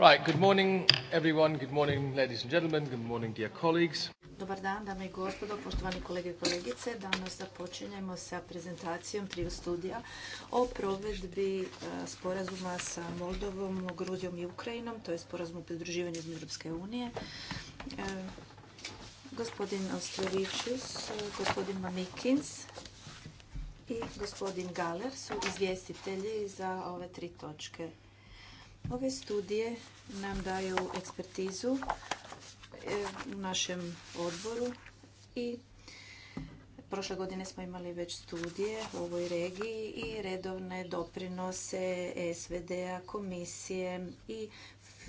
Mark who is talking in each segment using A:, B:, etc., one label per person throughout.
A: Right, good morning everyone, good morning ladies and gentlemen,
B: good morning dear colleagues.
C: Dobar dan, dame i gospodo, poštovani kolege i kolegice. Danas započinjemo sa prezentacijom triju studija o provedbi e, sporazuma sa Moldovom, Gruzijom i Ukrajinom, to je sporazum o pridruživanju iz Europske unije. E, gospodin Ostrovićus, e, gospodin Mamikins i gospodin Galer su izvjestitelji za ove tri točke Ove studije nam daju ekspertizu e, u našem odboru i prošle godine smo imali već studije u ovoj regiji i redovne doprinose SVD-a, komisije i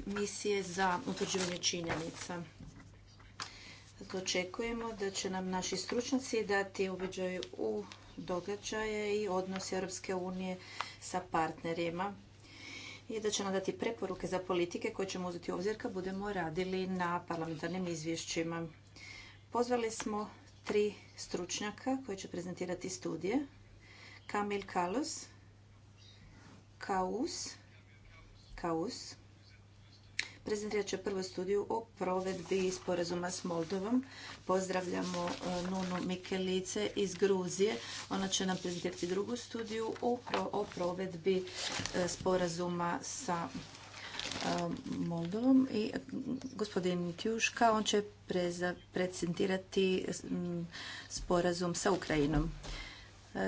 C: misije za utvrđivanje činjenica. Zato očekujemo da će nam naši stručnjaci dati uviđaj u događaje i odnose Europske unije sa partnerima i da će nam dati preporuke za politike koje ćemo uzeti u obzir kad budemo radili na parlamentarnim izvješćima. Pozvali smo tri stručnjaka koji će prezentirati studije. Kamil Kalos, Kaus, Kaus Prezentirat će prvu studiju o provedbi sporazuma s Moldovom. Pozdravljamo e, Nunu Mikelice iz Gruzije. Ona će nam prezentirati drugu studiju o provedbi e, sporazuma sa e, Moldovom i gospodin Tjuška, on će prezentirati sporazum sa Ukrajinom.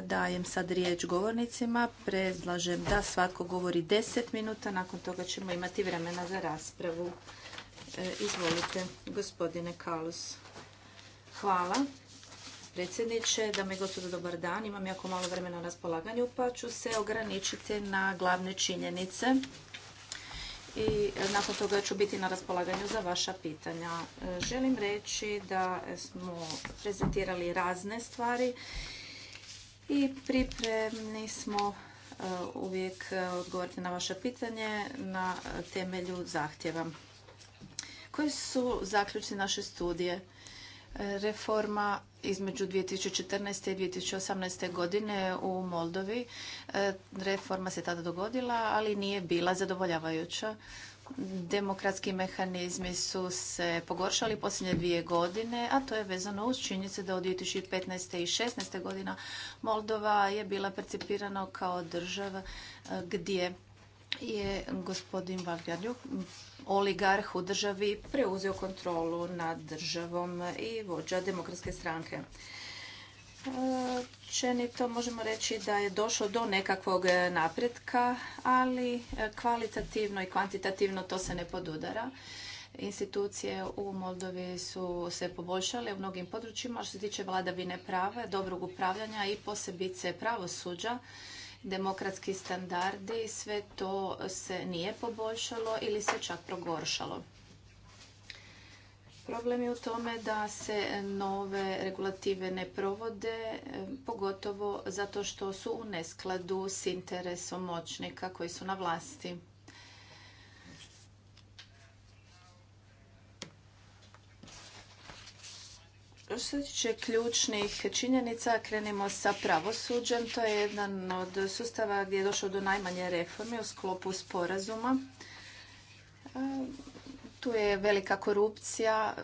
C: Dajem sad riječ govornicima. Predlažem da svatko govori 10 minuta, nakon toga ćemo imati vremena za raspravu. E, izvolite, gospodine Kalus. Hvala. Predsjedniče, da i gospodo, dobar dan. Imam jako malo vremena na raspolaganju, pa ću se ograničiti na glavne činjenice. I nakon toga ću biti na raspolaganju za vaša pitanja. E, želim reći da smo prezentirali razne stvari i pripremni smo e, uvijek e, odgovoriti na vaše pitanje na temelju zahtjeva. Koji su zaključci naše studije? Reforma između 2014. i 2018. godine u Moldovi. E, reforma se tada dogodila, ali nije bila zadovoljavajuća. Demokratski mehanizmi su se pogoršali posljednje dvije godine, a to je vezano uz činjenice da od 2015. i 2016. godina Moldova je bila percipirana kao država eh, gdje je gospodin Valgarjuk, mm, oligarh u državi, preuzeo kontrolu nad državom i vođa demokratske stranke općenito možemo reći da je došlo do nekakvog e, napretka, ali e, kvalitativno i kvantitativno to se ne podudara. Institucije u Moldovi su se poboljšale u mnogim područjima što se tiče vladavine prava, dobrog upravljanja i posebice pravosuđa, demokratski standardi, sve to se nije poboljšalo ili se čak progoršalo. Problem je u tome da se nove regulative ne provode, e, pogotovo zato što su u neskladu s interesom moćnika koji su na vlasti. Što se tiče ključnih činjenica, krenimo sa pravosuđem. To je jedan od sustava gdje je došlo do najmanje reforme u sklopu sporazuma. Tu je velika korupcija,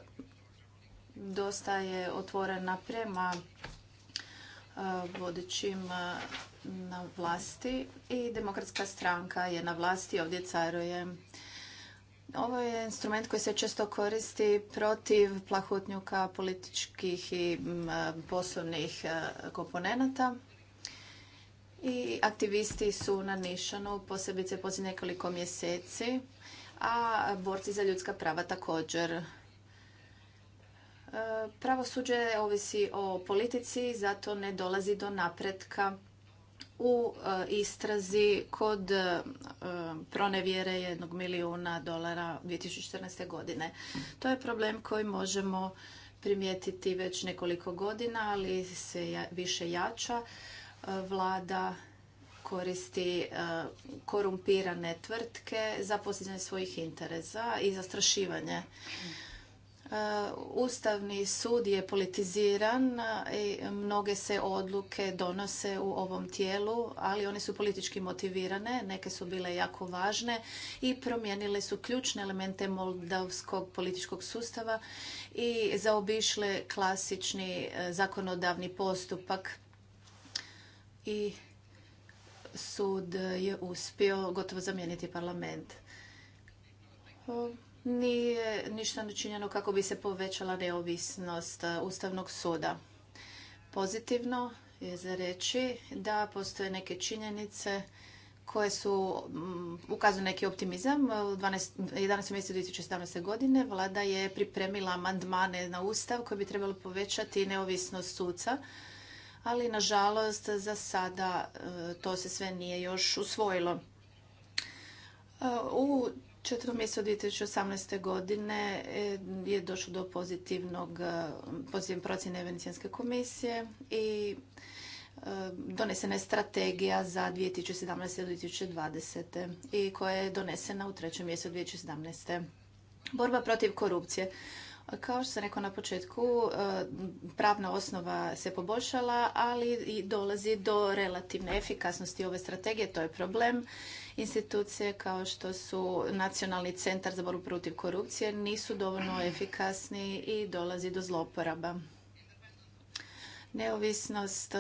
C: dosta je otvorena prema e, vodećim e, na vlasti i demokratska stranka je na vlasti, ovdje caruje. Ovo je instrument koji se često koristi protiv plahotnjuka političkih i e, poslovnih komponenata. I aktivisti su na Nišanu, posebice posljednjih nekoliko mjeseci, a borci za ljudska prava također. E, pravosuđe ovisi o politici, zato ne dolazi do napretka u e, istrazi kod e, pronevjere jednog milijuna dolara 2014. godine. To je problem koji možemo primijetiti već nekoliko godina, ali se više jača. Vlada koristi e, korumpirane tvrtke za postizanje svojih interesa i zastrašivanje. E, Ustavni sud je politiziran e, i mnoge se odluke donose u ovom tijelu, ali one su politički motivirane, neke su bile jako važne i promijenile su ključne elemente moldavskog političkog sustava i zaobišle klasični zakonodavni postupak i sud je uspio gotovo zamijeniti parlament. Nije ništa načinjeno kako bi se povećala neovisnost e, Ustavnog suda. Pozitivno je za reći da postoje neke činjenice koje su mm, ukazuju neki optimizam. E, u 12, 11. mjesecu 2017. godine vlada je pripremila amandmane na Ustav koji bi trebalo povećati neovisnost suca ali nažalost za sada e, to se sve nije još usvojilo. E, u četvrtom mjesecu 2018. godine e, je došlo do pozitivnog, pozitivne procjene Venecijanske komisije i donesena je strategija za 2017. do 2020. i koja je donesena u trećem mjesecu 2017. Borba protiv korupcije. Kao što sam rekao na početku, e, pravna osnova se poboljšala, ali i dolazi do relativne efikasnosti ove strategije, to je problem. Institucije kao što su Nacionalni centar za borbu protiv korupcije nisu dovoljno efikasni i dolazi do zloporaba. Neovisnost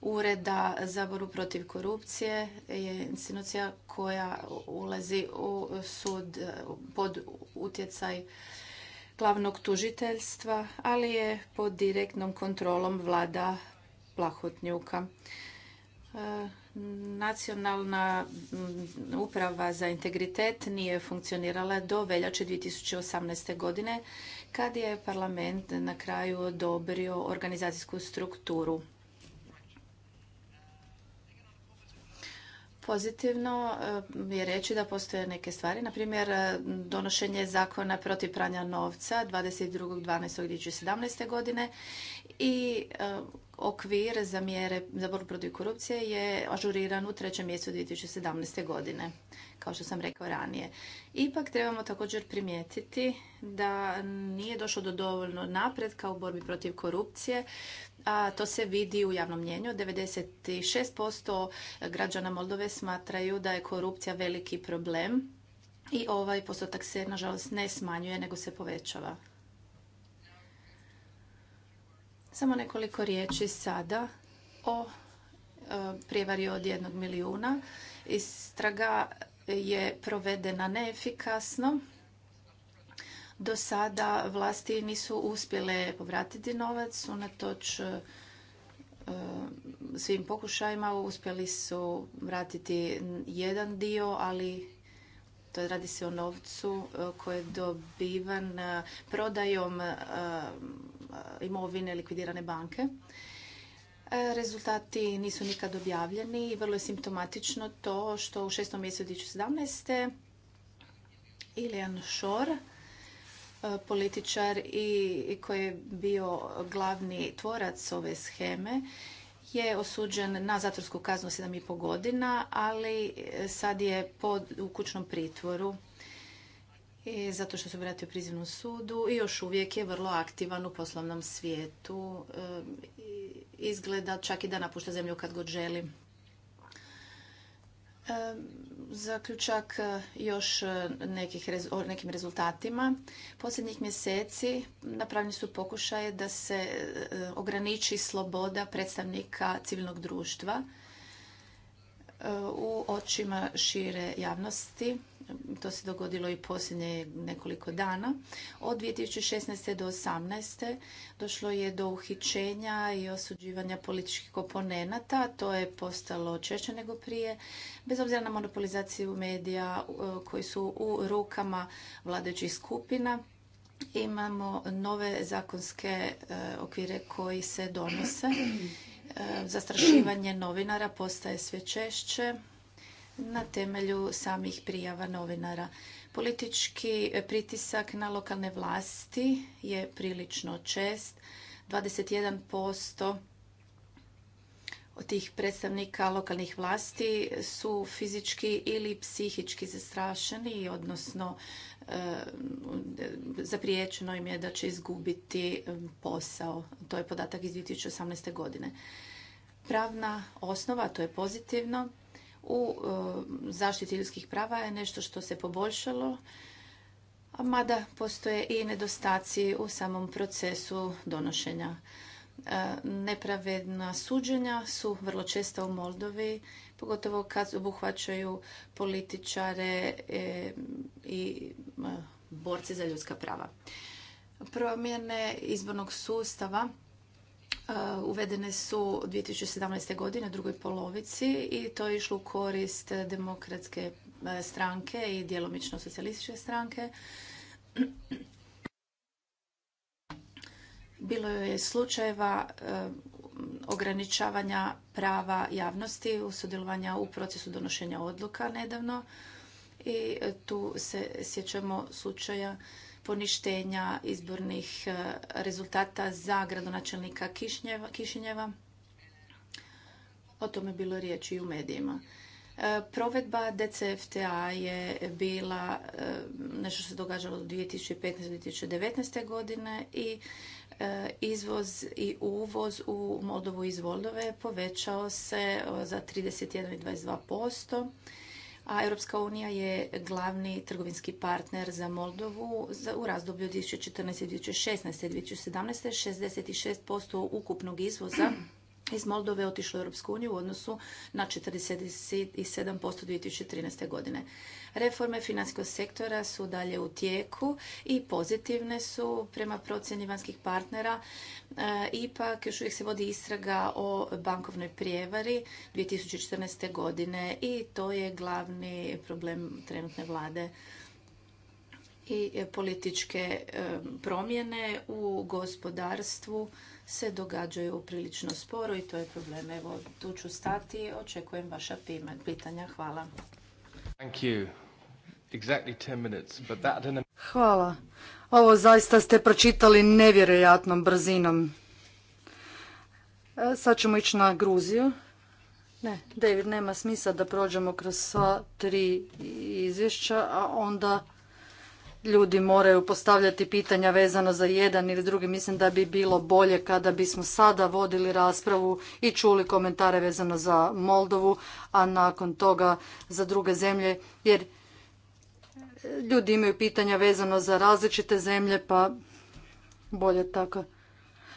C: Ureda za borbu protiv korupcije je institucija koja ulazi u sud pod utjecaj glavnog tužiteljstva, ali je pod direktnom kontrolom vlada Plahotnjuka. E, Nacionalna uprava za integritet nije funkcionirala do veljače 2018. godine kad je parlament na kraju odobrio organizacijsku strukturu Pozitivno e, je reći da postoje neke stvari, na primjer e, donošenje zakona protiv pranja novca 22.12.2017. godine i e, okvir za mjere za borbu protiv korupcije je ažuriran u trećem mjestu 2017. godine, kao što sam rekao ranije. Ipak trebamo također primijetiti da nije došlo do dovoljno napretka u borbi protiv korupcije, a to se vidi u javnom mnjenju. 96% građana Moldove smatraju da je korupcija veliki problem i ovaj postotak se, nažalost, ne smanjuje, nego se povećava. Samo nekoliko riječi sada o e, prijevari od jednog milijuna. Istraga je provedena neefikasno. Do sada vlasti nisu uspjele povratiti novac, unatoč e, svim pokušajima uspjeli su vratiti jedan dio, ali to radi se o novcu e, koji je dobivan prodajom Eh, imovine likvidirane banke. Eh, rezultati nisu nikad objavljeni i vrlo je simptomatično to što u šestom mjesecu 2017. Ilijan Šor, eh, političar i koji je bio glavni tvorac ove scheme, je osuđen na zatvorsku kaznu 7,5 godina, ali sad je pod, u kućnom pritvoru i zato što se vratio prizivnom sudu i još uvijek je vrlo aktivan u poslovnom svijetu. Izgleda čak i da napušta zemlju kad god želi. zaključak e, još e, o nekim rezultatima. Posljednjih mjeseci napravljeni su pokušaje da se e, ograniči sloboda predstavnika civilnog društva u očima šire javnosti to se dogodilo i posljednje nekoliko dana. Od 2016. do 2018. došlo je do uhićenja i osuđivanja političkih oponenata. To je postalo češće nego prije. Bez obzira na monopolizaciju medija e, koji su u rukama vladajućih skupina, imamo nove zakonske e, okvire koji se donose. E, zastrašivanje novinara postaje sve češće na temelju samih prijava novinara. Politički pritisak na lokalne vlasti je prilično čest. 21% od tih predstavnika lokalnih vlasti su fizički ili psihički zastrašeni, odnosno eh, zapriječeno im je da će izgubiti eh, posao. To je podatak iz 2018. godine. Pravna osnova, to je pozitivno, u e, zaštiti ljudskih prava je nešto što se poboljšalo, a mada postoje i nedostaci u samom procesu donošenja. E, nepravedna suđenja su vrlo često u Moldovi, pogotovo kad obuhvaćaju političare e, i borci za ljudska prava. Promjene izbornog sustava uvedene su 2017. godine u drugoj polovici i to je išlo u korist demokratske e, stranke i djelomično socijalističke stranke. Bilo je slučajeva e, ograničavanja prava javnosti u sudjelovanja u procesu donošenja odluka nedavno i e, tu se sjećamo slučaja poništenja izbornih e, rezultata za gradonačelnika Kišinjeva. O tome je bilo riječi i u medijima. E, provedba DCFTA je bila e, nešto što se događalo od 2015. do 2019. godine i izvoz i uvoz u Moldovu iz Voldove povećao se za 31 i 22% a Europska unija je glavni trgovinski partner za Moldovu u razdoblju 2014. 2016. 2017. 66% ukupnog izvoza iz Moldove otišlo u Europsku uniju u odnosu na 47% 2013. godine. Reforme financijskog sektora su dalje u tijeku i pozitivne su prema procjeni vanjskih partnera. E, ipak još uvijek se vodi istraga o bankovnoj prijevari 2014. godine i to je glavni problem trenutne vlade i političke e, promjene u gospodarstvu se događaju prilično sporo i to je problem. Evo, tu ću stati, očekujem vaša pitanja. Hvala.
B: Hvala. Ovo zaista ste pročitali nevjerojatnom brzinom. E, sad ćemo ići na Gruziju. Ne, David, nema smisla da prođemo kroz sva tri izvješća, a onda ljudi moraju postavljati pitanja vezano za jedan ili drugi. Mislim da bi bilo bolje kada bismo sada vodili raspravu i čuli komentare vezano za Moldovu, a nakon toga za druge zemlje, jer ljudi imaju pitanja vezano za različite zemlje, pa bolje tako.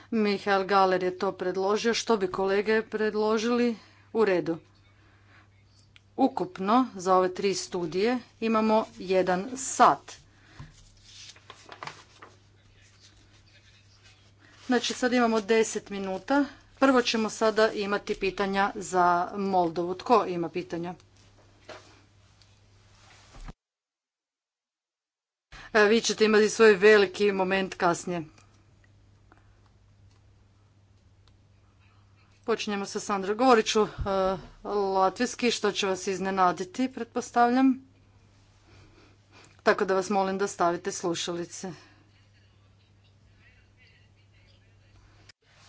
B: Mihael Galer je to predložio. Što bi kolege predložili? U redu. Ukupno za ove tri studije imamo jedan sat Znači sad imamo deset minuta. Prvo ćemo sada imati pitanja za Moldovu. Tko ima pitanja? E, vi ćete imati svoj veliki moment kasnije. Počinjemo sa Sandra. Govorit ću e, latvijski, što će vas iznenaditi, pretpostavljam. Tako da vas molim da stavite slušalice.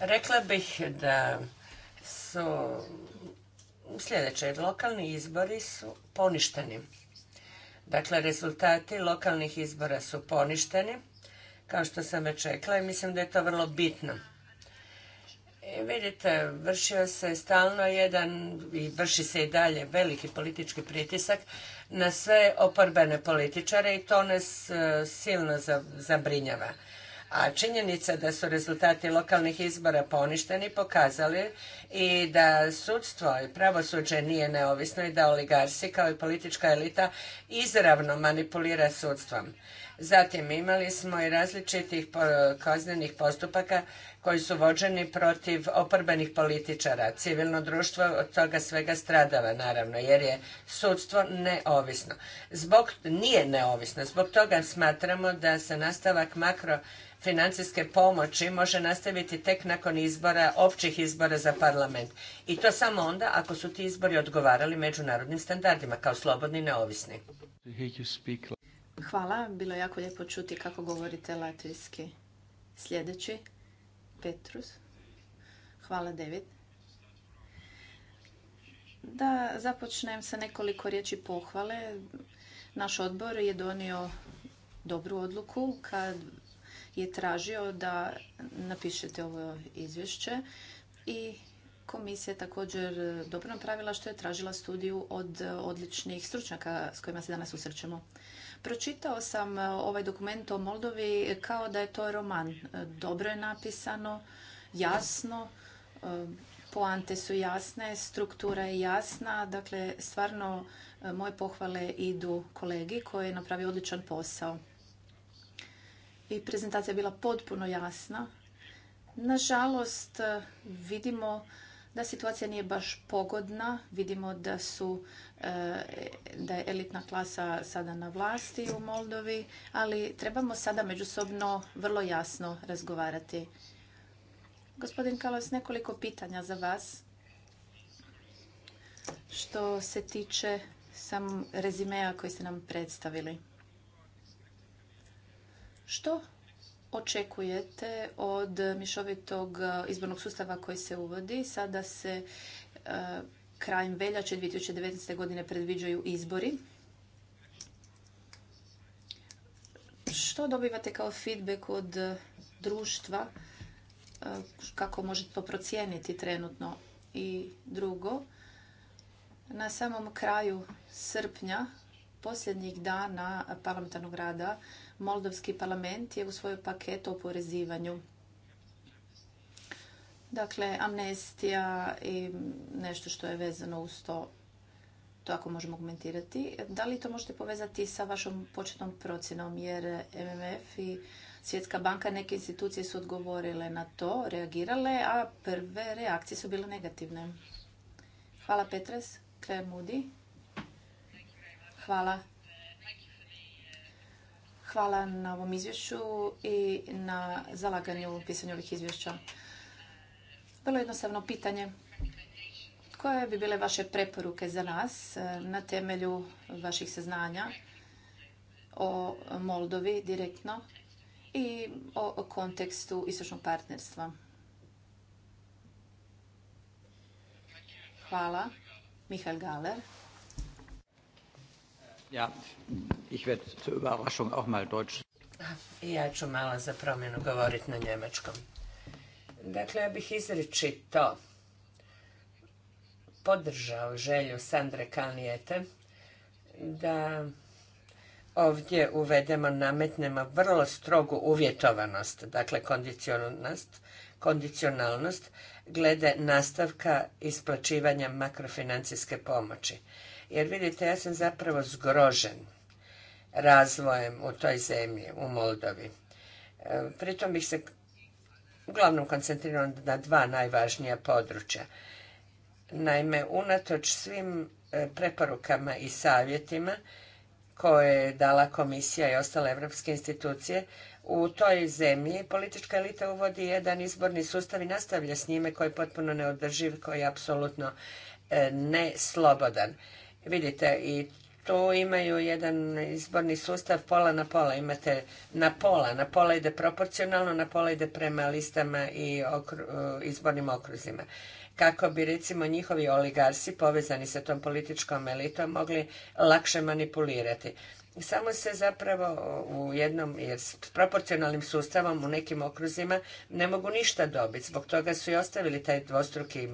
A: Rekla bih da su sljedeće, lokalni izbori su poništeni. Dakle, rezultati lokalnih izbora su poništeni, kao što sam već rekla i mislim da je to vrlo bitno. I e, vidite, vršio se stalno jedan i vrši se i dalje veliki politički pritisak na sve oporbene političare i to nas e, silno zabrinjava. A činjenica da su rezultati lokalnih izbora poništeni pokazali i da sudstvo i pravosuđe nije neovisno i da oligarsi kao i politička elita izravno manipulira sudstvom. Zatim imali smo i različitih kaznenih postupaka koji su vođeni protiv oporbenih političara. Civilno društvo od toga svega stradava naravno jer je sudstvo neovisno. Zbog, nije neovisno. Zbog toga smatramo da se nastavak makro financijske pomoći može nastaviti tek nakon izbora, općih izbora za parlament. I to samo onda ako su ti izbori odgovarali međunarodnim standardima kao slobodni i neovisni.
C: Hvala, bilo je jako lijepo čuti kako govorite latvijski. Sljedeći, Petrus. Hvala, David. Da započnem sa nekoliko riječi pohvale. Naš odbor je donio dobru odluku kad je tražio da napišete ovo izvješće i komisija je također dobro napravila što je tražila studiju od odličnih stručnjaka s kojima se danas susrećemo. Pročitao sam ovaj dokument o Moldovi kao da je to roman. Dobro je napisano,
B: jasno,
C: um, poante su jasne, struktura je jasna, dakle stvarno uh, moje pohvale idu kolegi koji je napravio odličan posao i prezentacija je bila potpuno jasna. Nažalost, vidimo da situacija nije baš pogodna. Vidimo da su e, da je elitna klasa sada na vlasti u Moldovi, ali trebamo sada međusobno vrlo jasno razgovarati. Gospodin Kalos, nekoliko pitanja za vas. Što se tiče sam rezimeja koji ste nam predstavili. Što očekujete od mišovitog e, izbornog sustava koji se uvodi? Sada se e, krajem veljače 2019. godine predviđaju izbori. Što dobivate kao feedback od društva? E, kako možete to procijeniti trenutno? I drugo, na samom kraju srpnja, posljednjih dana parlamentarnog rada, Moldovski parlament je u svojoj paketu o porezivanju Dakle, amnestija i nešto što je vezano uz to, to ako možemo komentirati. Da li to možete povezati sa vašom početnom procjenom? Jer MMF i Svjetska banka, neke institucije su odgovorile na to, reagirale, a prve reakcije su bile negativne. Hvala Petres, Claire Moody. Hvala. Hvala na ovom izvješću i na zalaganju u pisanju ovih izvješća. Vrlo jednostavno pitanje. Koje bi bile vaše preporuke za nas e, na temelju vaših saznanja o Moldovi direktno i o kontekstu istočnog partnerstva? Hvala. Mihael Galer.
B: Ja,
A: ich werde zur Überraschung auch mal Deutsch. Ja ću malo za promjenu govoriti na njemačkom. Dakle, ja bih to podržao želju Sandre Kalnijete da ovdje uvedemo, nametnemo vrlo strogu uvjetovanost, dakle kondicionalnost, kondicionalnost glede nastavka isplaćivanja makrofinancijske pomoći. Jer vidite, ja sam zapravo zgrožen razvojem u toj zemlji, u Moldovi. E, pritom bih se uglavnom koncentrirao na dva najvažnija područja. Naime, unatoč svim e, preporukama i savjetima koje je dala komisija i ostale evropske institucije, u toj zemlji politička elita uvodi jedan izborni sustav i nastavlja s njime koji je potpuno neodrživ, koji je apsolutno e, neslobodan. Vidite, i tu imaju jedan izborni sustav pola na pola. Imate na pola, na pola ide proporcionalno, na pola ide prema listama i e, izbornim okruzima. Kako bi recimo njihovi oligarsi povezani sa tom političkom elitom mogli lakše manipulirati. Samo se zapravo u jednom, jer s proporcionalnim sustavom u nekim okruzima ne mogu ništa dobiti. Zbog toga su i ostavili taj dvostruki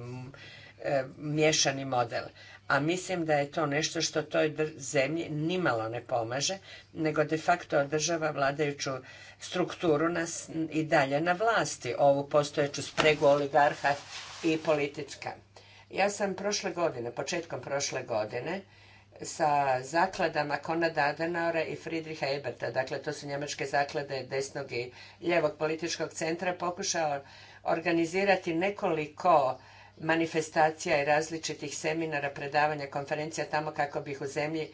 A: e, miješani model a mislim da je to nešto što toj zemlji nimalo ne pomaže, nego de facto održava vladajuću strukturu nas i dalje na vlasti, ovu postojeću spregu oligarha i politička. Ja sam prošle godine, početkom prošle godine, sa zakladama Konada Adenauera i Friedricha Eberta, dakle to su njemačke zaklade desnog i ljevog političkog centra, pokušao organizirati nekoliko manifestacija i različitih seminara, predavanja, konferencija tamo kako bih u zemlji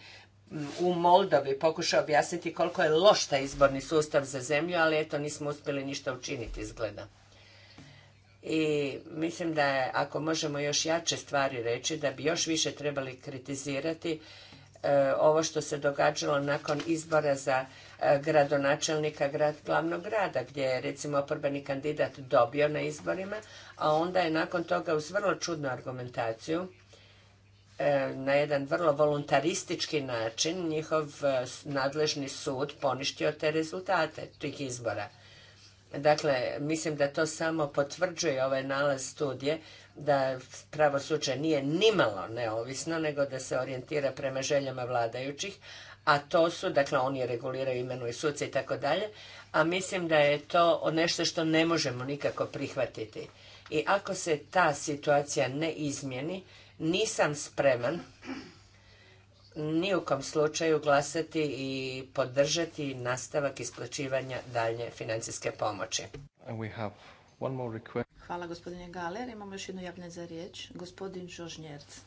A: mm, u Moldovi pokušao objasniti koliko je loš taj izborni sustav za zemlju, ali eto nismo uspjeli ništa učiniti izgleda. I mislim da ako možemo još jače stvari reći, da bi još više trebali kritizirati e, ovo što se događalo nakon izbora za gradonačelnika grad, glavnog grada, gdje je recimo oporbeni kandidat dobio na izborima, a onda je nakon toga uz vrlo čudnu argumentaciju e, na jedan vrlo voluntaristički način njihov e, nadležni sud poništio te rezultate tih izbora. Dakle, mislim da to samo potvrđuje ovaj nalaz studije da pravosuđe nije nimalo neovisno, nego da se orijentira prema željama vladajućih, a to su, dakle oni reguliraju imenuju suce i tako dalje, a mislim da je to nešto što ne možemo nikako prihvatiti. I ako se ta situacija ne izmjeni, nisam spreman ni u kom slučaju glasati i podržati nastavak isplaćivanja dalje financijske pomoći.
C: Hvala gospodine Galer. Imamo još jednu javljanje za riječ. Gospodin Žožnjerc.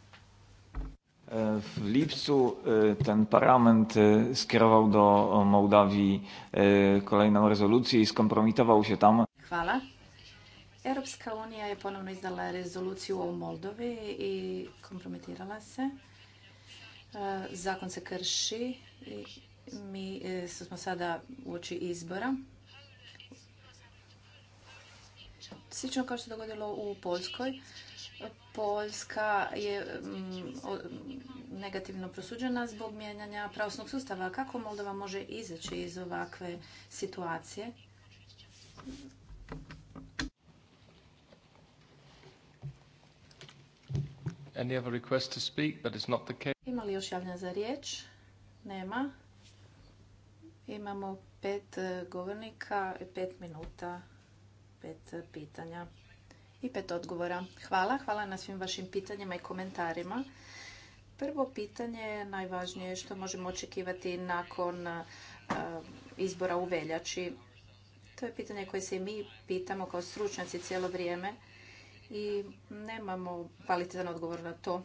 A: W lipcu e, ten parlament e, skierował do Mołdawii e, kolejną rezolucję i skompromitował się tam.
C: Hvala. Europska Unia je ponovno izdala rezoluciju o Moldovi i kompromitirala se. Zakon se krši mi smo sada uoči izbora. Slično kao što se dogodilo u Poljskoj, Poljska je mm, negativno prosuđena zbog mijenjanja pravosnog sustava. Kako Moldova može izaći iz ovakve situacije? Ima li još javljanja za riječ? Nema. Imamo pet eh, govornika, pet minuta, pet eh, pitanja i pet odgovora. Hvala, hvala na svim vašim pitanjima i komentarima. Prvo pitanje, najvažnije što možemo očekivati nakon e, izbora u veljači. To je pitanje koje se i mi pitamo kao stručnjaci cijelo vrijeme i nemamo kvalitetan odgovor na to.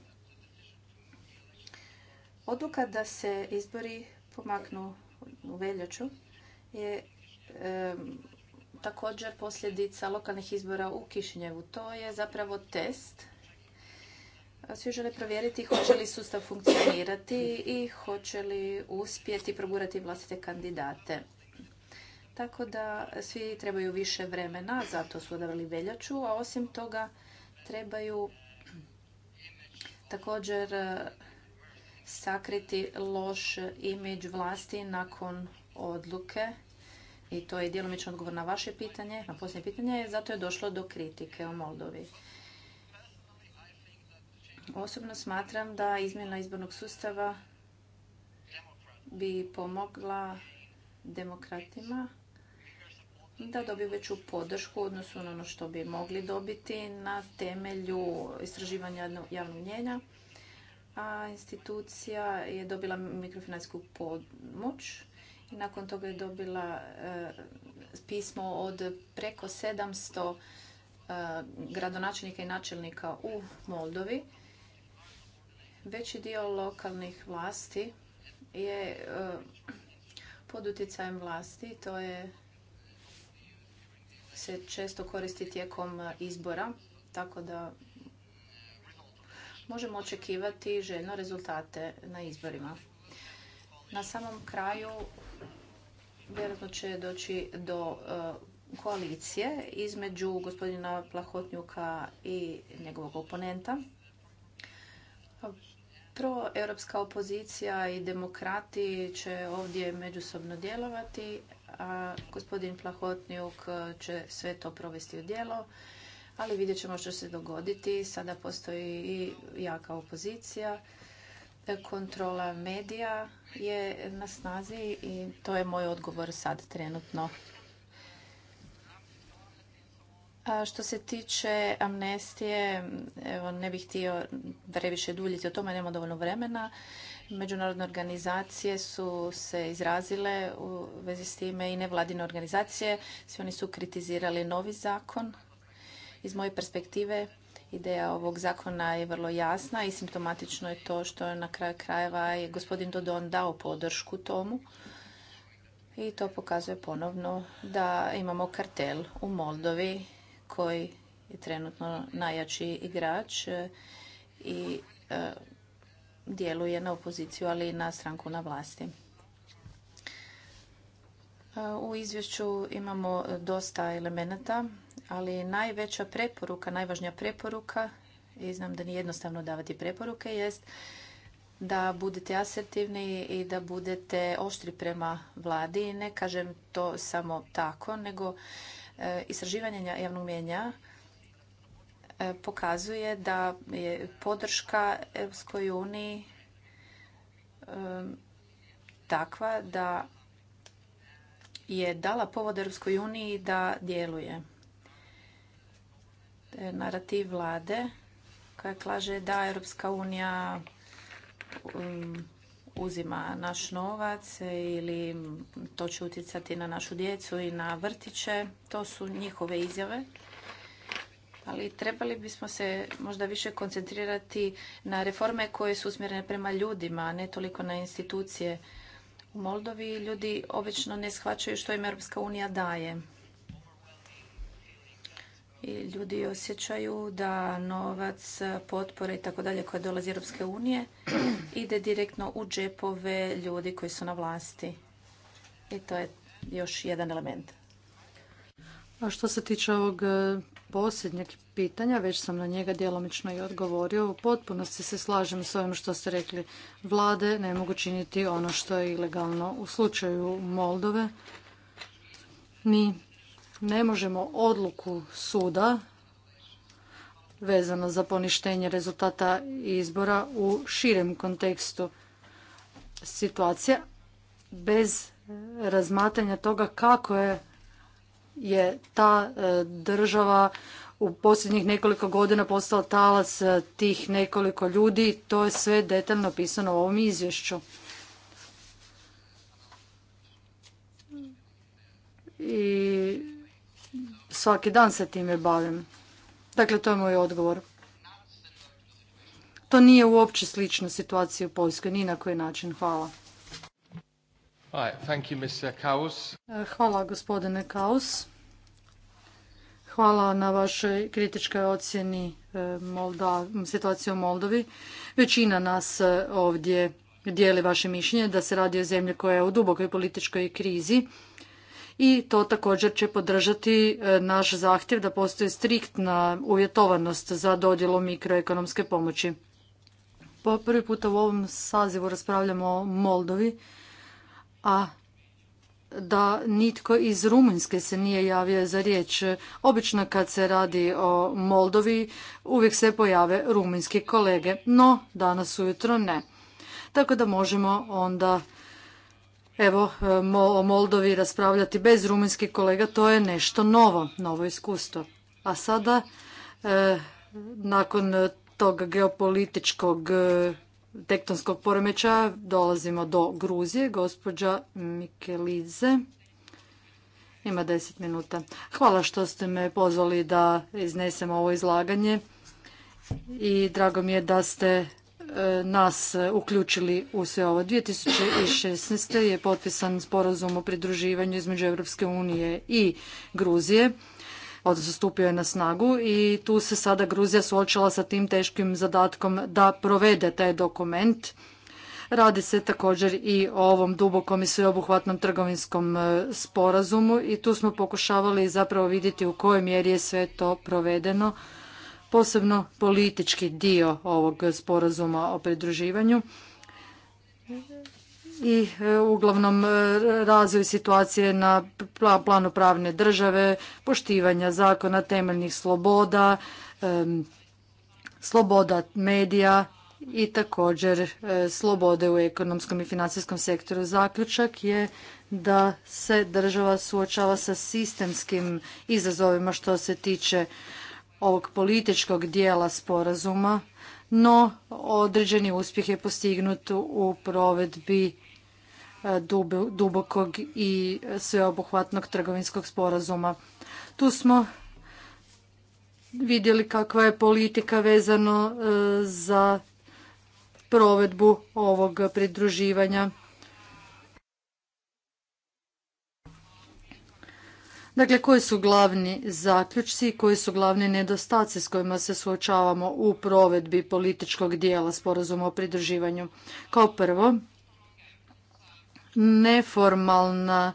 C: Odluka da se izbori pomaknu u veljaču je e, također posljedica lokalnih izbora u Kišinjevu. To je zapravo test. Svi žele provjeriti hoće li sustav funkcionirati i hoće li uspjeti progurati vlastite kandidate. Tako da svi trebaju više vremena, zato su odavali veljaču, a osim toga trebaju također e, sakriti loš imidž vlasti nakon odluke i to je djelomično odgovor na vaše pitanje, na posljednje pitanje, zato je došlo do kritike u Moldovi. Osobno smatram da izmjena izbornog sustava bi pomogla demokratima da dobiju veću podršku u odnosu na ono što bi mogli dobiti na temelju istraživanja javnog mnjenja. A institucija je dobila mikrofinancijsku pomoć nakon toga je dobila e, pismo od preko 700 e, gradonačelnika i načelnika u Moldovi. Veći dio lokalnih vlasti je e, pod utjecajem vlasti. To je se često koristi tijekom izbora, tako da možemo očekivati željno rezultate na izborima. Na samom kraju vjerojatno će doći do e, koalicije između gospodina Plahotnjuka i njegovog oponenta. Pro-europska opozicija i demokrati će ovdje međusobno djelovati, a gospodin Plahotnjuk će sve to provesti u djelo, ali vidjet ćemo što se dogoditi. Sada postoji i jaka opozicija, e, kontrola medija, je na snazi i to je moj odgovor sad trenutno. A što se tiče amnestije, evo, ne bih htio previše duljiti o tome, nema dovoljno vremena. Međunarodne organizacije su se izrazile u vezi s time i nevladine organizacije. Svi oni su kritizirali novi zakon. Iz moje perspektive Ideja ovog zakona je vrlo jasna i simptomatično je to što je na kraju krajeva je gospodin Dodon dao podršku tomu i to pokazuje ponovno da imamo kartel u Moldovi koji je trenutno najjači igrač e, i dijeluje djeluje na opoziciju, ali i na stranku na vlasti. E, u izvješću imamo dosta elemenata ali najveća preporuka, najvažnija preporuka, i znam da nije jednostavno davati preporuke, jest da budete asertivni i da budete oštri prema vladi. ne kažem to samo tako, nego e, istraživanje javnog mjenja e, pokazuje da je podrška Europskoj uniji e, takva da je dala povod Europskoj uniji da djeluje. E, narativ vlade koja kaže da Europska unija um, uzima naš novac ili to će utjecati na našu djecu i na vrtiće. To su njihove izjave. Ali trebali bismo se možda više koncentrirati na reforme koje su usmjerene prema ljudima, a ne toliko na institucije. U Moldovi ljudi obično ne shvaćaju što im Europska unija daje. I ljudi osjećaju da novac, potpore i tako dalje koje dolazi Europske unije ide direktno u džepove ljudi koji su na vlasti. I to je još jedan element.
B: A što se tiče ovog e, posljednjeg pitanja, već sam na njega djelomično i odgovorio, u potpunosti se slažem s ovim što ste rekli. Vlade ne mogu činiti ono što je ilegalno. U slučaju Moldove Ni ne možemo odluku suda vezano za poništenje rezultata izbora u širem kontekstu situacija bez razmatranja toga kako je, je ta e, država u posljednjih nekoliko godina postala talac e, tih nekoliko ljudi. To je sve detaljno pisano u ovom izvješću. I svaki dan se time bavim. Dakle, to je moj odgovor. To nije uopće slična situacija u Poljskoj, ni na koji način. Hvala. E, hvala gospodine Kaus. Hvala na vašoj kritičkoj ocjeni e, situacije u Moldovi. Većina nas e, ovdje dijeli vaše mišljenje da se radi o zemlji koja je u dubokoj političkoj krizi i to također će podržati e, naš zahtjev da postoji striktna uvjetovanost za dodjelu mikroekonomske pomoći. Po prvi puta u ovom sazivu raspravljamo o Moldovi, a da nitko iz Rumunjske se nije javio za riječ. Obično kad se radi o Moldovi uvijek se pojave rumunjski kolege, no danas ujutro ne. Tako da možemo onda evo e, o Moldovi raspravljati bez rumunjskih kolega, to je nešto novo, novo iskustvo. A sada, e, nakon tog geopolitičkog e, tektonskog poremećaja dolazimo do Gruzije. Gospođa Mikelize ima deset minuta. Hvala što ste me pozvali da iznesem ovo izlaganje i drago mi je da ste E, nas e, uključili u sve ovo. 2016. je potpisan sporazum o pridruživanju između Europske unije i Gruzije, odnosno stupio je na snagu i tu se sada Gruzija suočila sa tim teškim zadatkom da provede taj dokument. Radi se također i o ovom dubokom i sveobuhvatnom trgovinskom e, sporazumu i tu smo pokušavali zapravo vidjeti u kojoj mjeri je sve to provedeno posebno politički dio ovog sporazuma o pridruživanju i e, uglavnom e, razvoj situacije na planu pravne države, poštivanja zakona temeljnih sloboda, e, sloboda medija i također slobode u ekonomskom i financijskom sektoru. Zaključak je da se država suočava sa sistemskim izazovima što se tiče ovog političkog dijela sporazuma, no određeni uspjeh je postignut u provedbi e, dubokog i sveobuhvatnog trgovinskog sporazuma. Tu smo vidjeli kakva je politika vezano e, za provedbu ovog pridruživanja Dakle, koji su glavni zaključci i koji su glavni nedostaci s kojima se suočavamo u provedbi političkog dijela sporazuma o pridruživanju? Kao prvo, neformalna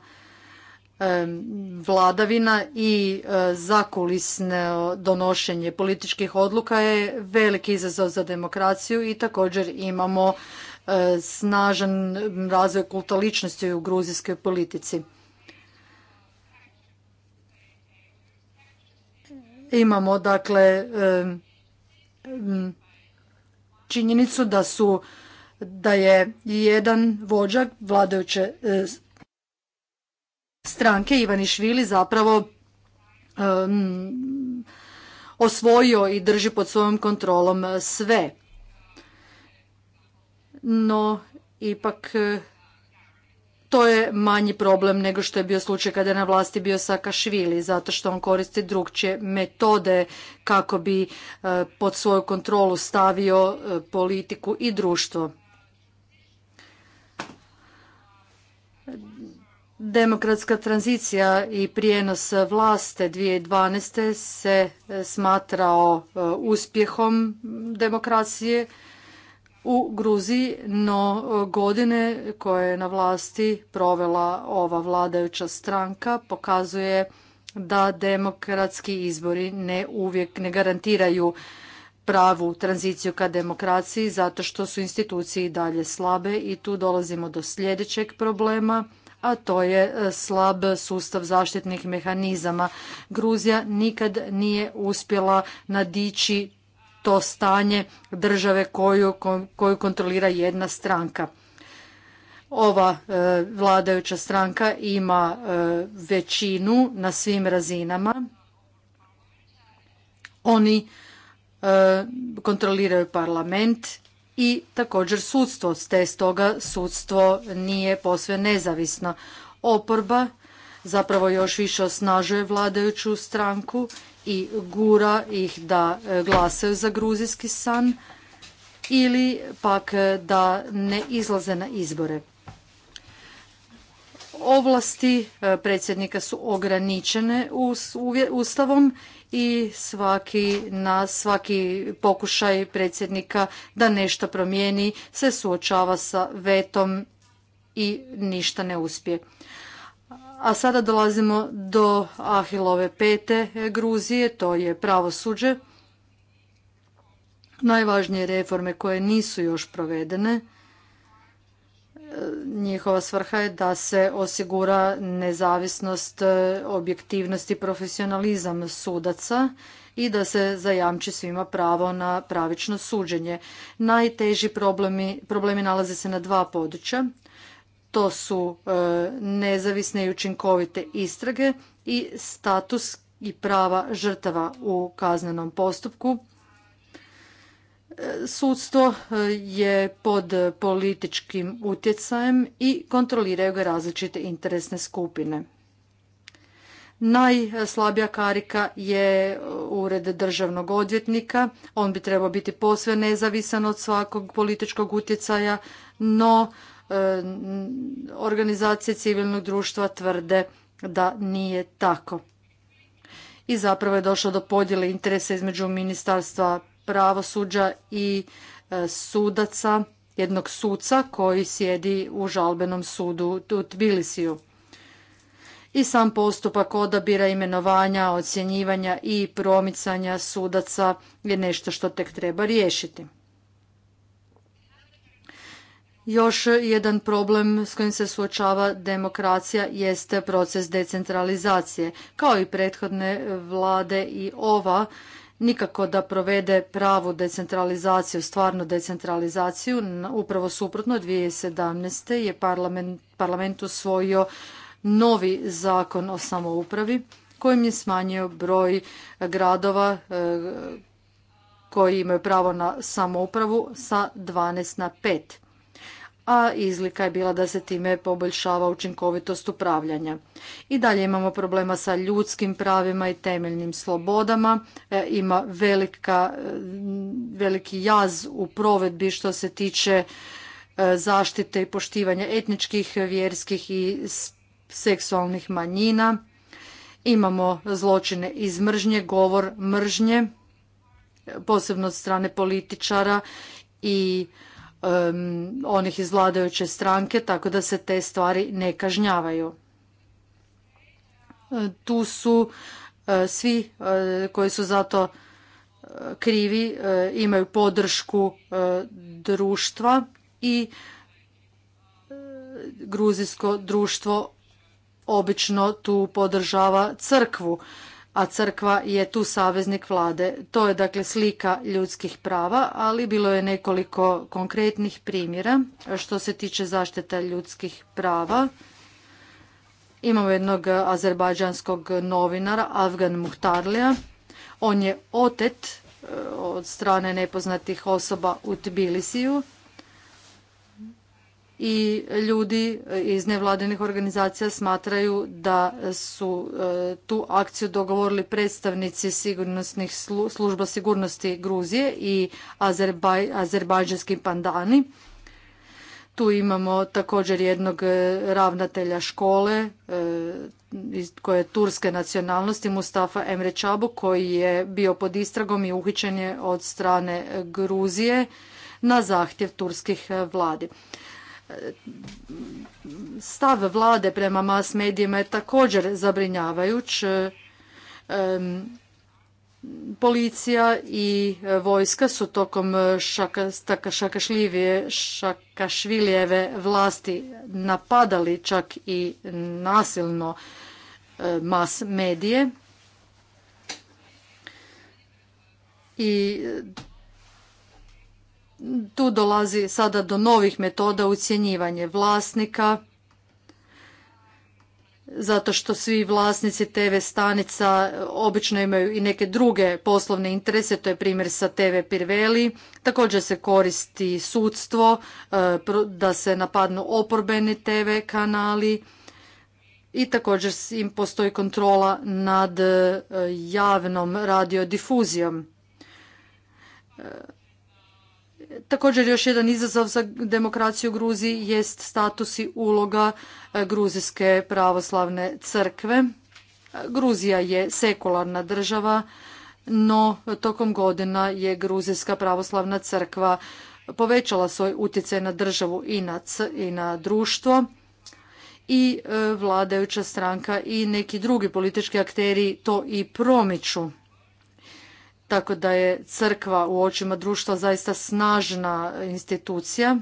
B: vladavina i e, zakulisno donošenje političkih odluka je veliki izazov za demokraciju i također imamo e, snažan razvoj kulta ličnosti u gruzijskoj politici. Imamo dakle činjenicu da su da je jedan vođa vladajuće e, stranke Ivanišvili zapravo osvojio i drži pod svojom kontrolom sve. No, ipak to je manji problem nego što je bio slučaj kada je na vlasti bio Sakašvili, zato što on koristi drugčije metode kako bi e, pod svoju kontrolu stavio e, politiku i društvo. Demokratska tranzicija i prijenos vlaste 2012. se e, smatrao uspjehom demokracije u Gruziji, no e, godine koje je na vlasti provela ova vladajuća stranka pokazuje da demokratski izbori ne uvijek ne garantiraju pravu tranziciju ka demokraciji zato što su institucije i dalje slabe i tu dolazimo do sljedećeg problema a to je e, slab sustav zaštitnih mehanizama. Gruzija nikad nije uspjela nadići to stanje države koju, koju kontrolira jedna stranka. Ova e, vladajuća stranka ima e, većinu na svim razinama. Oni e, kontroliraju parlament i također sudstvo. Te stoga sudstvo nije posve nezavisno. Oporba zapravo još više osnažuje vladajuću stranku i gura ih da e, glasaju za gruzijski san ili pak e, da ne izlaze na izbore. Ovlasti e, predsjednika su ograničene ustavom i svaki, na, svaki pokušaj predsjednika da nešto promijeni se suočava sa vetom i ništa ne uspije. A sada dolazimo do Ahilove pete Gruzije, to je pravosuđe. Najvažnije reforme koje nisu još provedene, njihova svrha je da se osigura nezavisnost, objektivnost i profesionalizam sudaca i da se zajamči svima pravo na pravično suđenje. Najteži problemi, problemi nalaze se na dva područja to su e, nezavisne i učinkovite istrage i status i prava žrtava u kaznenom postupku. E, sudstvo e, je pod političkim utjecajem i kontroliraju ga različite interesne skupine. Najslabija karika je ured državnog odvjetnika. On bi trebao biti posve nezavisan od svakog političkog utjecaja, no E, organizacije civilnog društva tvrde da nije tako. I zapravo je došlo do podjele interesa između Ministarstva pravosuđa i e, sudaca, jednog suca koji sjedi u žalbenom sudu u Tbilisiju. I sam postupak odabira imenovanja, ocjenjivanja i promicanja sudaca je nešto što tek treba riješiti. Još jedan problem s kojim se suočava demokracija jeste proces decentralizacije. Kao i prethodne vlade i ova, nikako da provede pravu decentralizaciju, stvarnu decentralizaciju. Upravo suprotno, 2017. je parlament, parlament usvojio novi zakon o samoupravi kojim je smanjio broj gradova e, koji imaju pravo na samoupravu sa 12 na 5 a izlika je bila da se time poboljšava učinkovitost upravljanja. I dalje imamo problema sa ljudskim pravima i temeljnim slobodama. E, ima velika, e, veliki jaz u provedbi što se tiče e, zaštite i poštivanja etničkih, vjerskih i seksualnih manjina. Imamo zločine iz mržnje, govor mržnje, posebno od strane političara i onih iz vladajuće stranke, tako da se te stvari ne kažnjavaju. E, tu su e, svi e, koji su zato krivi, imaju podršku društva i gruzijsko društvo obično tu podržava crkvu a crkva je tu saveznik vlade. To je dakle slika ljudskih prava, ali bilo je nekoliko konkretnih primjera što se tiče zaštita ljudskih prava. Imamo jednog azerbajdžanskog novinara, Afgan Muhtarlija. On je otet eh, od strane nepoznatih osoba u Tbilisiju i ljudi iz nevladinih organizacija smatraju da su e, tu akciju dogovorili predstavnici sigurnosnih služba sigurnosti Gruzije i azerbajdžanski pandani. Tu imamo također jednog e, ravnatelja škole e, koje je turske nacionalnosti, Mustafa Emre Čabu, koji je bio pod istragom i uhićen je od strane Gruzije na zahtjev turskih vladi stav vlade prema mas medijima je također zabrinjavajuć. E, policija i vojska su tokom šakašljivije, šakašvilijeve vlasti napadali čak i nasilno e, mas medije. I tu dolazi sada do novih metoda ucjenjivanje vlasnika, zato što svi vlasnici TV stanica obično imaju i neke druge poslovne interese, to je primjer sa TV Pirveli. Također se koristi sudstvo e, da se napadnu oporbeni TV kanali i također im postoji kontrola nad e, javnom radiodifuzijom e, Također još jedan izazov za demokraciju u Gruziji jest status i uloga e, Gruzijske pravoslavne crkve. E, Gruzija je sekularna država, no tokom godina je Gruzijska pravoslavna crkva povećala svoj utjecaj na državu i na, i na društvo i e, vladajuća stranka i neki drugi politički akteri to i promiču. Tako da je crkva u očima društva zaista snažna institucija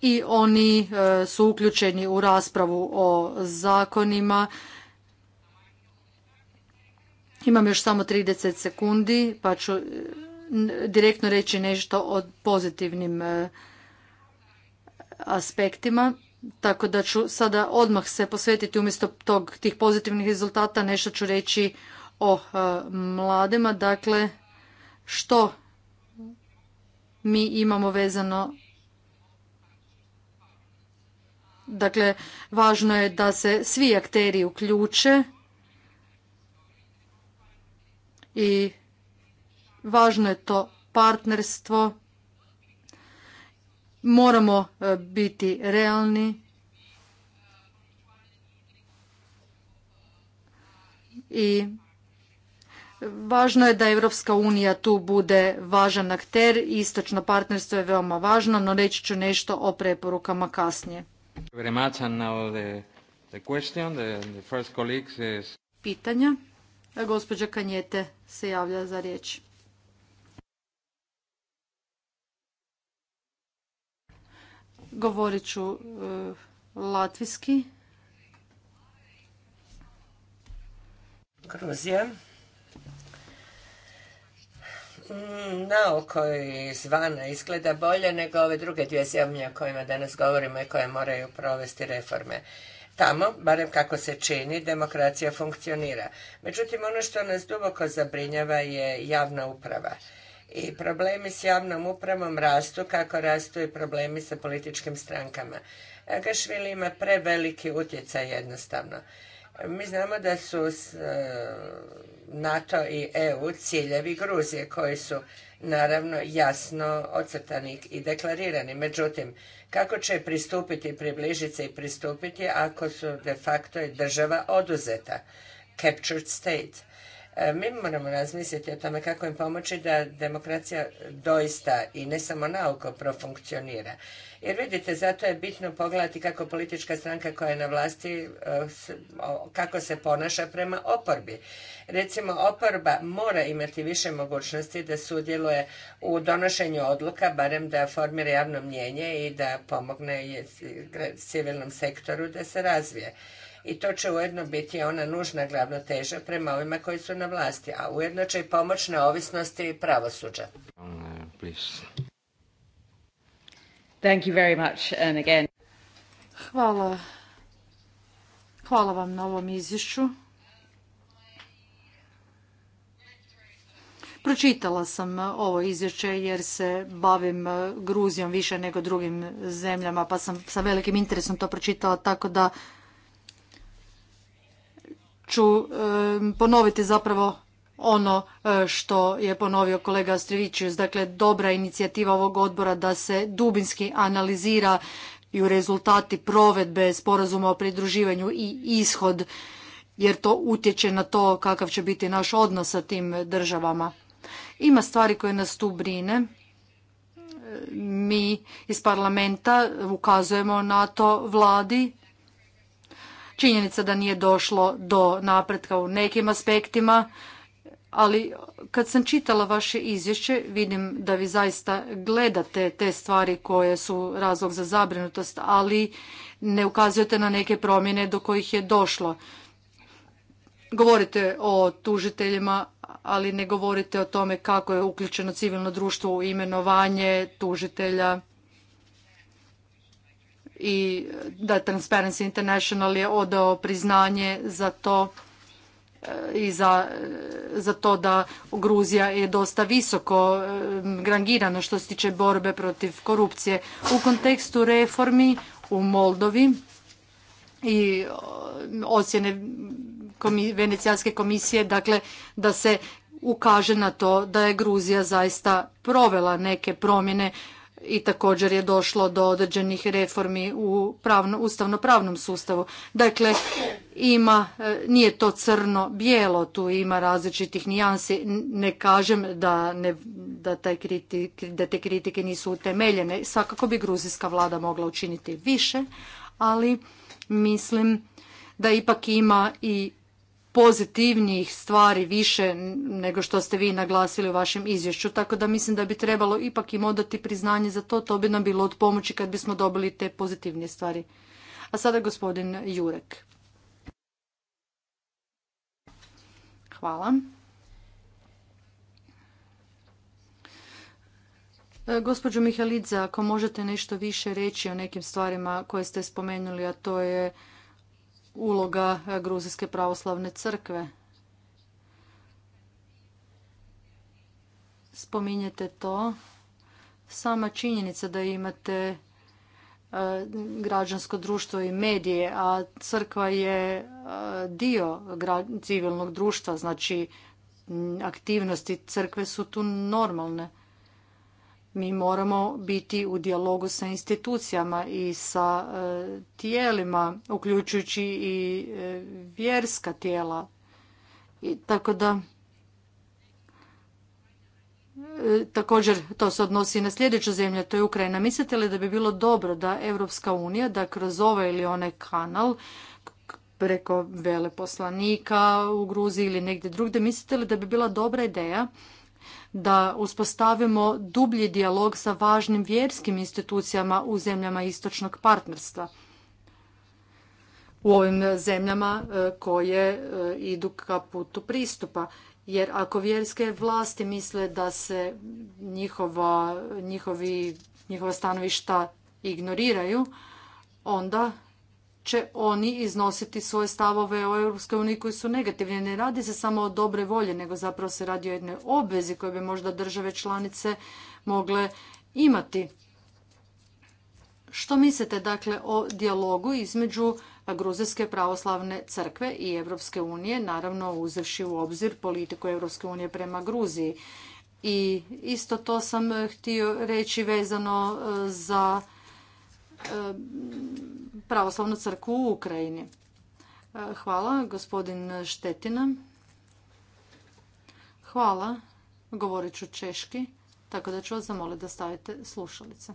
B: i oni e, su uključeni u raspravu o zakonima. Imam još samo 30 sekundi pa ću e, direktno reći nešto o pozitivnim e, aspektima. Tako da ću sada odmah se posvetiti umjesto tog, tih pozitivnih rezultata nešto ću reći o eh, mladima, dakle što mi imamo vezano Dakle, važno je da se svi akteri uključe i važno je to partnerstvo. Moramo eh, biti realni i Važno je da Evropska unija tu bude važan akter, istočno partnerstvo je veoma važno, no reći ću nešto o preporukama kasnije. Pitanja? Gospođa Kanjete se javlja za riječ. Govorit ću eh, latvijski. Mm, naoko
A: izvana izgleda bolje nego ove druge dvije zemlje o kojima danas govorimo i koje moraju provesti reforme. Tamo, barem kako se čini, demokracija funkcionira. Međutim, ono što nas duboko zabrinjava je javna uprava. I problemi s javnom upravom rastu kako rastu i problemi sa političkim strankama. Agašvili ima preveliki utjecaj jednostavno. Mi znamo da su e, NATO i EU ciljevi Gruzije koji su naravno jasno ocrtani i deklarirani. Međutim, kako će pristupiti, približiti se i pristupiti ako su de facto država oduzeta, captured state. E, mi moramo razmisliti o tome kako im pomoći da demokracija doista i ne samo naoko profunkcionira. Jer vidite, zato je bitno pogledati kako politička stranka koja je na vlasti, e, kako se ponaša prema oporbi. Recimo, oporba mora imati više mogućnosti da sudjeluje u donošenju odluka, barem da formira javno mnjenje i da pomogne civilnom sektoru da se razvije i to će ujedno biti ona nužna glavno teža prema ovima koji su na vlasti, a ujedno će i pomoć neovisnosti pravosuđa.
B: Thank you very Hvala. Hvala vam na ovom izvješću. Pročitala sam ovo izvješće jer se bavim Gruzijom više nego drugim zemljama, pa sam sa velikim interesom to pročitala, tako da ću ponoviti zapravo ono e, što je ponovio kolega Strivičius, dakle dobra inicijativa ovog odbora da se dubinski analizira i u rezultati provedbe sporazuma o pridruživanju i ishod, jer to utječe na to kakav će biti naš odnos sa tim državama. Ima stvari koje nas tu brine. Mi iz parlamenta ukazujemo na to vladi Činjenica da nije došlo do napretka u nekim aspektima, ali kad sam čitala vaše izvješće vidim da vi zaista gledate te stvari koje su razlog za zabrinutost, ali ne ukazujete na neke promjene do kojih je došlo. Govorite o tužiteljima, ali ne govorite o tome kako je uključeno civilno društvo u imenovanje tužitelja i da Transparency International je odao priznanje za to e, i za, e, za to da Gruzija je dosta visoko grangirana e, što se tiče borbe protiv korupcije. U kontekstu reformi u Moldovi i ocjene komi, Venecijanske komisije, dakle da se ukaže na to da je Gruzija zaista provela neke promjene i također je došlo do određenih reformi u ustavno-pravnom sustavu. Dakle, ima, e, nije to crno-bijelo, tu ima različitih nijansi. Ne kažem da, ne, da, da te kritike nisu utemeljene. Svakako bi gruzijska vlada mogla učiniti više, ali mislim da ipak ima i pozitivnijih stvari više nego što ste vi naglasili u vašem izvješću. Tako da mislim da bi trebalo ipak im odati priznanje za to. To bi nam bilo od pomoći kad bismo dobili te pozitivnije stvari. A sada gospodin Jurek. Hvala. E, gospođo Mihalidze, ako možete nešto više reći o nekim stvarima koje ste spomenuli, a to je uloga eh, Gruzijske pravoslavne crkve. Spominjete to. Sama činjenica da imate eh, građansko društvo i medije, a crkva je eh, dio civilnog društva, znači aktivnosti crkve su tu normalne. Mi moramo biti u dijalogu sa institucijama i sa e, tijelima, uključujući i e, vjerska tijela. I tako da e, također to se odnosi i na sljedeću zemlju, to je Ukrajina. Mislite li da bi bilo dobro da Europska unija, da kroz ovaj ili onaj kanal, preko veleposlanika u Gruziji ili negdje drugdje, mislite li da bi bila dobra ideja da uspostavimo dublji dijalog sa važnim vjerskim institucijama u zemljama istočnog partnerstva u ovim zemljama e, koje e, idu ka putu pristupa. Jer ako vjerske vlasti misle da se njihova, njihovi, njihova stanovišta ignoriraju, onda će oni iznositi svoje stavove o EU koji su negativni. Ne radi se samo o dobre volje, nego zapravo se radi o jednoj obvezi koju bi možda države članice mogle imati. Što mislite dakle o dijalogu između Gruzijske pravoslavne crkve i Europske unije, naravno uzevši u obzir politiku Europske unije prema Gruziji? I isto to sam htio reći vezano e, za E, pravoslavnu crkvu u Ukrajini. E, hvala, gospodin Štetina. Hvala, govorit ću češki, tako da ću vas zamoliti da stavite slušalice.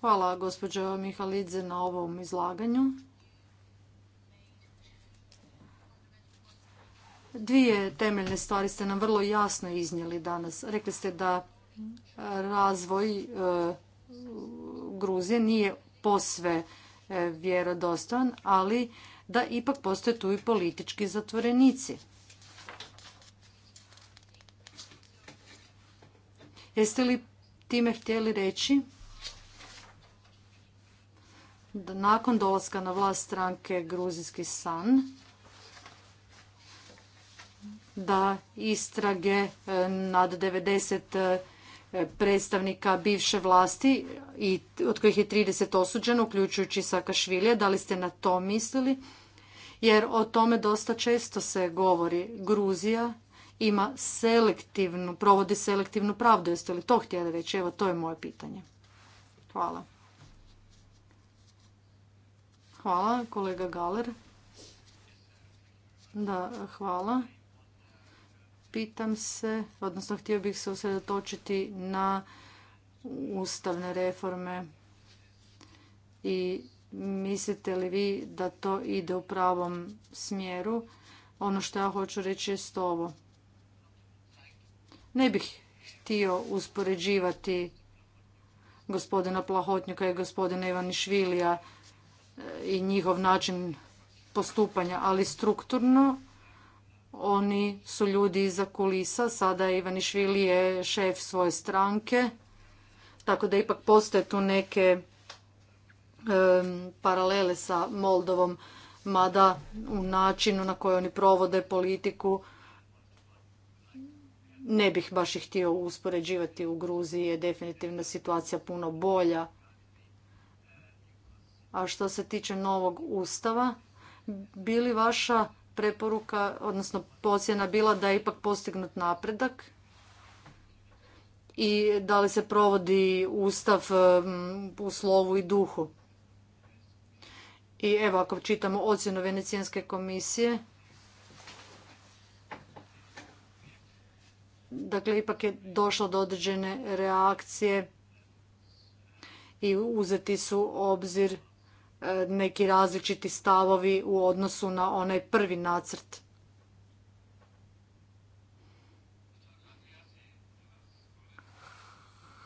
B: Hvala gospođo Mihalidze na ovom izlaganju. Dvije temeljne stvari ste nam vrlo jasno iznijeli danas. Rekli ste da razvoj e, Gruzije nije posve e, vjerodostojan, ali da ipak postoje tu i politički zatvorenici. Jeste li time htjeli reći da nakon dolaska na vlast stranke Gruzijski san da istrage e, nad 90 E, predstavnika bivše vlasti i od kojih je 30 osuđeno, uključujući Sakašvilje. Da li ste na to mislili? Jer o tome dosta često se govori. Gruzija ima selektivnu, provodi selektivnu pravdu. Jeste li to htjeli reći? Evo, to je moje pitanje. Hvala. Hvala, kolega Galer. Da, hvala pitam se, odnosno htio bih se usredotočiti na ustavne reforme i mislite li vi da to ide u pravom smjeru? Ono što ja hoću reći je ovo. Ne bih htio uspoređivati gospodina Plahotnjuka i gospodina Ivanišvilija e, i njihov način postupanja, ali strukturno oni su ljudi iza kulisa, sada Ivanišvili je šef svoje stranke, tako da ipak postoje tu neke paralele sa Moldovom, mada u načinu na koji oni provode politiku ne bih baš ih htio uspoređivati u Gruziji, je definitivno situacija puno bolja. A što se tiče novog ustava, bili vaša preporuka, odnosno posjena bila da je ipak postignut napredak i da li se provodi ustav u slovu i duhu. I evo ako čitamo ocjenu Venecijanske komisije, dakle ipak je došlo do određene reakcije i uzeti su obzir E, neki različiti stavovi u odnosu na onaj prvi nacrt.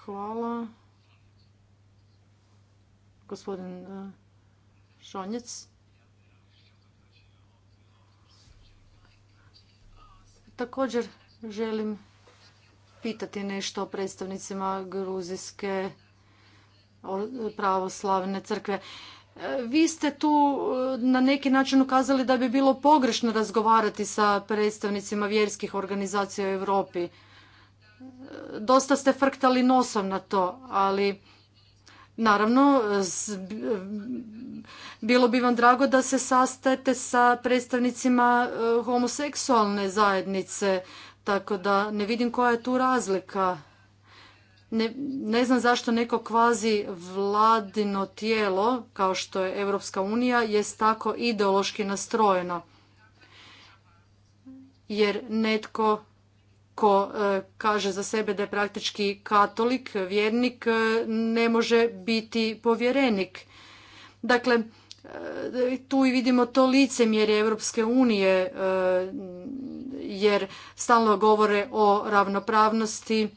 B: Hvala. Gospodin e, Šonjec. Također želim pitati nešto o predstavnicima Gruzijske pravoslavne crkve. Vi ste tu e, na neki način ukazali da bi bilo pogrešno razgovarati sa predstavnicima vjerskih organizacija u Europi. E, dosta ste frktali nosom na to, ali naravno bilo bi vam drago da se sastajete sa predstavnicima e, homoseksualne zajednice, tako da ne vidim koja je tu razlika. Ne, ne znam zašto neko kvazi vladino tijelo, kao što je Europska unija, jest tako ideološki nastrojeno. Jer netko ko e, kaže za sebe da je praktički katolik, vjernik, e, ne može biti povjerenik. Dakle, e, tu i vidimo to licemjerje Europske unije, jer stalno govore o ravnopravnosti,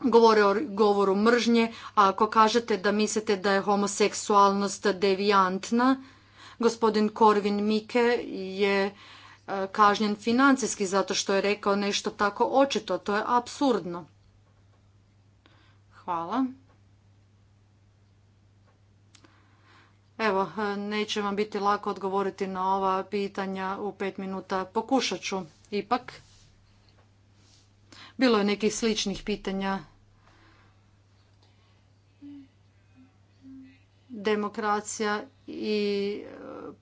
B: govore o govoru mržnje, a ako kažete da mislite da je homoseksualnost devijantna, gospodin Korvin Mike je e, kažnjen financijski zato što je rekao nešto tako očito. To je absurdno. Hvala. Evo, e, neće vam biti lako odgovoriti na ova pitanja u pet minuta. Pokušat ću ipak. Bilo je nekih sličnih pitanja. Demokracija i e,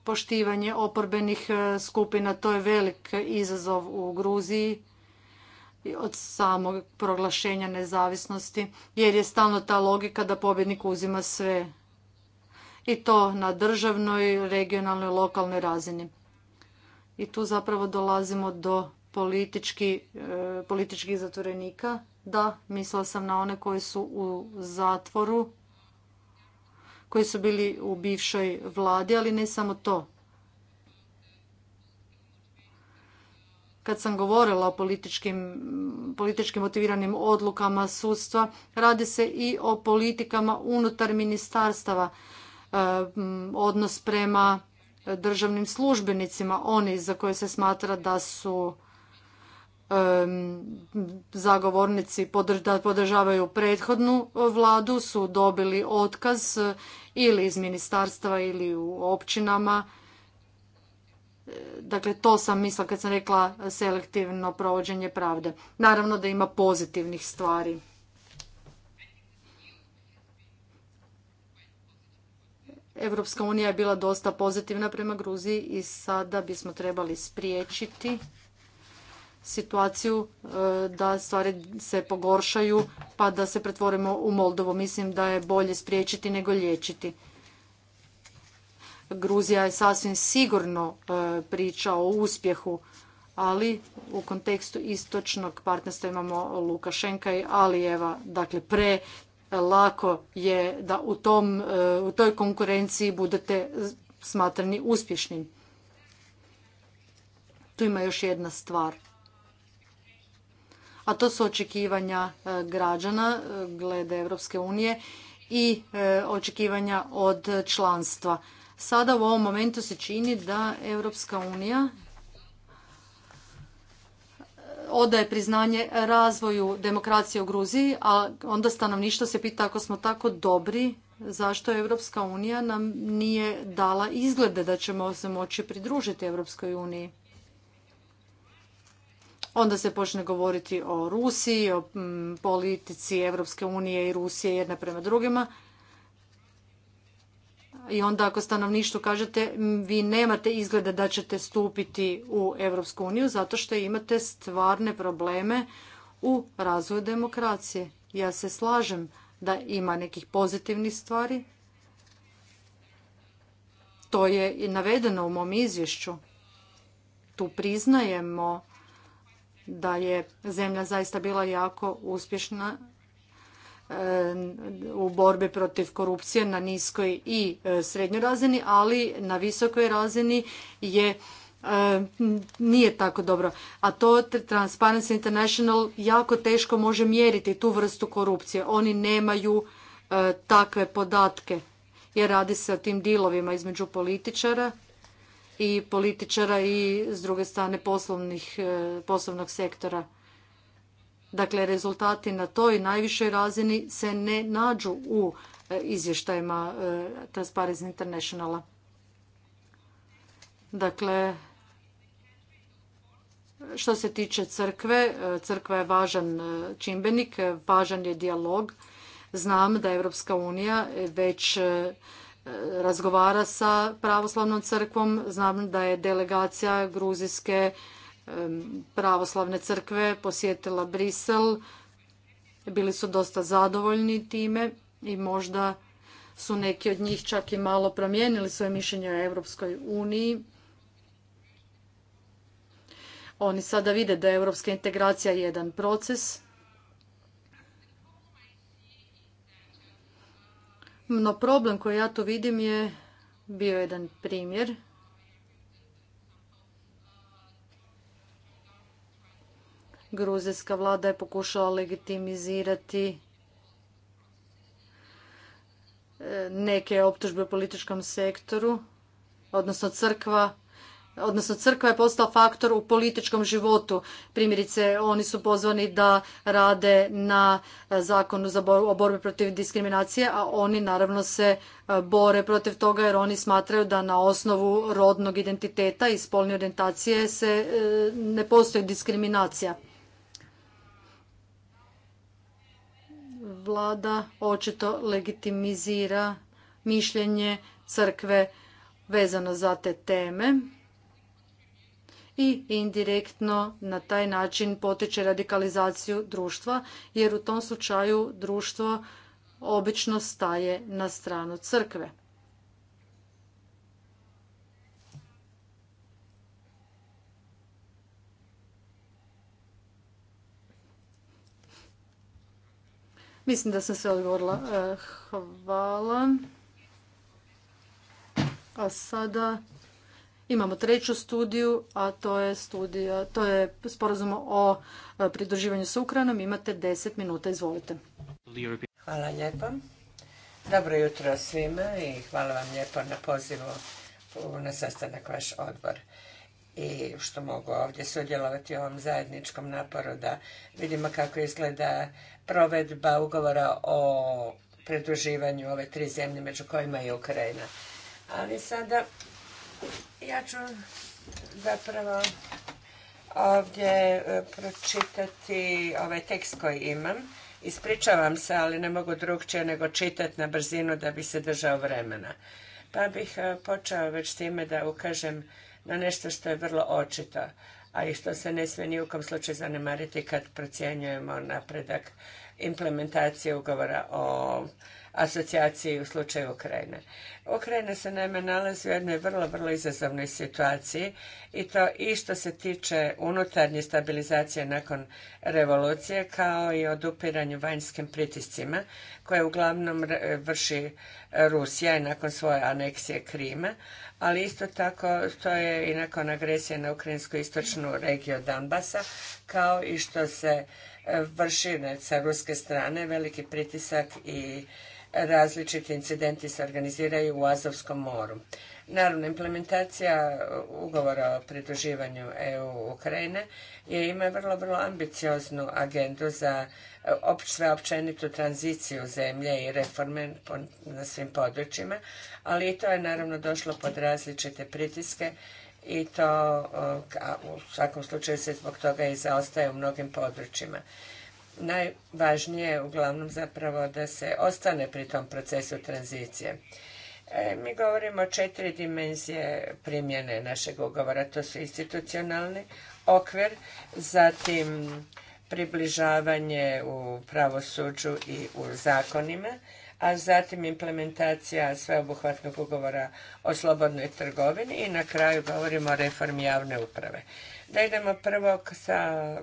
B: poštivanje oporbenih e, skupina, to je velik izazov u Gruziji od samog proglašenja nezavisnosti, jer je stalno ta logika da pobjednik uzima sve i to na državnoj, regionalnoj, lokalnoj razini. I tu zapravo dolazimo do politički, e, političkih zatvorenika. Da, mislila sam na one koji su u zatvoru, koji su bili u bivšoj vladi, ali ne samo to. kad sam govorila o političkim, politički motiviranim odlukama sudstva, radi se i o politikama unutar ministarstava, e, odnos prema državnim službenicima, oni za koje se smatra da su zagovornici da podržavaju prethodnu e, vladu su dobili otkaz e, ili iz ministarstva ili u općinama. E, dakle, to sam mislila kad sam rekla selektivno provođenje pravde. Naravno da ima pozitivnih stvari. Evropska unija je bila dosta pozitivna prema Gruziji i sada bismo trebali spriječiti situaciju e, da stvari se pogoršaju pa da se pretvorimo u Moldovu. Mislim da je bolje spriječiti nego liječiti. Gruzija je sasvim sigurno e, priča o uspjehu, ali u kontekstu istočnog partnerstva imamo Lukašenka i Alijeva. Dakle, pre lako je da u, tom, e, u toj konkurenciji budete smatrani uspješnim. Tu ima još jedna stvar a to su očekivanja e, građana e, glede Europske unije i e, očekivanja od članstva. Sada u ovom momentu se čini da Europska unija odaje priznanje razvoju demokracije u Gruziji, a onda stanovništvo se pita ako smo tako dobri, zašto Europska unija nam nije dala izglede da ćemo se moći pridružiti Europskoj uniji. Onda se počne govoriti o Rusiji, o mm, politici Europske unije i Rusije jedna prema drugima. I onda ako stanovništvu kažete vi nemate izgleda da ćete stupiti u Europsku uniju zato što imate stvarne probleme u razvoju demokracije. Ja se slažem da ima nekih pozitivnih stvari. To je i navedeno u mom izvješću. Tu priznajemo da je zemlja zaista bila jako uspješna e, u borbi protiv korupcije na niskoj i e, srednjoj razini, ali na visokoj razini je e, nije tako dobro. A to Transparency International jako teško može mjeriti tu vrstu korupcije. Oni nemaju takve podatke jer radi se o tim dilovima između političara i političara i s druge strane poslovnih, e, poslovnog sektora. Dakle, rezultati na toj najvišoj razini se ne nađu u e, izvještajima e, Transparency Internationala. Dakle, što se tiče crkve, crkva je važan čimbenik, važan je dijalog. Znam da Europska unija već razgovara sa pravoslavnom crkvom. Znam da je delegacija gruzijske pravoslavne crkve posjetila Brisel. Bili su dosta zadovoljni time i možda su neki od njih čak i malo promijenili svoje mišljenje o Europskoj uniji. Oni sada vide da je europska integracija jedan proces No problem koji ja tu vidim je bio jedan primjer. Gruzijska vlada je pokušala legitimizirati e, neke optužbe u političkom sektoru, odnosno crkva odnosno crkva je postala faktor u političkom životu. Primjerice, oni su pozvani da rade na e, zakonu za o borbi protiv diskriminacije, a oni naravno se e, bore protiv toga jer oni smatraju da na osnovu rodnog identiteta i spolne orientacije se e, ne postoji diskriminacija. Vlada očito legitimizira mišljenje crkve vezano za te teme i indirektno na taj način potiče radikalizaciju društva jer u tom slučaju društvo obično staje na stranu crkve. Mislim da sam sve odgovorila. E, hvala. A sada Imamo treću studiju, a to je studija, to je sporazum o e, pridruživanju s Ukrajinom. Imate 10 minuta, izvolite.
A: Hvala lijepo. Dobro jutro svima i hvala vam lijepo na pozivu na sastanak vaš odbor i što mogu ovdje sudjelovati u ovom zajedničkom naporu da vidimo kako izgleda provedba ugovora o pridruživanju ove tri zemlje među kojima je Ukrajina. Ali sada ja ću zapravo ovdje e, pročitati ovaj tekst koji imam. Ispričavam se, ali ne mogu drugčije nego čitati na brzinu da bi se držao vremena. Pa bih e, počeo već s time da ukažem na nešto što je vrlo očito, a i što se ne smije ni u kom slučaju zanemariti kad procjenjujemo napredak implementacije ugovora o asocijaciji u slučaju Ukrajine. Ukrajina se naime nalazi u jednoj vrlo, vrlo izazovnoj situaciji i to i što se tiče unutarnje stabilizacije nakon revolucije kao i odupiranju vanjskim pritiscima koje uglavnom vrši Rusija i nakon svoje aneksije Krima, ali isto tako to je i nakon agresije na ukrajinsku istočnu regiju Dambasa kao i što se vrši sa ruske strane veliki pritisak i različiti incidenti se organiziraju u Azovskom moru. Naravno, implementacija ugovora o pridruživanju EU Ukrajine je ima vrlo, vrlo ambicioznu agendu za e, sve sveopćenitu tranziciju zemlje i reforme na svim područjima, ali i to je naravno došlo pod različite pritiske i to u svakom slučaju se zbog toga i zaostaje u mnogim područjima najvažnije uglavnom zapravo da se ostane pri tom procesu tranzicije. E, mi govorimo o četiri dimenzije primjene našeg ugovora. To su institucionalni okvir, zatim približavanje u pravosuđu i u zakonima, a zatim implementacija sveobuhvatnog ugovora o slobodnoj trgovini i na kraju govorimo o reformi javne uprave da idemo prvo sa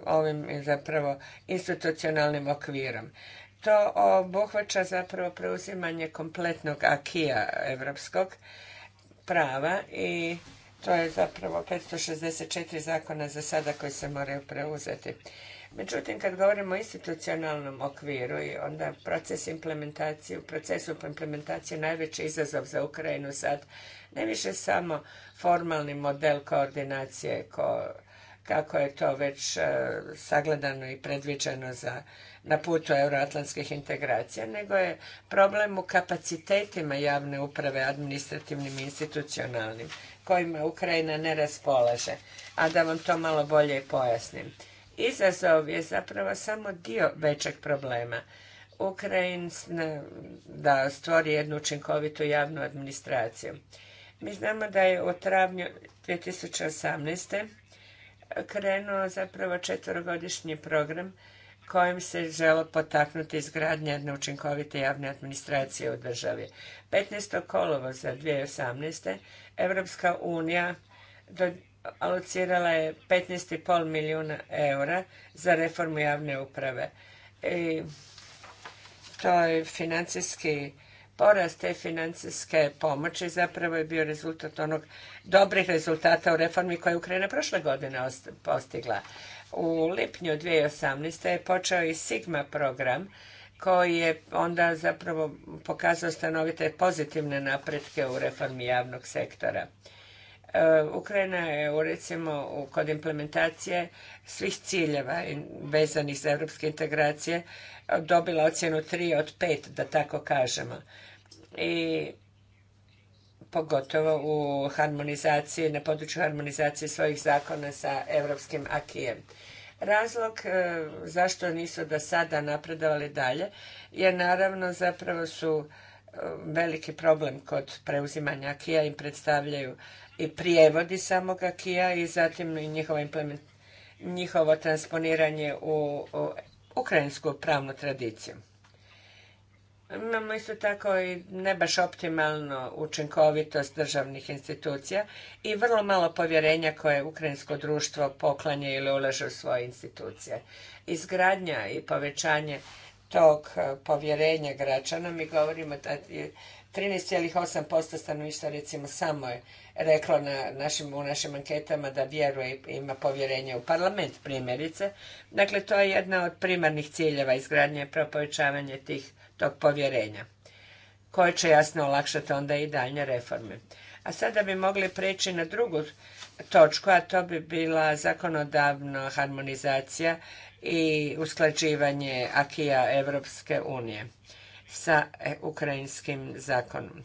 A: ovim zapravo institucionalnim okvirom. To obuhvaća zapravo preuzimanje kompletnog akija evropskog prava i to je zapravo 564 zakona za sada koji se moraju preuzeti. Međutim, kad govorimo o institucionalnom okviru i onda proces implementacije, u procesu implementacije najveći izazov za Ukrajinu sad ne više samo formalni model koordinacije ko kako je to već e, sagledano i predviđeno za, na putu euroatlantskih integracija, nego je problem u kapacitetima javne uprave, administrativnim i institucionalnim, kojima Ukrajina ne raspolaže. A da vam to malo bolje pojasnim. Izazov je zapravo samo dio većeg problema. Ukrajina da stvori jednu učinkovitu javnu administraciju. Mi znamo da je u travnju 2018 krenuo zapravo četvorogodišnji program kojim se želo potaknuti izgradnja jedne učinkovite javne administracije u državi. 15. kolovoza 2018. Evropska unija alocirala je 15,5 milijuna eura za reformu javne uprave. I to je financijski porast te financijske pomoći zapravo je bio rezultat onog dobrih rezultata u reformi koje je Ukrajina prošle godine postigla. U lipnju 2018. je počeo i Sigma program koji je onda zapravo pokazao stanovite pozitivne napretke u reformi javnog sektora. Uh, Ukrajina je u recimo kod implementacije svih ciljeva vezanih za europske integracije dobila ocjenu 3 od 5, da tako kažemo. I pogotovo u harmonizaciji, na području harmonizacije svojih zakona sa europskim akijem. Razlog uh, zašto nisu do sada napredovali dalje je naravno zapravo su veliki problem kod preuzimanja Akija im predstavljaju i prijevodi samog kija i zatim njihovo transponiranje u, ukrajinsku pravnu tradiciju. Imamo isto tako i ne baš optimalno učinkovitost državnih institucija i vrlo malo povjerenja koje ukrajinsko društvo poklanje ili ulaže u svoje institucije. Izgradnja i povećanje tog e, povjerenja građana, mi govorimo da je 13,8% stanovništva recimo samo je reklo na našim, u našim anketama da vjeruje ima povjerenje u parlament primjerice. Dakle, to je jedna od primarnih ciljeva izgradnje i povećavanje tih, tog povjerenja koje će jasno olakšati onda i daljnje reforme. A sada bi mogli preći na drugu točku, a to bi bila zakonodavna harmonizacija i usklađivanje akija Evropske unije sa e, ukrajinskim zakonom.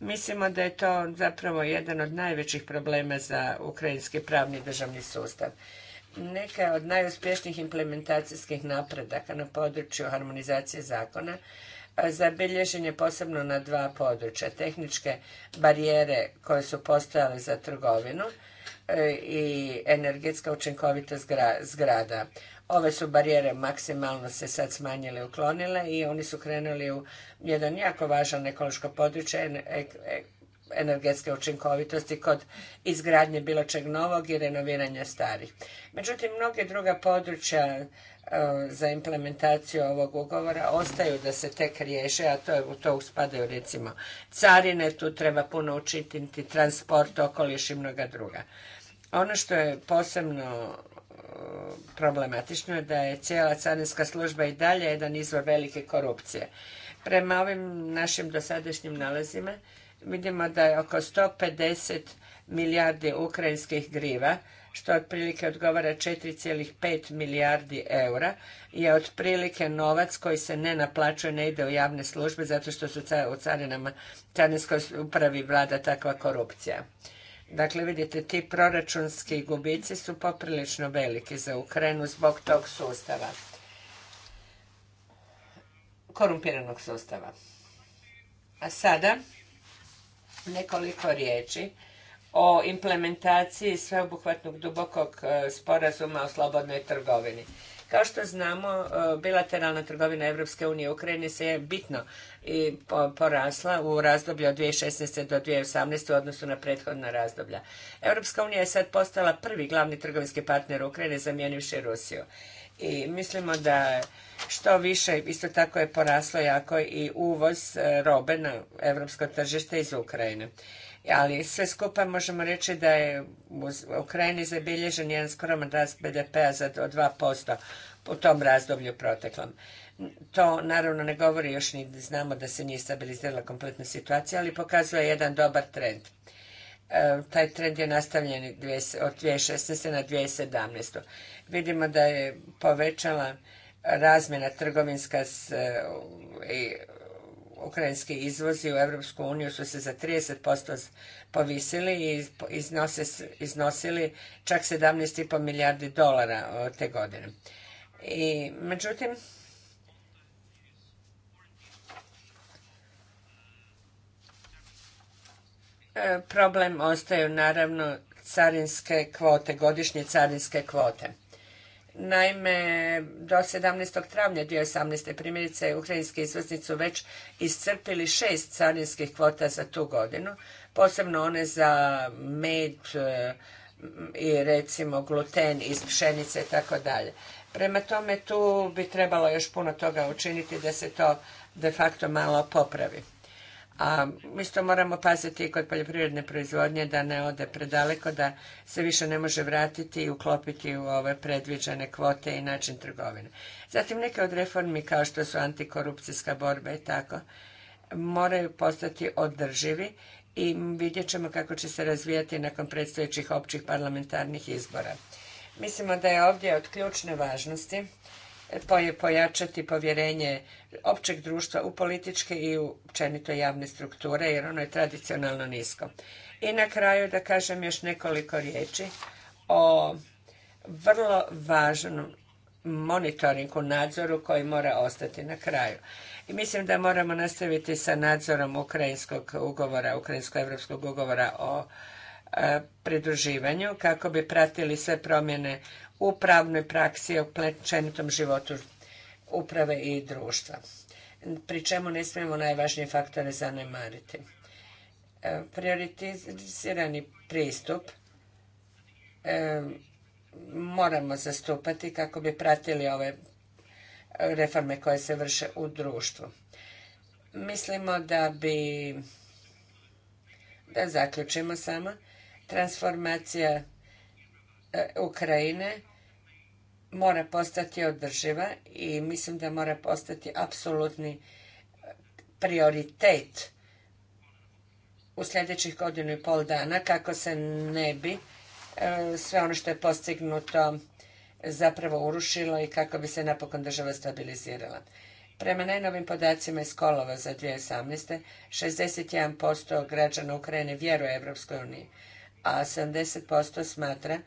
A: Mislimo da je to zapravo jedan od najvećih problema za ukrajinski pravni državni sustav. Neka od najuspješnijih implementacijskih napredaka na području harmonizacije zakona zabilježen je posebno na dva područja. Tehničke barijere koje su postojale za trgovinu e, i energetska učinkovitost zgrada. Ove su barijere maksimalno se sad smanjile i uklonile i oni su krenuli u jedan jako važan ekološko područje e, e, energetske učinkovitosti kod izgradnje bilo čeg novog i renoviranja starih. Međutim, mnoge druga područja e, za implementaciju ovog ugovora ostaju da se tek riješe, a to, je, u to spadaju recimo carine, tu treba puno učiniti, transport, okoliš i mnoga druga. Ono što je posebno problematično je da je cijela carinska služba i dalje jedan izvor velike korupcije. Prema ovim našim dosadašnjim nalazima vidimo da je oko 150 milijardi ukrajinskih griva, što otprilike odgovara 4,5 milijardi eura, je otprilike novac koji se ne naplaćuje, ne ide u javne službe, zato što su u carinama, carinskoj upravi vlada takva korupcija. Dakle, vidite, ti proračunski gubici su poprilično veliki za Ukrajinu zbog tog sustava. Korumpiranog sustava. A sada nekoliko riječi o implementaciji sveobuhvatnog dubokog e, sporazuma o slobodnoj trgovini. Kao što znamo, e, bilateralna trgovina Europske unije i Ukrajine se je bitno i porasla u razdoblju od 2016. do 2018. u odnosu na prethodna razdoblja. Europska unija je sad postala prvi glavni trgovinski partner Ukrajine zamijenivši Rusiju. I mislimo da što više, isto tako je poraslo jako i uvoz e, robe na europsko tržište iz Ukrajine ali sve skupa možemo reći da je u Ukrajini zabilježen jedan skroman rast BDP-a za 2% u tom razdoblju proteklom. To naravno ne govori još ni znamo da se nije stabilizirala kompletna situacija, ali pokazuje jedan dobar trend. E, taj trend je nastavljen od 2016. na 2017. Vidimo da je povećala razmjena trgovinska s, e, i ukrajinski izvozi u Europsku uniju su se za 30% povisili i iznosili čak 17,5 milijardi dolara te godine. I, međutim, e, problem ostaju naravno carinske kvote, godišnje carinske kvote. Naime, do 17. travnja 2018. primjerice Ukrajinske izvoznici su već iscrpili šest carinskih kvota za tu godinu, posebno one za med e, i recimo gluten iz pšenice i tako dalje. Prema tome tu bi trebalo još puno toga učiniti da se to de facto malo popravi. A isto moramo paziti i kod poljoprivredne proizvodnje da ne ode predaleko, da se više ne može vratiti i uklopiti u ove predviđene kvote i način trgovine. Zatim neke od reformi kao što su antikorupcijska borba i tako moraju postati održivi i vidjet ćemo kako će se razvijati nakon predstojećih općih parlamentarnih izbora. Mislimo da je ovdje od ključne važnosti pojačati povjerenje općeg društva u političke i u općenito javne strukture jer ono je tradicionalno nisko. I na kraju da kažem još nekoliko riječi o vrlo važnom monitoringu, nadzoru koji mora ostati na kraju. I mislim da moramo nastaviti sa nadzorom ukrajinskog ugovora, ukrajinsko-evropskog ugovora o e, pridruživanju kako bi pratili sve promjene u pravnoj praksi, u općenitom životu uprave i društva. Pri čemu ne smijemo najvažnije faktore zanemariti. E, prioritizirani pristup e, moramo zastupati kako bi pratili ove reforme koje se vrše u društvu. Mislimo da bi, da zaključimo samo, transformacija e, Ukrajine mora postati održiva i mislim da mora postati apsolutni eh, prioritet u sljedećih godinu i pol dana kako se ne bi eh, sve ono što je postignuto zapravo urušilo i kako bi se napokon država stabilizirala. Prema najnovim podacima iz kolova za 2018. 61% građana Ukrajine vjeruje Europskoj uniji, a 70% smatra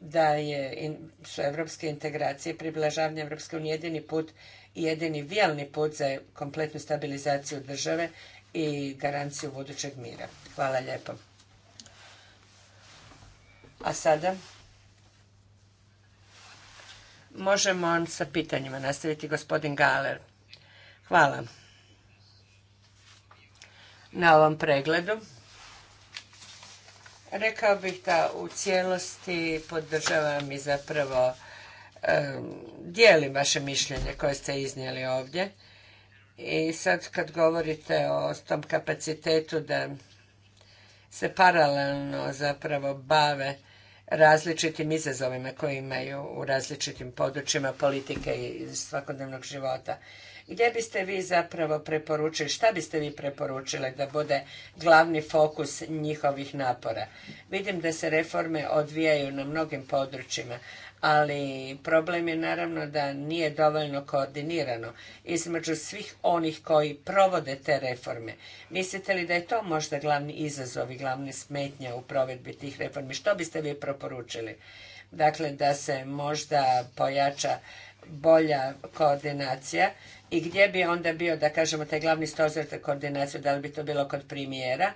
A: da je, su evropske integracije, približavanje Evropske unije jedini put i jedini vijalni put za kompletnu stabilizaciju države i garanciju budućeg mira. Hvala lijepo. A sada možemo sa pitanjima nastaviti gospodin Galer. Hvala na ovom pregledu. Rekao bih da u cijelosti podržavam i zapravo dijelim vaše mišljenje koje ste iznijeli ovdje. I sad kad govorite o tom kapacitetu da se paralelno zapravo bave različitim izazovima koje imaju u različitim područjima politike i svakodnevnog života. Gdje biste vi zapravo preporučili, šta biste vi preporučili da bude glavni fokus njihovih napora? Vidim da se reforme odvijaju na mnogim područjima, ali problem je naravno da nije dovoljno koordinirano između svih onih koji provode te reforme. Mislite li da je to možda glavni izazov i glavna smetnja u provedbi tih reformi? Što biste vi preporučili? Dakle, da se možda pojača bolja koordinacija i gdje bi onda bio, da kažemo, taj glavni stožer za koordinaciju, da li bi to bilo kod premijera,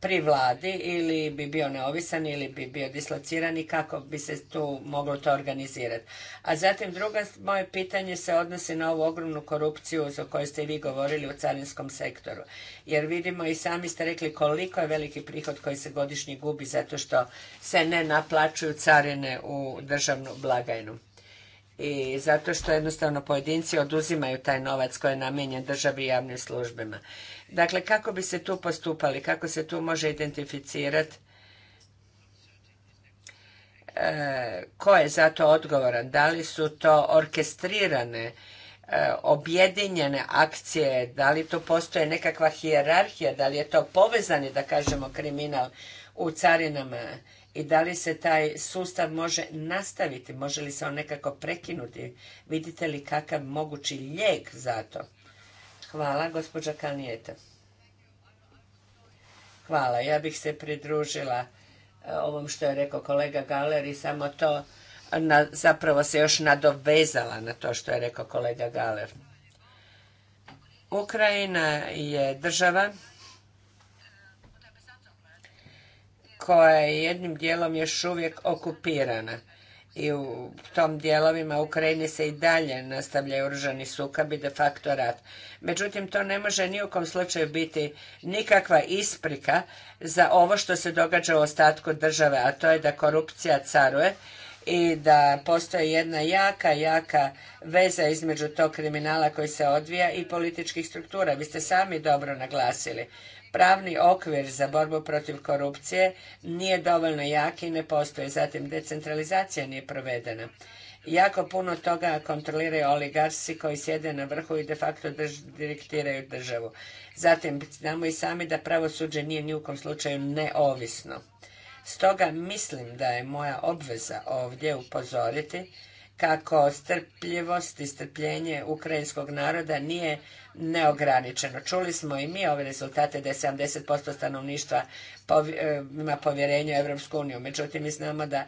A: pri vladi ili bi bio neovisan ili bi bio dislociran i kako bi se tu moglo to organizirati. A zatim druga moje pitanje se odnosi na ovu ogromnu korupciju za kojoj ste i vi govorili u carinskom sektoru. Jer vidimo i sami ste rekli koliko je veliki prihod koji se godišnje gubi zato što se ne naplaćuju carine u državnu blagajnu i zato što jednostavno pojedinci oduzimaju taj novac koji je namijenjen državi i javnim službama. Dakle, kako bi se tu postupali, kako se tu može identificirati e, ko je za to odgovoran, da li su to orkestrirane, e, objedinjene akcije, da li tu postoje nekakva hijerarhija, da li je to povezani, da kažemo, kriminal u carinama, i da li se taj sustav može nastaviti, može li se on nekako prekinuti, vidite li kakav mogući lijek za to? Hvala, gospođa Kanijeta. Hvala, ja bih se pridružila e, ovom što je rekao kolega Galer i samo to na, zapravo se još nadovezala na to što je rekao kolega Galer. Ukrajina je država koja je jednim dijelom još uvijek okupirana. I u tom dijelovima Ukrajine se i dalje nastavlja oružani sukob i de facto rat. Međutim, to ne može ni u kom slučaju biti nikakva isprika za ovo što se događa u ostatku države, a to je da korupcija caruje i da postoji jedna jaka, jaka veza između tog kriminala koji se odvija i političkih struktura. Vi ste sami dobro naglasili pravni okvir za borbu protiv korupcije nije dovoljno jak i ne postoje. Zatim, decentralizacija nije provedena. Jako puno toga kontroliraju oligarsi koji sjede na vrhu i de facto direktiraju državu. Zatim, znamo i sami da pravosuđe nije ni u kom slučaju neovisno. Stoga mislim da je moja obveza ovdje upozoriti kako strpljivost i strpljenje ukrajinskog naroda nije neograničeno. Čuli smo i mi ove rezultate da je 70% stanovništva e, ima povjerenje u Europsku uniju. Međutim, mi znamo da e,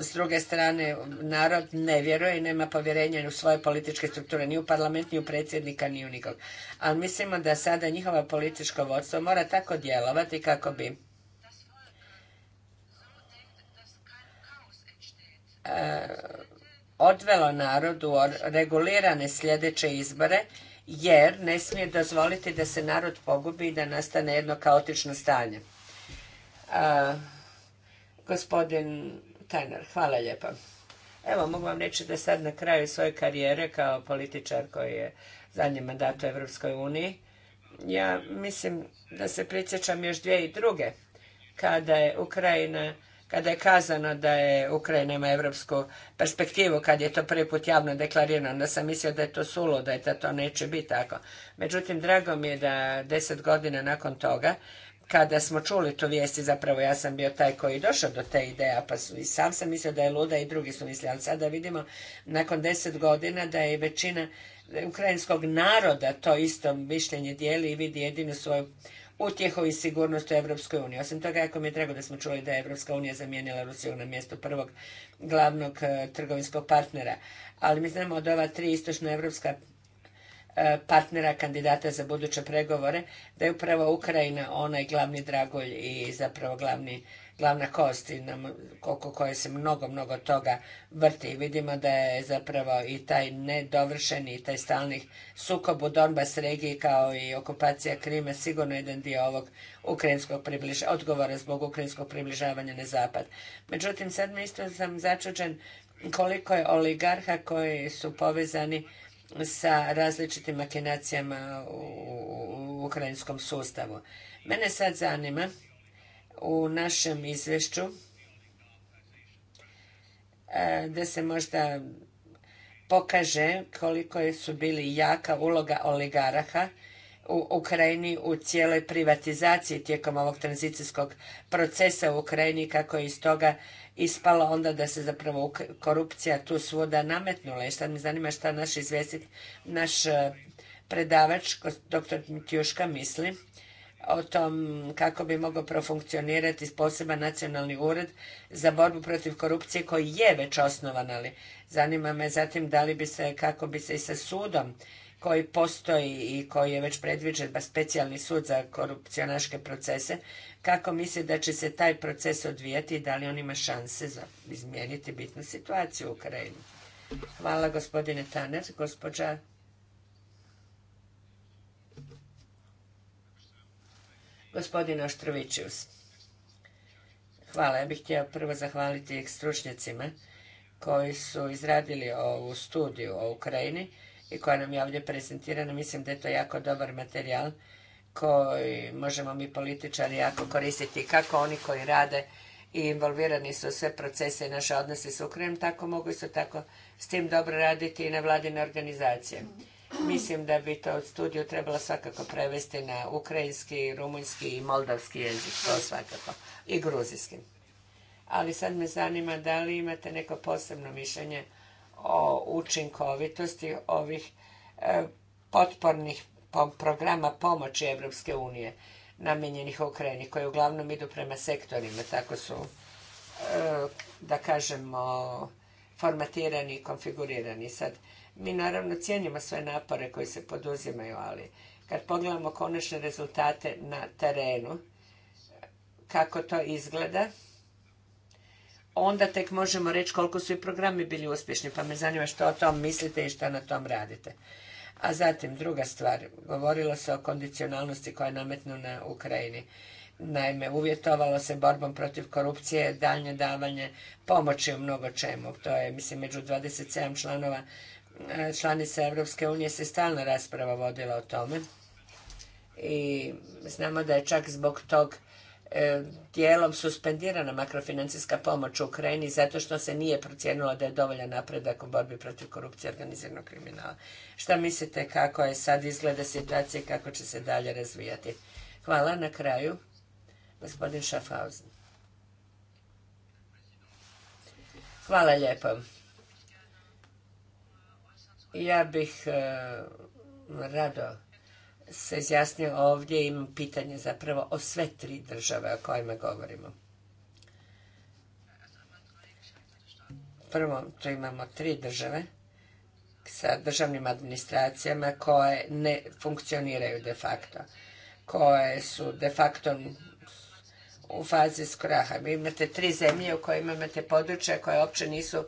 A: s druge strane narod ne vjeruje i nema povjerenja u svoje političke strukture, ni u parlament, ni u predsjednika, ni u nikog. Ali mislimo da sada njihova političko vodstvo mora tako djelovati kako bi e, odvelo narodu u regulirane sljedeće izbore jer ne smije dozvoliti da se narod pogubi i da nastane jedno kaotično stanje. gospodin Tajner, hvala lijepa. Evo, mogu vam reći da sad na kraju svoje karijere kao političar koji je zadnji mandat u Europskoj uniji, ja mislim da se prisjećam još dvije i druge, kada je Ukrajina kada je kazano da je Ukrajina ima evropsku perspektivu, kad je to prvi put javno deklarirano, onda sam mislio da je to sulo, da je to, to neće biti tako. Međutim, drago mi je da deset godina nakon toga, kada smo čuli tu vijesti, zapravo ja sam bio taj koji je došao do te ideje, pa su i sam sam mislio da je luda i drugi su mislili, ali sada vidimo nakon deset godina da je većina ukrajinskog naroda to isto mišljenje dijeli i vidi jedinu svoju utjehu i sigurnost u Europskoj uniji. Osim toga, jako mi je drago da smo čuli da je Europska unija zamijenila Rusiju na mjesto prvog glavnog e, trgovinskog partnera. Ali mi znamo od ova tri istočnoevropska e, partnera kandidata za buduće pregovore, da je upravo Ukrajina onaj glavni dragolj i zapravo glavni glavna kost nam, oko koje se mnogo, mnogo toga vrti. Vidimo da je zapravo i taj nedovršeni i taj stalni sukob u Donbas regiji kao i okupacija Krima sigurno jedan dio ovog ukrajinskog odgovora zbog ukrajinskog približavanja na zapad. Međutim, sad mi isto sam začuđen koliko je oligarha koji su povezani sa različitim makinacijama u, u ukrajinskom sustavu. Mene sad zanima u našem izvješću e, da se možda pokaže koliko su bili jaka uloga oligaraha u Ukrajini u cijeloj privatizaciji tijekom ovog tranzicijskog procesa u Ukrajini kako je iz toga ispalo onda da se zapravo korupcija tu svuda nametnula. I sad me zanima šta naš izvjestit, naš e, predavač, dr. Tjuška misli o tom kako bi mogao profunkcionirati poseban nacionalni ured za borbu protiv korupcije koji je već osnovan, ali zanima me zatim da li bi se, kako bi se i sa sudom koji postoji i koji je već predviđen, ba specijalni sud za korupcionaške procese, kako misli da će se taj proces odvijati i da li on ima šanse za izmijeniti bitnu situaciju u Ukrajini? Hvala gospodine Taner. Gospođa gospodin Oštrovićius. Hvala. Ja bih htjela prvo zahvaliti stručnjacima koji su izradili ovu studiju o Ukrajini i koja nam je ovdje prezentirana. Mislim da je to jako dobar materijal koji možemo mi političari jako koristiti kako oni koji rade i involvirani su sve procese i naše odnose s Ukrajinom, tako mogu isto tako s tim dobro raditi i na vladine organizacije. Mislim da bi to od studiju trebalo svakako prevesti na ukrajinski, rumunjski i moldavski jezik, to svakako, i gruzijski. Ali sad me zanima da li imate neko posebno mišljenje o učinkovitosti ovih e, potpornih programa pomoći Evropske unije namijenjenih Ukrajini, koje uglavnom idu prema sektorima, tako su, e, da kažemo, formatirani i konfigurirani. Sad, mi naravno cijenimo sve napore koji se poduzimaju, ali kad pogledamo konačne rezultate na terenu, kako to izgleda, onda tek možemo reći koliko su i programi bili uspješni, pa me zanima što o tom mislite i što na tom radite. A zatim, druga stvar, govorilo se o kondicionalnosti koja je na Ukrajini. Naime, uvjetovalo se borbom protiv korupcije, daljnje davanje pomoći u mnogo čemu. To je, mislim, među 27 članova E, članica Europske unije se stalno rasprava vodila o tome i znamo da je čak zbog tog e, dijelom suspendirana makrofinancijska pomoć u Ukrajini zato što se nije procijenilo da je dovoljan napredak u borbi protiv korupcije i organiziranog kriminala. Šta mislite kako je sad izgleda situacija i kako će se dalje razvijati? Hvala. Na kraju, gospodin Schaffhausen. Hvala lijepo. Ja bih e, rado se izjasnio ovdje, imam pitanje zapravo o sve tri države o kojima govorimo. Prvo, tu imamo tri države sa državnim administracijama koje ne funkcioniraju de facto, koje su de facto u fazi skraha. Vi imate tri zemlje u kojima imate područja koje uopće nisu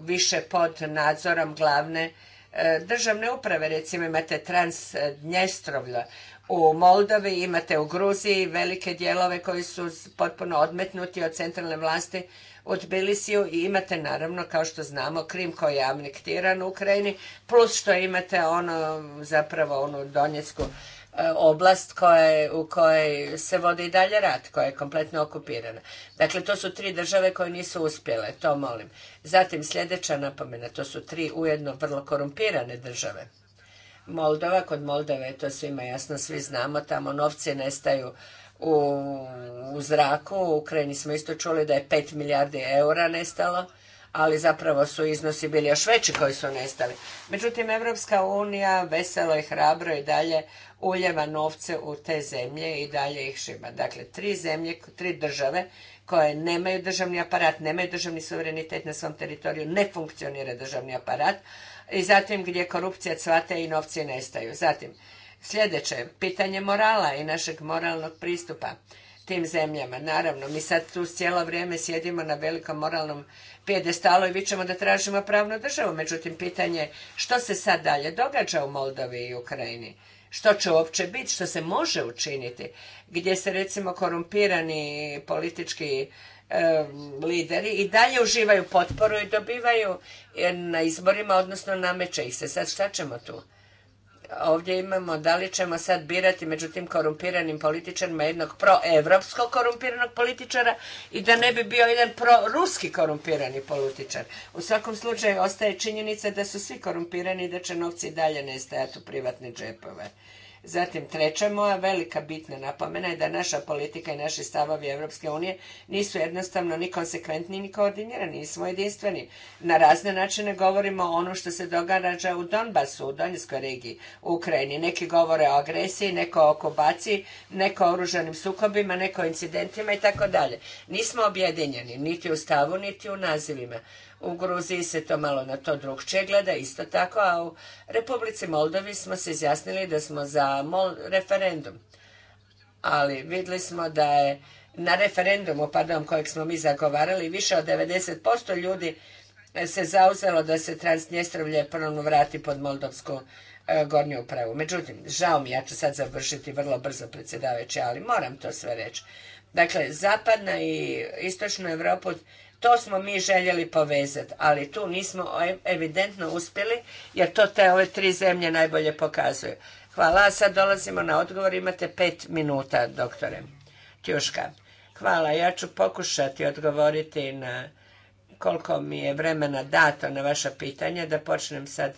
A: više pod nadzorom glavne e, državne uprave. Recimo imate Transdnjestrovlja u Moldavi imate u Gruziji velike dijelove koji su potpuno odmetnuti od centralne vlasti u Tbilisiju i imate naravno kao što znamo Krim koji je amnektiran u Ukrajini plus što imate ono zapravo onu Donjecku E, oblast koja u kojoj se vodi i dalje rat, koja je kompletno okupirana. Dakle, to su tri države koje nisu uspjele, to molim. Zatim sljedeća napomena, to su tri ujedno vrlo korumpirane države. Moldova, kod Moldove, to svima jasno, svi znamo, tamo novci nestaju u, zraku. U Ukrajini smo isto čuli da je 5 milijardi eura nestalo ali zapravo su iznosi bili još veći koji su nestali. Međutim, Evropska unija veselo i hrabro i dalje uljeva novce u te zemlje i dalje ih šima. Dakle, tri zemlje, tri države koje nemaju državni aparat, nemaju državni suverenitet na svom teritoriju, ne funkcionira državni aparat i zatim gdje korupcija cvate i novci nestaju. Zatim, sljedeće, pitanje morala i našeg moralnog pristupa tim zemljama. Naravno, mi sad tu cijelo vrijeme sjedimo na velikom moralnom pjedestalo i vi ćemo da tražimo pravnu državu. Međutim, pitanje što se sad dalje događa u Moldovi i Ukrajini? Što će uopće biti? Što se može učiniti? Gdje se recimo korumpirani politički lideri i dalje uživaju potporu i dobivaju eh, na izborima, odnosno nameće ih se. Sad šta ćemo tu? ovdje imamo da li ćemo sad birati među tim korumpiranim političarima jednog proevropskog korumpiranog političara i da ne bi bio jedan proruski korumpirani političar. U svakom slučaju ostaje činjenica da su svi korumpirani i da će novci i dalje nestajati u privatne džepove. Zatim treća moja velika bitna napomena je da naša politika i naši stavovi Europske unije nisu jednostavno ni konsekventni ni koordinirani, nismo jedinstveni. Na razne načine govorimo o ono što se događa u Donbasu, u Donjskoj regiji, u Ukrajini. Neki govore o agresiji, neko o okubaciji, neko o oružanim sukobima, neko o incidentima i tako dalje. Nismo objedinjeni, niti u stavu, niti u nazivima. U Gruziji se to malo na to drugčije gleda, isto tako, a u Republici Moldovi smo se izjasnili da smo za Mol referendum. Ali vidjeli smo da je na referendumu, pardon, kojeg smo mi zagovarali, više od 90% ljudi eh, se zauzelo da se Transnjestrovlje ponovno vrati pod Moldovsku eh, gornju upravu. Međutim, žao mi, ja ću sad završiti vrlo brzo predsjedavajući, ali moram to sve reći. Dakle, zapadna i istočna Evropa to smo mi željeli povezati, ali tu nismo e- evidentno uspjeli jer to te ove tri zemlje najbolje pokazuju. Hvala, a sad dolazimo na odgovor, imate pet minuta, doktore Tjuška. Hvala, ja ću pokušati odgovoriti na koliko mi je vremena dato na vaše pitanja, da počnem sad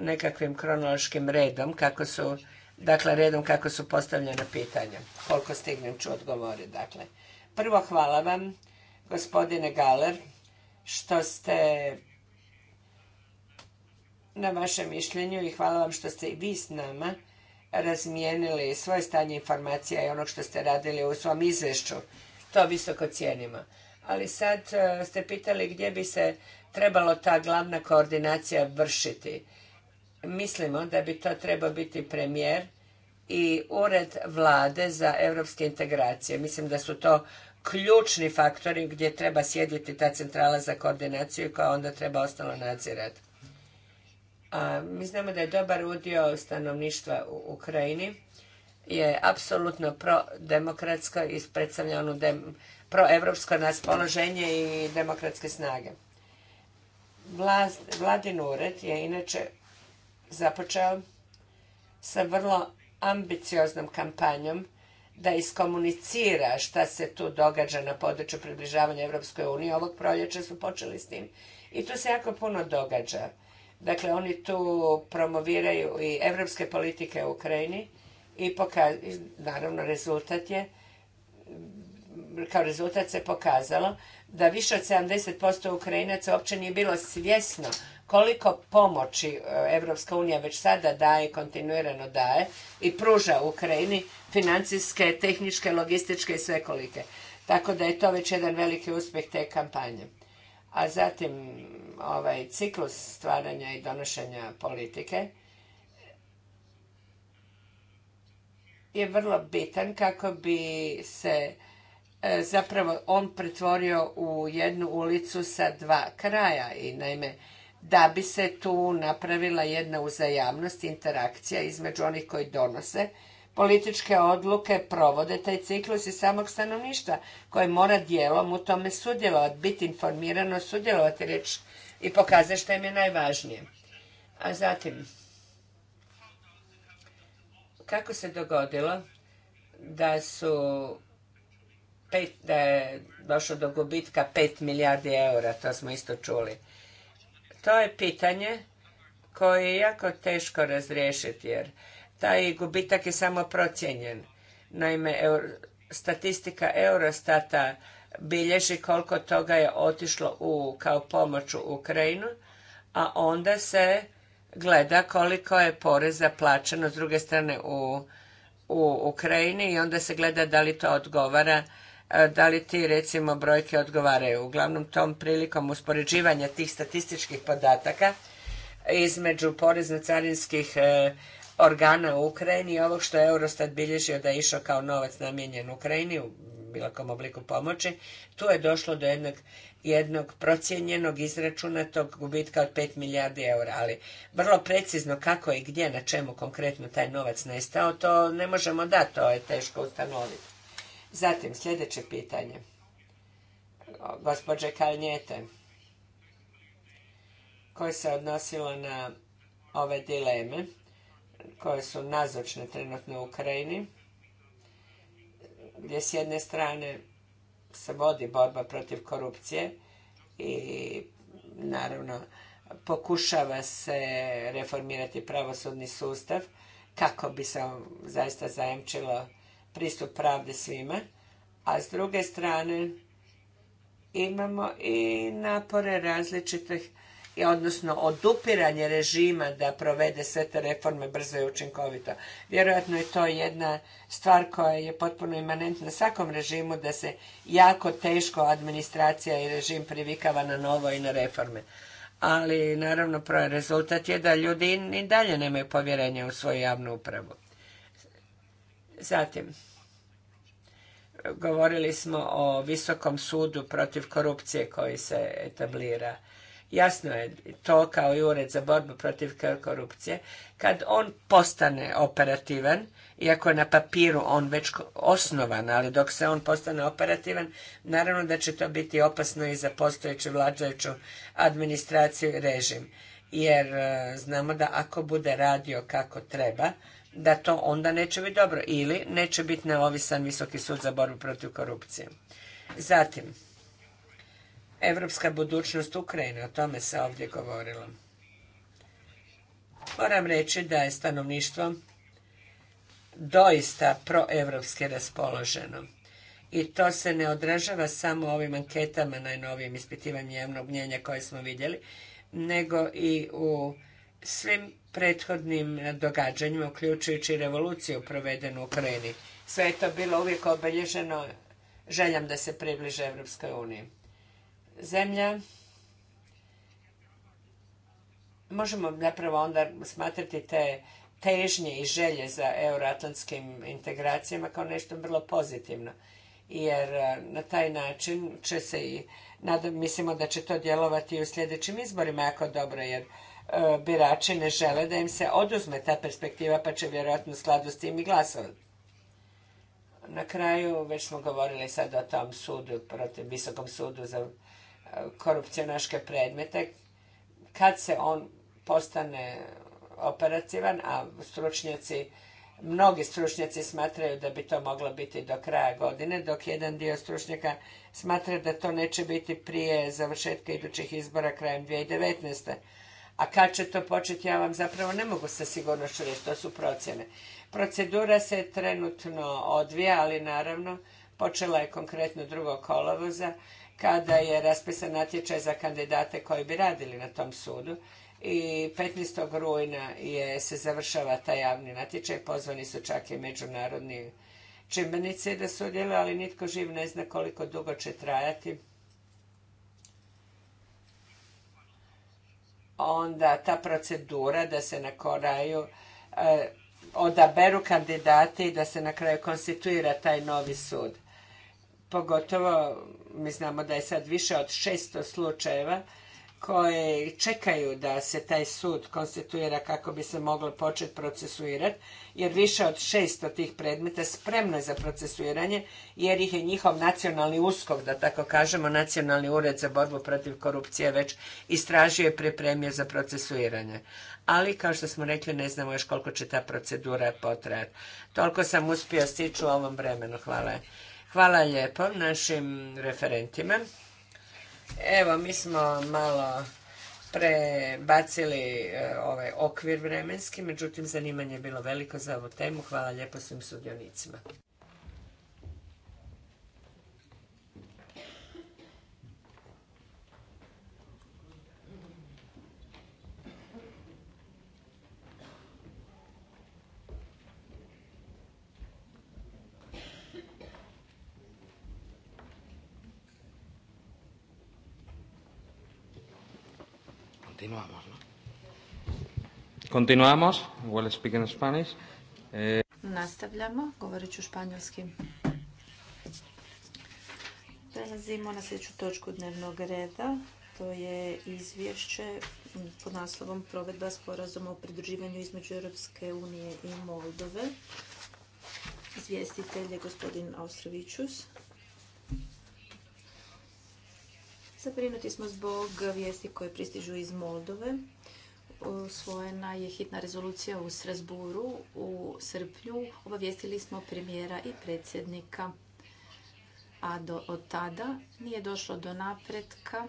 A: nekakvim kronološkim redom, kako su, dakle redom kako su postavljena pitanja, koliko stignem ću odgovoriti, dakle. Prvo hvala vam gospodine Galer, što ste na vašem mišljenju i hvala vam što ste i vi s nama razmijenili svoje stanje informacija i onog što ste radili u svom izvješću. To visoko cijenimo. Ali sad e, ste pitali gdje bi se trebalo ta glavna koordinacija vršiti. Mislimo da bi to trebao biti premijer i ured vlade za europske integracije. Mislim da su to ključni faktori gdje treba sjediti ta centrala za koordinaciju koja onda treba ostalo nadzirati. mi znamo da je dobar udio stanovništva u Ukrajini je apsolutno demokratsko i predstavlja ono proevropsko naspoloženje i demokratske snage. vladin ured je inače započeo sa vrlo ambicioznom kampanjom da iskomunicira šta se tu događa na području približavanja Europskoj uniji. Ovog proljeća su počeli s tim. I tu se jako puno događa. Dakle, oni tu promoviraju i evropske politike u Ukrajini i naravno rezultat je kao rezultat se pokazalo da više od 70% Ukrajinaca uopće nije bilo svjesno koliko pomoći Europska unija već sada daje, kontinuirano daje i pruža Ukrajini financijske, tehničke, logističke i svekolike. Tako da je to već jedan veliki uspjeh te kampanje. A zatim ovaj ciklus stvaranja i donošenja politike je vrlo bitan kako bi se e, zapravo on pretvorio u jednu ulicu sa dva kraja i naime da bi se tu napravila jedna uzajamnost, interakcija između onih koji donose političke odluke, provode taj ciklus i samog stanovništva koje mora dijelom u tome sudjelovati, biti informirano, sudjelovati i pokazati što im je najvažnije. A zatim, kako se dogodilo da su da je došlo do gubitka 5 milijardi eura, to smo isto čuli. To je pitanje koje je jako teško razriješiti jer taj gubitak je samo procijenjen. Naime, statistika Eurostata bilježi koliko toga je otišlo u, kao pomoć u Ukrajinu, a onda se gleda koliko je poreza plaćeno s druge strane u, u Ukrajini i onda se gleda da li to odgovara E, da li ti recimo brojke odgovaraju. Uglavnom tom prilikom uspoređivanja tih statističkih podataka između porezno-carinskih e, organa u Ukrajini i ovog što je Eurostat bilježio da je išao kao novac namijenjen Ukrajini u bilo obliku pomoći, tu je došlo do jednog, jednog procijenjenog izračunatog gubitka od 5 milijardi eura, ali vrlo precizno kako i gdje, na čemu konkretno taj novac nestao, to ne možemo dati to je teško ustanoviti. Zatim, sljedeće pitanje. Gospođe Kalnjete, koje se odnosilo na ove dileme koje su nazočne trenutno u Ukrajini, gdje s jedne strane se vodi borba protiv korupcije i naravno pokušava se reformirati pravosudni sustav kako bi se zaista zajamčilo pristup pravde svima, a s druge strane imamo i napore različitih, odnosno odupiranje režima da provede sve te reforme brzo i učinkovito. Vjerojatno je to jedna stvar koja je potpuno imanentna svakom režimu da se jako teško administracija i režim privikava na novo i na reforme. Ali naravno rezultat je da ljudi ni dalje nemaju povjerenja u svoju javnu upravu. Zatim, govorili smo o Visokom sudu protiv korupcije koji se etablira. Jasno je to kao i Ured za borbu protiv korupcije. Kad on postane operativan, iako je na papiru on već osnovan, ali dok se on postane operativan, naravno da će to biti opasno i za postojeću vlađajuću administraciju i režim. Jer e, znamo da ako bude radio kako treba, da to onda neće biti dobro ili neće biti neovisan Visoki sud za borbu protiv korupcije. Zatim, evropska budućnost Ukrajine, o tome se ovdje govorilo. Moram reći da je stanovništvo doista proevropske raspoloženo. I to se ne odražava samo ovim anketama najnovijim ispitivanjem javnog mnjenja koje smo vidjeli, nego i u svim prethodnim događanjima, uključujući revoluciju provedenu u Ukrajini. Sve je to bilo uvijek obilježeno Željam da se približe Evropskoj uniji. Zemlja možemo napravo onda smatrati te težnje i želje za euroatlantskim integracijama kao nešto vrlo pozitivno. Jer e, na taj način će se i, nadam, mislimo da će to djelovati i u sljedećim izborima jako dobro, jer E, birači ne žele da im se oduzme ta perspektiva, pa će vjerojatno u skladu s tim i glasovati. Na kraju, već smo govorili sad o tom sudu, protiv, visokom sudu za e, korupcionaške predmete, kad se on postane operativan, a stručnjaci, mnogi stručnjaci smatraju da bi to moglo biti do kraja godine, dok jedan dio stručnjaka smatra da to neće biti prije završetka idućih izbora krajem 2019. A kad će to početi, ja vam zapravo ne mogu sa sigurnošću reći, to su procjene. Procedura se trenutno odvija, ali naravno počela je konkretno drugo kolovoza kada je raspisan natječaj za kandidate koji bi radili na tom sudu i 15. rujna je, se završava taj javni natječaj, pozvani su čak i međunarodni čimbenici da sudjeluju, ali nitko živ ne zna koliko dugo će trajati onda ta procedura da se na kraju e, odaberu kandidati i da se na kraju konstituira taj novi sud. Pogotovo mi znamo da je sad više od 600 slučajeva koje čekaju da se taj sud konstituira kako bi se moglo početi procesuirati, jer više od 600 tih predmeta spremno je za procesuiranje, jer ih je njihov nacionalni uskok, da tako kažemo, nacionalni ured za borbu protiv korupcije već istražio i pripremio za procesuiranje. Ali, kao što smo rekli, ne znamo još koliko će ta procedura potrajati. Toliko sam uspio stići u ovom vremenu. Hvala. Hvala lijepo našim referentima. Evo, mi smo malo prebacili e, ovaj okvir vremenski, međutim zanimanje je bilo veliko za ovu temu. Hvala lijepo svim sudionicima.
B: Continuamos, no? Well speak in Spanish. Eh,
C: Nastavljamo, govorit ću španjolski. Prelazimo na sljedeću točku dnevnog reda. To je izvješće pod naslovom Provedba sporazuma o pridruživanju između Europske unije i Moldove. Izvjestitelj je gospodin Austrovićus. Zabrinuti smo zbog vijesti koje pristižu iz Moldove. Svojena je hitna rezolucija u Srasburu u srpnju. Obavijestili smo premijera i predsjednika. A do, od tada nije došlo do napretka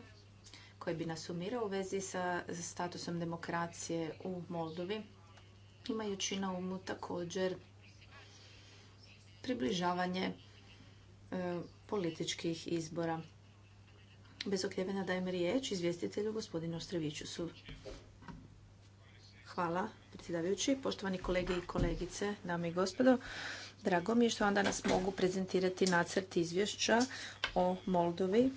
C: koji bi nas umirao u vezi sa statusom demokracije u Moldovi. Imajući na umu također približavanje e, političkih izbora. Bez okljevena dajem riječ izvjestitelju gospodinu su Hvala, predsjedavajući, poštovani kolege i kolegice, dame i gospodo. Drago mi je što vam danas mogu prezentirati nacrt izvješća o Moldovi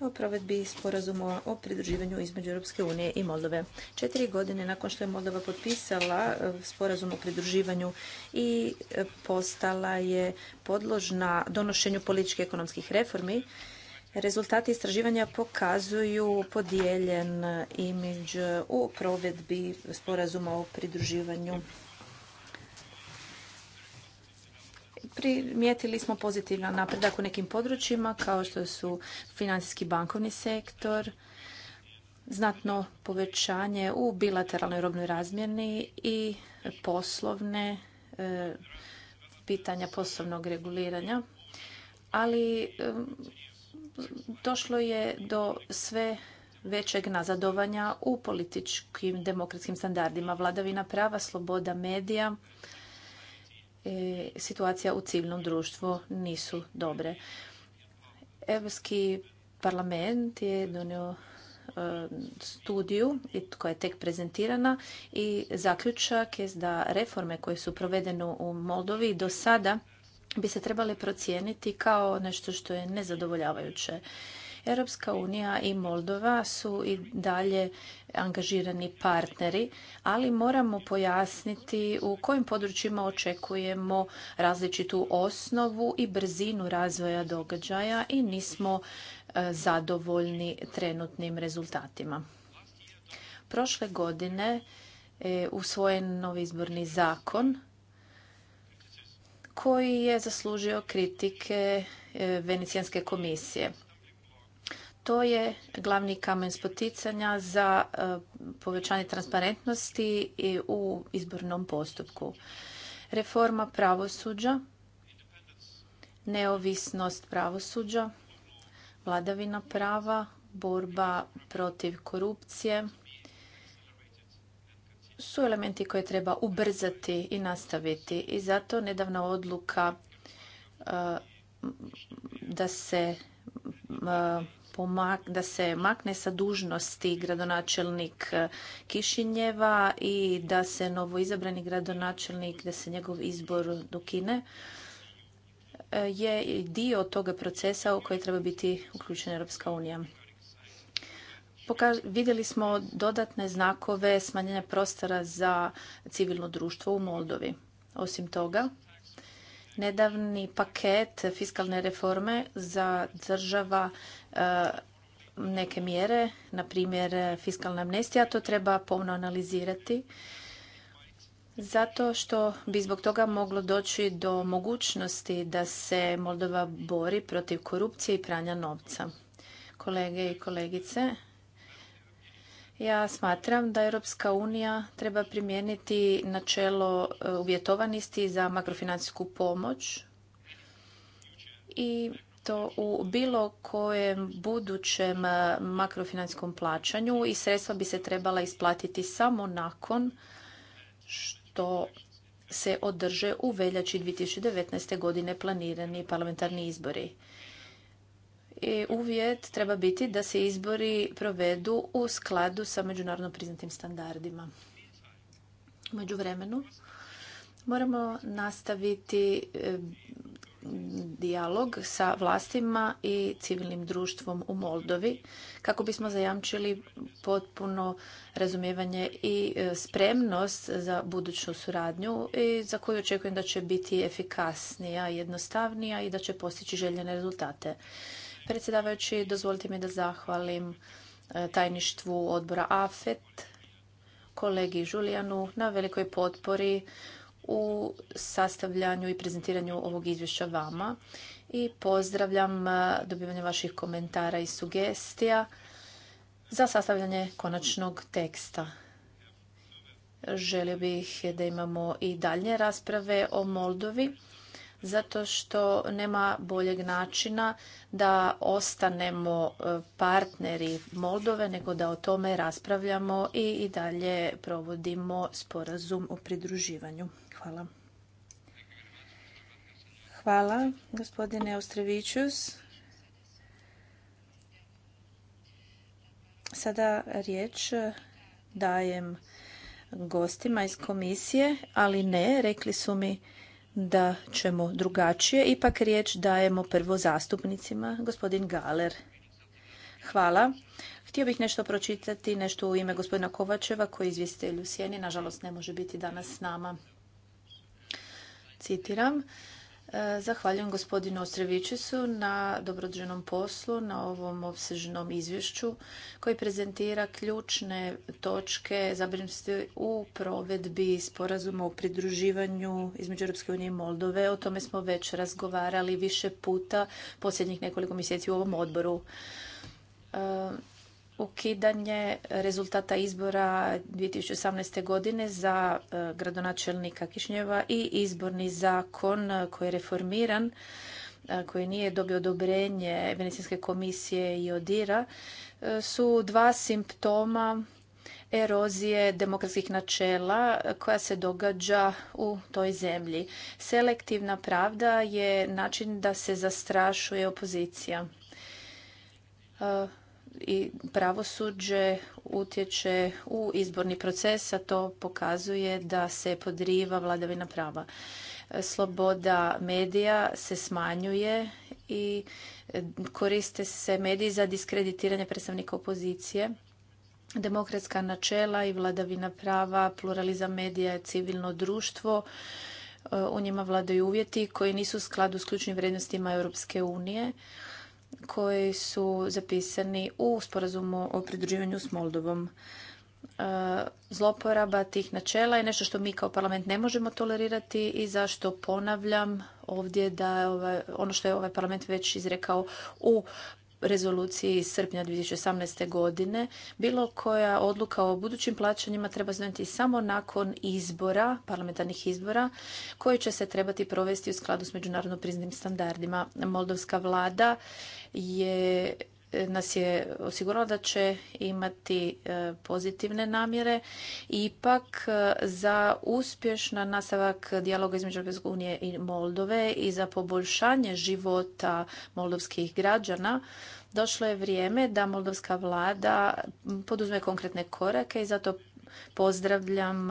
C: o provedbi sporazuma o pridruživanju između Europske unije i Moldove. Četiri godine nakon što je Moldova potpisala eh, sporazum o pridruživanju i eh, postala je podložna donošenju i ekonomskih reformi, Rezultati istraživanja pokazuju podijeljen imidž u provedbi sporazuma o pridruživanju. Primijetili smo pozitivan napredak u nekim područjima kao što su financijski bankovni sektor, znatno povećanje u bilateralnoj robnoj razmjeni i poslovne e, pitanja poslovnog reguliranja. Ali došlo je do sve većeg nazadovanja u političkim demokratskim standardima. Vladavina prava, sloboda medija, e, situacija u civilnom društvu nisu dobre. Europski parlament je donio e, studiju koja je tek prezentirana i zaključak je da reforme koje su provedene u Moldovi do sada bi se trebale procijeniti kao nešto što je nezadovoljavajuće. Europska unija i Moldova su i dalje angažirani partneri, ali moramo pojasniti u kojim područjima očekujemo različitu osnovu i brzinu razvoja događaja i nismo e, zadovoljni trenutnim rezultatima. Prošle godine e, usvojen novi izborni zakon koji je zaslužio kritike e, Venecijanske komisije. To je glavni kamen spoticanja za e, povećanje transparentnosti u izbornom postupku. Reforma pravosuđa, neovisnost pravosuđa, vladavina prava, borba protiv korupcije, su elementi koje treba ubrzati i nastaviti. I zato nedavna odluka e, da se e, da se makne sa dužnosti gradonačelnik e, Kišinjeva i da se novoizabrani gradonačelnik, da se njegov izbor dokine, je dio toga procesa u koji treba biti uključena Europska unija vidjeli smo dodatne znakove smanjenja prostora za civilno društvo u Moldovi. Osim toga, nedavni paket fiskalne reforme za država e, neke mjere, na primjer fiskalna amnestija, to treba pomno analizirati zato što bi zbog toga moglo doći do mogućnosti da se Moldova bori protiv korupcije i pranja novca. Kolege i kolegice, ja smatram da Europska unija treba primijeniti načelo e, uvjetovanosti za makrofinancijsku pomoć i to u bilo kojem budućem e, makrofinancijskom plaćanju i sredstva bi se trebala isplatiti samo nakon što se održe u veljači 2019. godine planirani parlamentarni izbori. I uvjet treba biti da se izbori provedu u skladu sa međunarodno priznatim standardima. Među vremenu moramo nastaviti e, dijalog sa vlastima i civilnim društvom u Moldovi kako bismo zajamčili potpuno razumijevanje i e, spremnost za buduću suradnju i za koju očekujem da će biti efikasnija, jednostavnija i da će postići željene rezultate. Predsjedavajući, dozvolite mi da zahvalim e, tajništvu odbora AFET, kolegi Žulijanu na velikoj potpori u sastavljanju i prezentiranju ovog izvješća vama i pozdravljam e, dobivanje vaših komentara i sugestija za sastavljanje konačnog teksta. Želio bih da imamo i dalje rasprave o Moldovi zato što nema boljeg načina da ostanemo e, partneri Moldove nego da o tome raspravljamo i dalje provodimo sporazum o pridruživanju. Hvala. Hvala, gospodine Ostrevićus. Sada riječ dajem gostima iz komisije, ali ne, rekli su mi da ćemo drugačije. Ipak riječ dajemo prvo zastupnicima. Gospodin Galer. Hvala. Htio bih nešto pročitati, nešto u ime gospodina Kovačeva koji je izvjestitelj u Sjeni. Nažalost ne može biti danas s nama. Citiram. Zahvaljujem gospodinu Ostrevićisu na dobrođenom poslu, na ovom obsežnom izvješću koji prezentira ključne točke zabrinutosti u provedbi sporazuma o pridruživanju između Europske unije i Moldove. O tome smo već razgovarali više puta posljednjih nekoliko mjeseci u ovom odboru ukidanje rezultata izbora 2018. godine za e, gradonačelnika Kišnjeva i izborni zakon koji je reformiran, e, koji nije dobio odobrenje Venecijske komisije i odira, e, su dva simptoma erozije demokratskih načela koja se događa u toj zemlji. Selektivna pravda je način da se zastrašuje opozicija i pravosuđe utječe u izborni proces, a to pokazuje da se podriva vladavina prava. Sloboda medija se smanjuje i e, koriste se mediji za diskreditiranje predstavnika opozicije. Demokratska načela i vladavina prava, pluralizam medija, civilno društvo, e, u njima vladaju uvjeti koji nisu u skladu s ključnim vrijednostima Europske unije koji su zapisani u sporazumu o pridruživanju s Moldovom. E, zloporaba tih načela je nešto što mi kao parlament ne možemo tolerirati i zašto ponavljam ovdje da ovaj, ono što je ovaj parlament već izrekao u rezoluciji iz srpnja 2018. godine. Bilo koja odluka o budućim plaćanjima treba znati samo nakon izbora, parlamentarnih izbora, koji će se trebati provesti u skladu s međunarodno priznim standardima. Moldovska vlada je nas je osigurala da će imati e, pozitivne namjere. Ipak e, za uspješna nastavak dijaloga između Europske unije i Moldove i za poboljšanje života moldovskih građana došlo je vrijeme da moldovska vlada poduzme konkretne korake i zato pozdravljam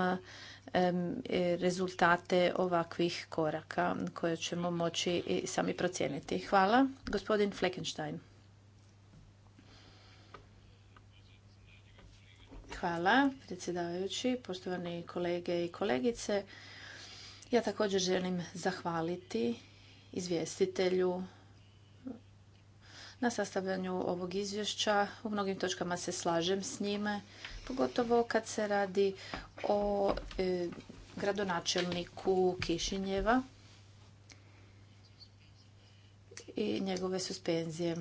C: E, rezultate ovakvih koraka koje ćemo moći i sami procijeniti. Hvala. Gospodin Fleckenstein. Hvala, predsjedavajući, poštovani kolege i kolegice. Ja također želim zahvaliti izvjestitelju na sastavljanju ovog izvješća. U mnogim točkama se slažem s njime pogotovo kad se radi o e, gradonačelniku Kišinjeva i njegove suspenzije.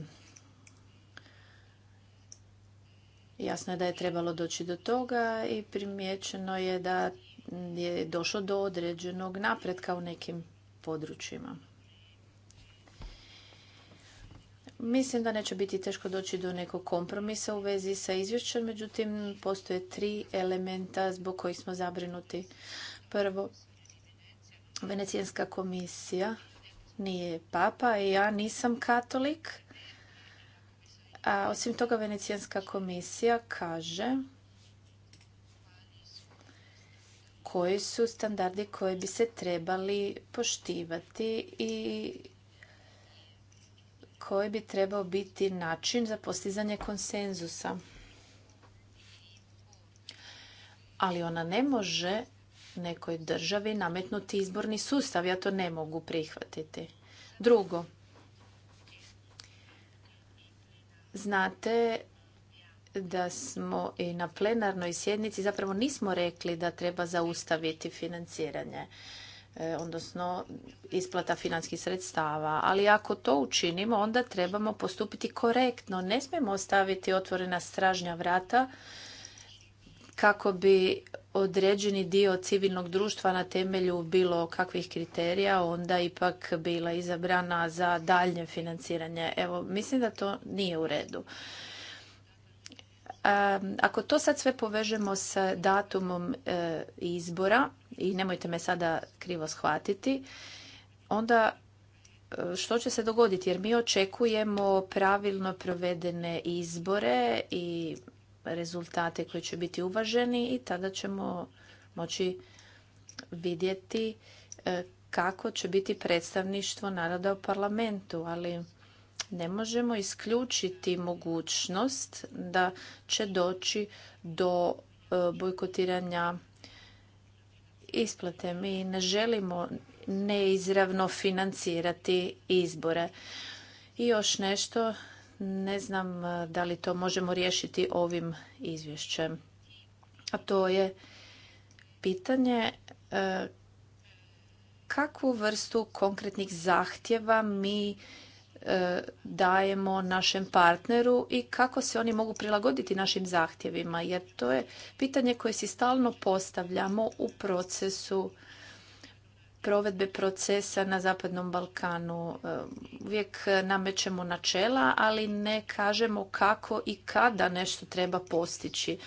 C: Jasno je da je trebalo doći do toga i primjećeno je da je došlo do određenog napretka u nekim područjima. Mislim da neće biti teško doći do nekog kompromisa u vezi sa izvješćem, međutim postoje tri elementa zbog kojih smo zabrinuti. Prvo, Venecijanska komisija nije papa i ja nisam katolik. A osim toga, Venecijanska komisija kaže koji su standardi koji bi se trebali poštivati i koji bi trebao biti način za postizanje konsenzusa. Ali ona ne može nekoj državi nametnuti izborni sustav. Ja to ne mogu prihvatiti. Drugo, znate da smo i na plenarnoj sjednici zapravo nismo rekli da treba zaustaviti financiranje. E, odnosno isplata financijskih sredstava. Ali ako to učinimo, onda trebamo postupiti korektno. Ne smijemo ostaviti otvorena stražnja vrata kako bi određeni dio civilnog društva na temelju bilo kakvih kriterija onda ipak bila izabrana za daljnje financiranje. Evo, mislim da to nije u redu. Ako to sad sve povežemo sa datumom e, izbora, i nemojte me sada krivo shvatiti, onda e, što će se dogoditi? Jer mi očekujemo pravilno provedene izbore i rezultate koji će biti uvaženi i tada ćemo moći vidjeti e, kako će biti predstavništvo naroda u parlamentu, ali ne možemo isključiti mogućnost da će doći do e, bojkotiranja isplate. Mi ne želimo neizravno financirati izbore. I još nešto, ne znam e, da li to možemo riješiti ovim izvješćem. A to je pitanje e, kakvu vrstu konkretnih zahtjeva mi E, dajemo našem partneru i kako se oni mogu prilagoditi našim zahtjevima jer to je pitanje koje si stalno postavljamo u procesu provedbe procesa na Zapadnom Balkanu. E, uvijek namećemo načela, ali ne kažemo kako i kada nešto treba postići.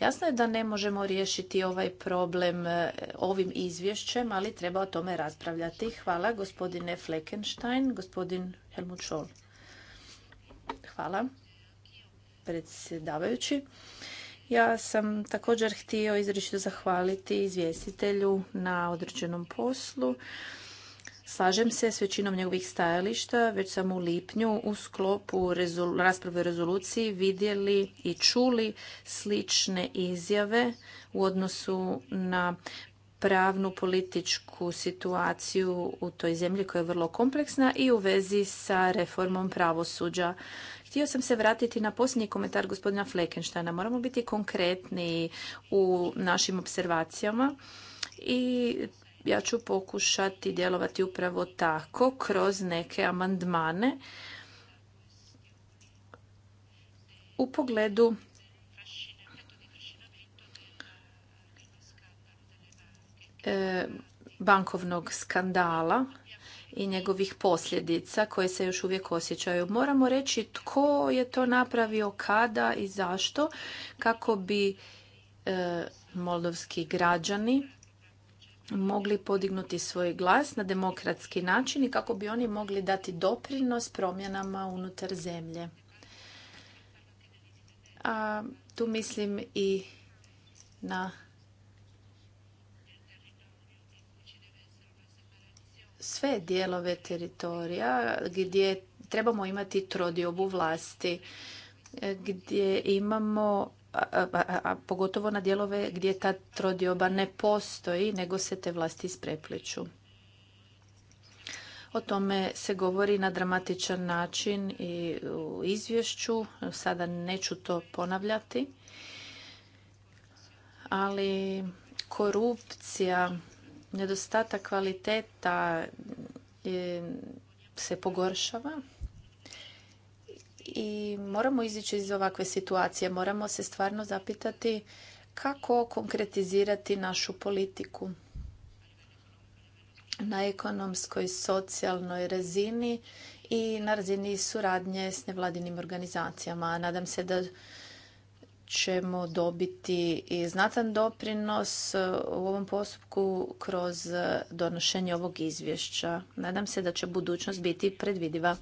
C: Jasno je da ne možemo riješiti ovaj problem e, ovim izvješćem, ali treba o tome raspravljati. Hvala gospodine Fleckenstein, gospodin Helmut Scholl. Hvala predsjedavajući. Ja sam također htio izričito zahvaliti izvjestitelju na određenom poslu. Slažem se s većinom njegovih stajališta. Već sam u lipnju u sklopu rasprave o rezoluciji vidjeli i čuli slične izjave u odnosu na pravnu političku situaciju u toj zemlji koja je vrlo kompleksna i u vezi sa reformom pravosuđa. Htio sam se vratiti na posljednji komentar gospodina Fleckensteina. Moramo biti konkretni u našim observacijama i ja ću pokušati djelovati upravo tako kroz neke amandmane u pogledu e, bankovnog skandala i njegovih posljedica koje se još uvijek osjećaju. Moramo reći tko je to napravio, kada i zašto kako bi e, moldovski građani mogli podignuti svoj glas na demokratski način i kako bi oni mogli dati doprinos promjenama unutar zemlje. A tu mislim i na sve dijelove teritorija gdje trebamo imati trodiobu vlasti, e, gdje imamo a, pogotovo na dijelove gdje ta trodioba ne postoji, nego se te vlasti isprepliču. O tome se govori na dramatičan način i u izvješću. Sada neću to ponavljati. Ali korupcija nedostatak kvaliteta se pogoršava i moramo izići iz ovakve situacije. Moramo se stvarno zapitati kako konkretizirati našu politiku na ekonomskoj, socijalnoj razini i na razini suradnje s nevladinim organizacijama. Nadam se da ćemo dobiti i znatan doprinos e, u ovom postupku kroz e, donošenje ovog izvješća. Nadam se da će budućnost biti predvidiva.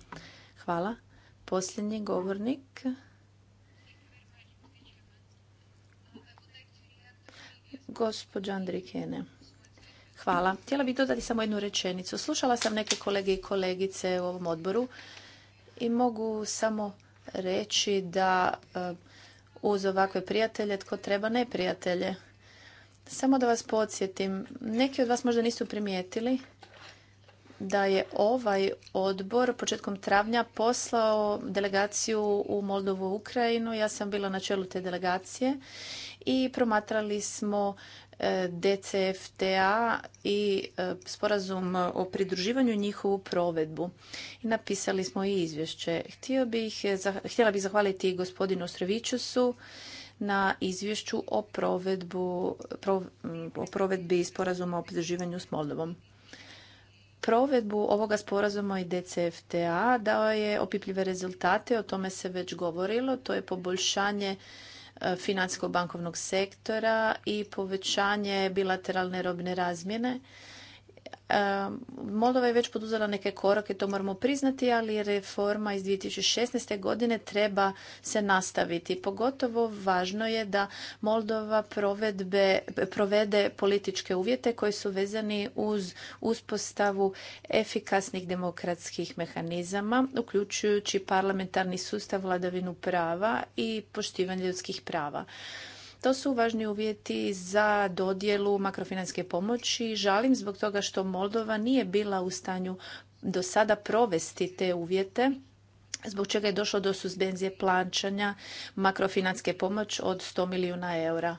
C: Hvala. Posljednji govornik. Gospođa Andrikene. Hvala. Htjela bih dodati samo jednu rečenicu. Slušala sam neke kolege i kolegice u ovom odboru i mogu samo reći da e, uz ovakve prijatelje tko treba neprijatelje. Samo da vas podsjetim, neki od vas možda nisu primijetili da je ovaj odbor početkom travnja poslao delegaciju u Moldovu Ukrajinu. Ja sam bila na čelu te delegacije i promatrali smo DCFTA i e, sporazum o pridruživanju njihovu provedbu. I napisali smo i izvješće. Htio htjela bih zahvaliti gospodinu Ostrovićusu na izvješću o, provedbu, o provedbi sporazuma o pridruživanju s Moldovom. Provedbu ovoga sporazuma i DCFTA dao je opipljive rezultate, o tome se već govorilo, to je poboljšanje E, financijsko-bankovnog sektora i povećanje bilateralne robne razmjene Ehm, Moldova je već poduzela neke korake, to moramo priznati, ali reforma iz 2016. godine treba se nastaviti. Pogotovo važno je da Moldova provedbe, provede političke uvjete koji su vezani uz uspostavu efikasnih demokratskih mehanizama, uključujući parlamentarni sustav vladavinu prava i poštivanje ljudskih prava. To su važni uvjeti za dodjelu makrofinanske pomoći. Žalim zbog toga što Moldova nije bila u stanju do sada provesti te uvjete zbog čega je došlo do suspenzije plaćanja makrofinanske pomoći od 100 milijuna eura.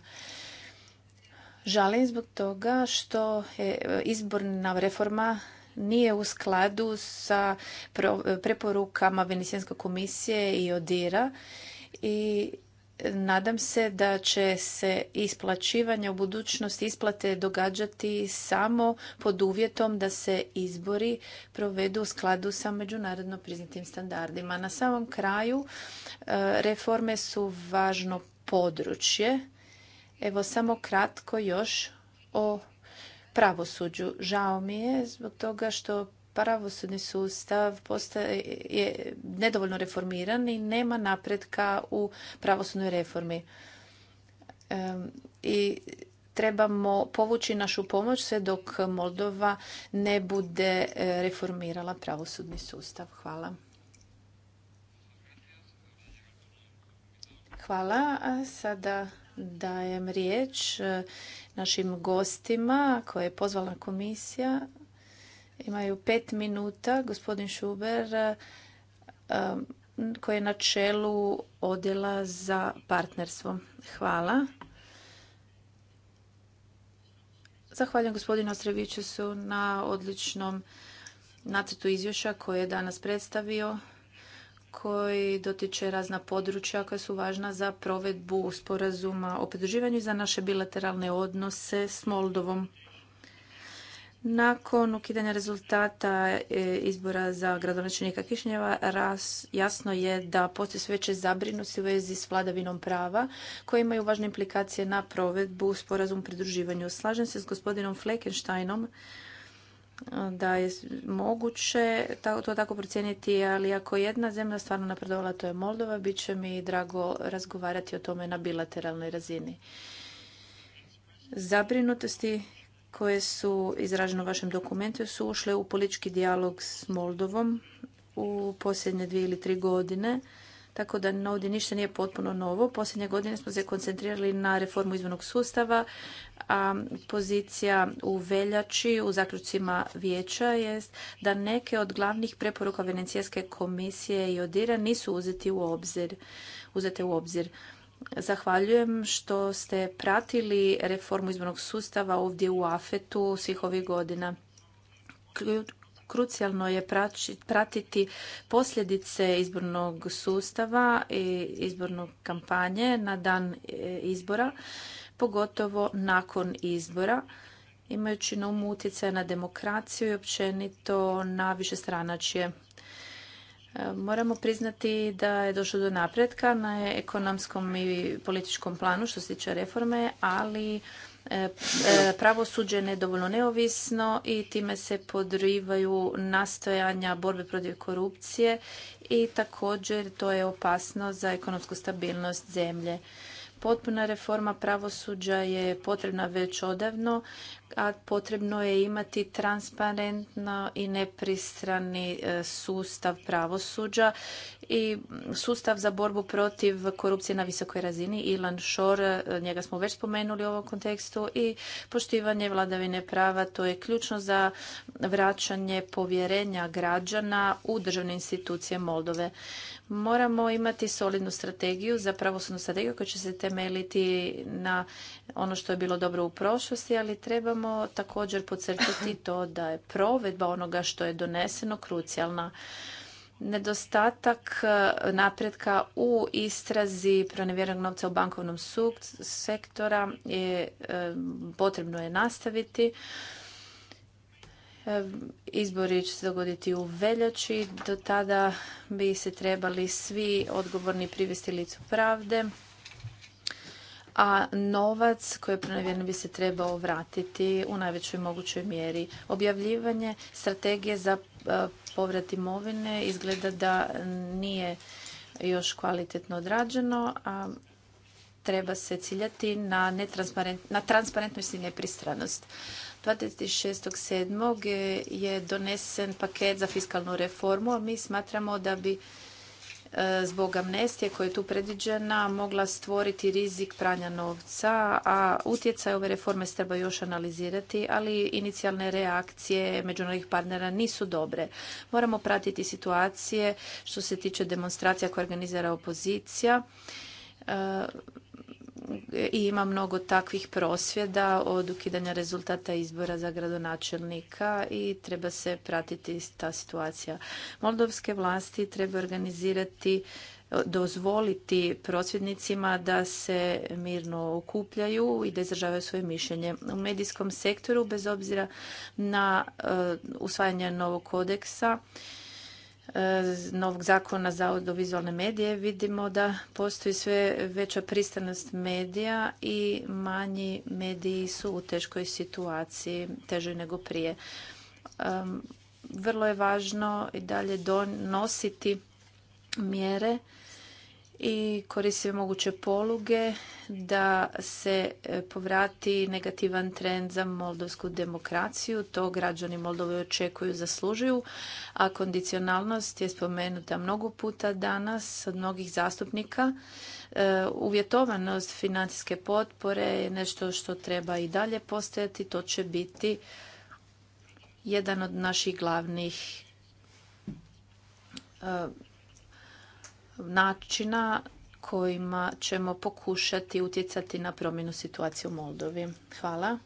C: Žalim zbog toga što je izborna reforma nije u skladu sa preporukama Venecijanske komisije i Odira i nadam se da će se isplaćivanje u budućnosti isplate događati samo pod uvjetom da se izbori provedu u skladu sa međunarodno priznatim standardima. Na samom kraju e, reforme su važno područje. Evo samo kratko još o pravosuđu. Žao mi je zbog toga što pravosudni sustav postaje, je nedovoljno reformiran i nema napretka u pravosudnoj reformi. I trebamo povući našu pomoć sve dok Moldova ne bude e, reformirala pravosudni sustav. Hvala. Hvala. sada dajem riječ e, našim gostima koje je pozvala komisija. Imaju pet minuta gospodin Šuber eh, eh, koji je na čelu odjela za partnerstvo. Hvala. Zahvaljujem gospodinu Ostrevićusu na odličnom nacrtu izvješća koje je danas predstavio koji dotiče razna područja koja su važna za provedbu sporazuma o pridruživanju za naše bilateralne odnose s Moldovom. Nakon ukidanja rezultata e, izbora za gradonačelnika Kišnjeva jasno je da postoje sve veće zabrinuti u vezi s vladavinom prava koje imaju važne implikacije na provedbu sporazum pridruživanju. Slažem se s gospodinom Fleckensteinom e, da je moguće to tako procijeniti, ali ako jedna zemlja stvarno napredovala, to je Moldova, bit će mi drago razgovarati o tome na bilateralnoj razini. Zabrinutosti koje su izražene u vašem dokumentu su ušle u politički dijalog s Moldovom u posljednje dvije ili tri godine. Tako da ovdje ništa nije potpuno novo. Posljednje godine smo se koncentrirali na reformu izbornog sustava, a pozicija u veljači u zaključcima vijeća jest da neke od glavnih preporuka Venecijske komisije i odira nisu uzeti u obzir, uzete u obzir. Zahvaljujem što ste pratili reformu izbornog sustava ovdje u AFET-u svih ovih godina. Krucijalno je pratiti posljedice izbornog sustava i izbornog kampanje na dan e, izbora, pogotovo nakon izbora, imajući na umu utjecaj na demokraciju i općenito na stranačije. Moramo priznati da je došlo do napretka na ekonomskom i političkom planu što se tiče reforme, ali e, e, pravosuđe je nedovoljno neovisno i time se podrivaju nastojanja borbe protiv korupcije i također to je opasno za ekonomsku stabilnost zemlje. Potpuna reforma pravosuđa je potrebna već odavno, a potrebno je imati transparentno i nepristrani e, sustav pravosuđa i sustav za borbu protiv korupcije na visokoj razini, Ilan Šor, e, njega smo već spomenuli u ovom kontekstu, i poštivanje vladavine prava, to je ključno za vraćanje povjerenja građana u državne institucije Moldove. Moramo imati solidnu strategiju za pravosudnu strategiju koja će se temeljiti na ono što je bilo dobro u prošlosti, ali trebamo također podcrtati to da je provedba onoga što je doneseno krucijalna nedostatak e, napretka u istrazi pronevjerenog novca u bankovnom sektora je potrebno je nastaviti. E, izbori će se dogoditi u veljači. Do tada bi se trebali svi odgovorni privesti licu pravde a novac koji je bi se trebao vratiti u najvećoj mogućoj mjeri. Objavljivanje strategije za e, povrat imovine izgleda da nije još kvalitetno odrađeno, a treba se ciljati na, transparentnost i nepristranost. 26.7. je donesen paket za fiskalnu reformu, a mi smatramo da bi E, zbog amnestije koja je tu predviđena mogla stvoriti rizik pranja novca, a utjecaj ove reforme se treba još analizirati, ali inicijalne reakcije međunarodnih partnera nisu dobre. Moramo pratiti situacije što se tiče demonstracija koje organizira opozicija e, i ima mnogo takvih prosvjeda od ukidanja rezultata izbora za gradonačelnika i treba se pratiti ta situacija. Moldovske vlasti treba organizirati dozvoliti prosvjednicima da se mirno okupljaju i da izražavaju svoje mišljenje. U medijskom sektoru, bez obzira na e, usvajanje novog kodeksa, novog zakona za audiovizualne medije vidimo da postoji sve veća pristanost medija i manji mediji su u teškoj situaciji, težoj nego prije. Vrlo je važno i dalje donositi mjere i koristi moguće poluge da se e, povrati negativan trend za moldovsku demokraciju. To građani Moldove očekuju, zaslužuju, a kondicionalnost je spomenuta mnogo puta danas od mnogih zastupnika. E, uvjetovanost financijske potpore je nešto što treba i dalje postojati. To će biti jedan od naših glavnih e, načina kojima ćemo pokušati utjecati na promjenu situacije u Moldovi. Hvala.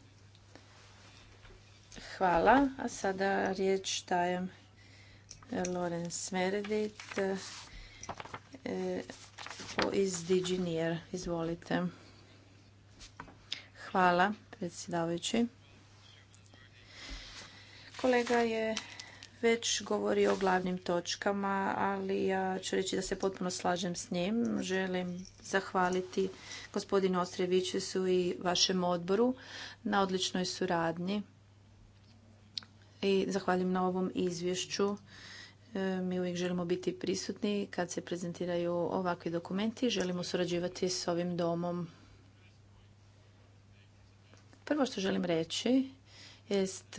C: Hvala. A sada riječ dajem Loren Meredith e, iz Diginir. Izvolite. Hvala, predsjedavajući. Kolega je već govori o glavnim točkama, ali ja ću reći da se potpuno slažem s njim. Želim zahvaliti gospodinu su i vašem odboru na odličnoj suradnji i zahvaljujem na ovom izvješću. E, mi uvijek želimo biti prisutni kad se prezentiraju ovakvi dokumenti. Želimo surađivati s ovim domom. Prvo što želim reći jest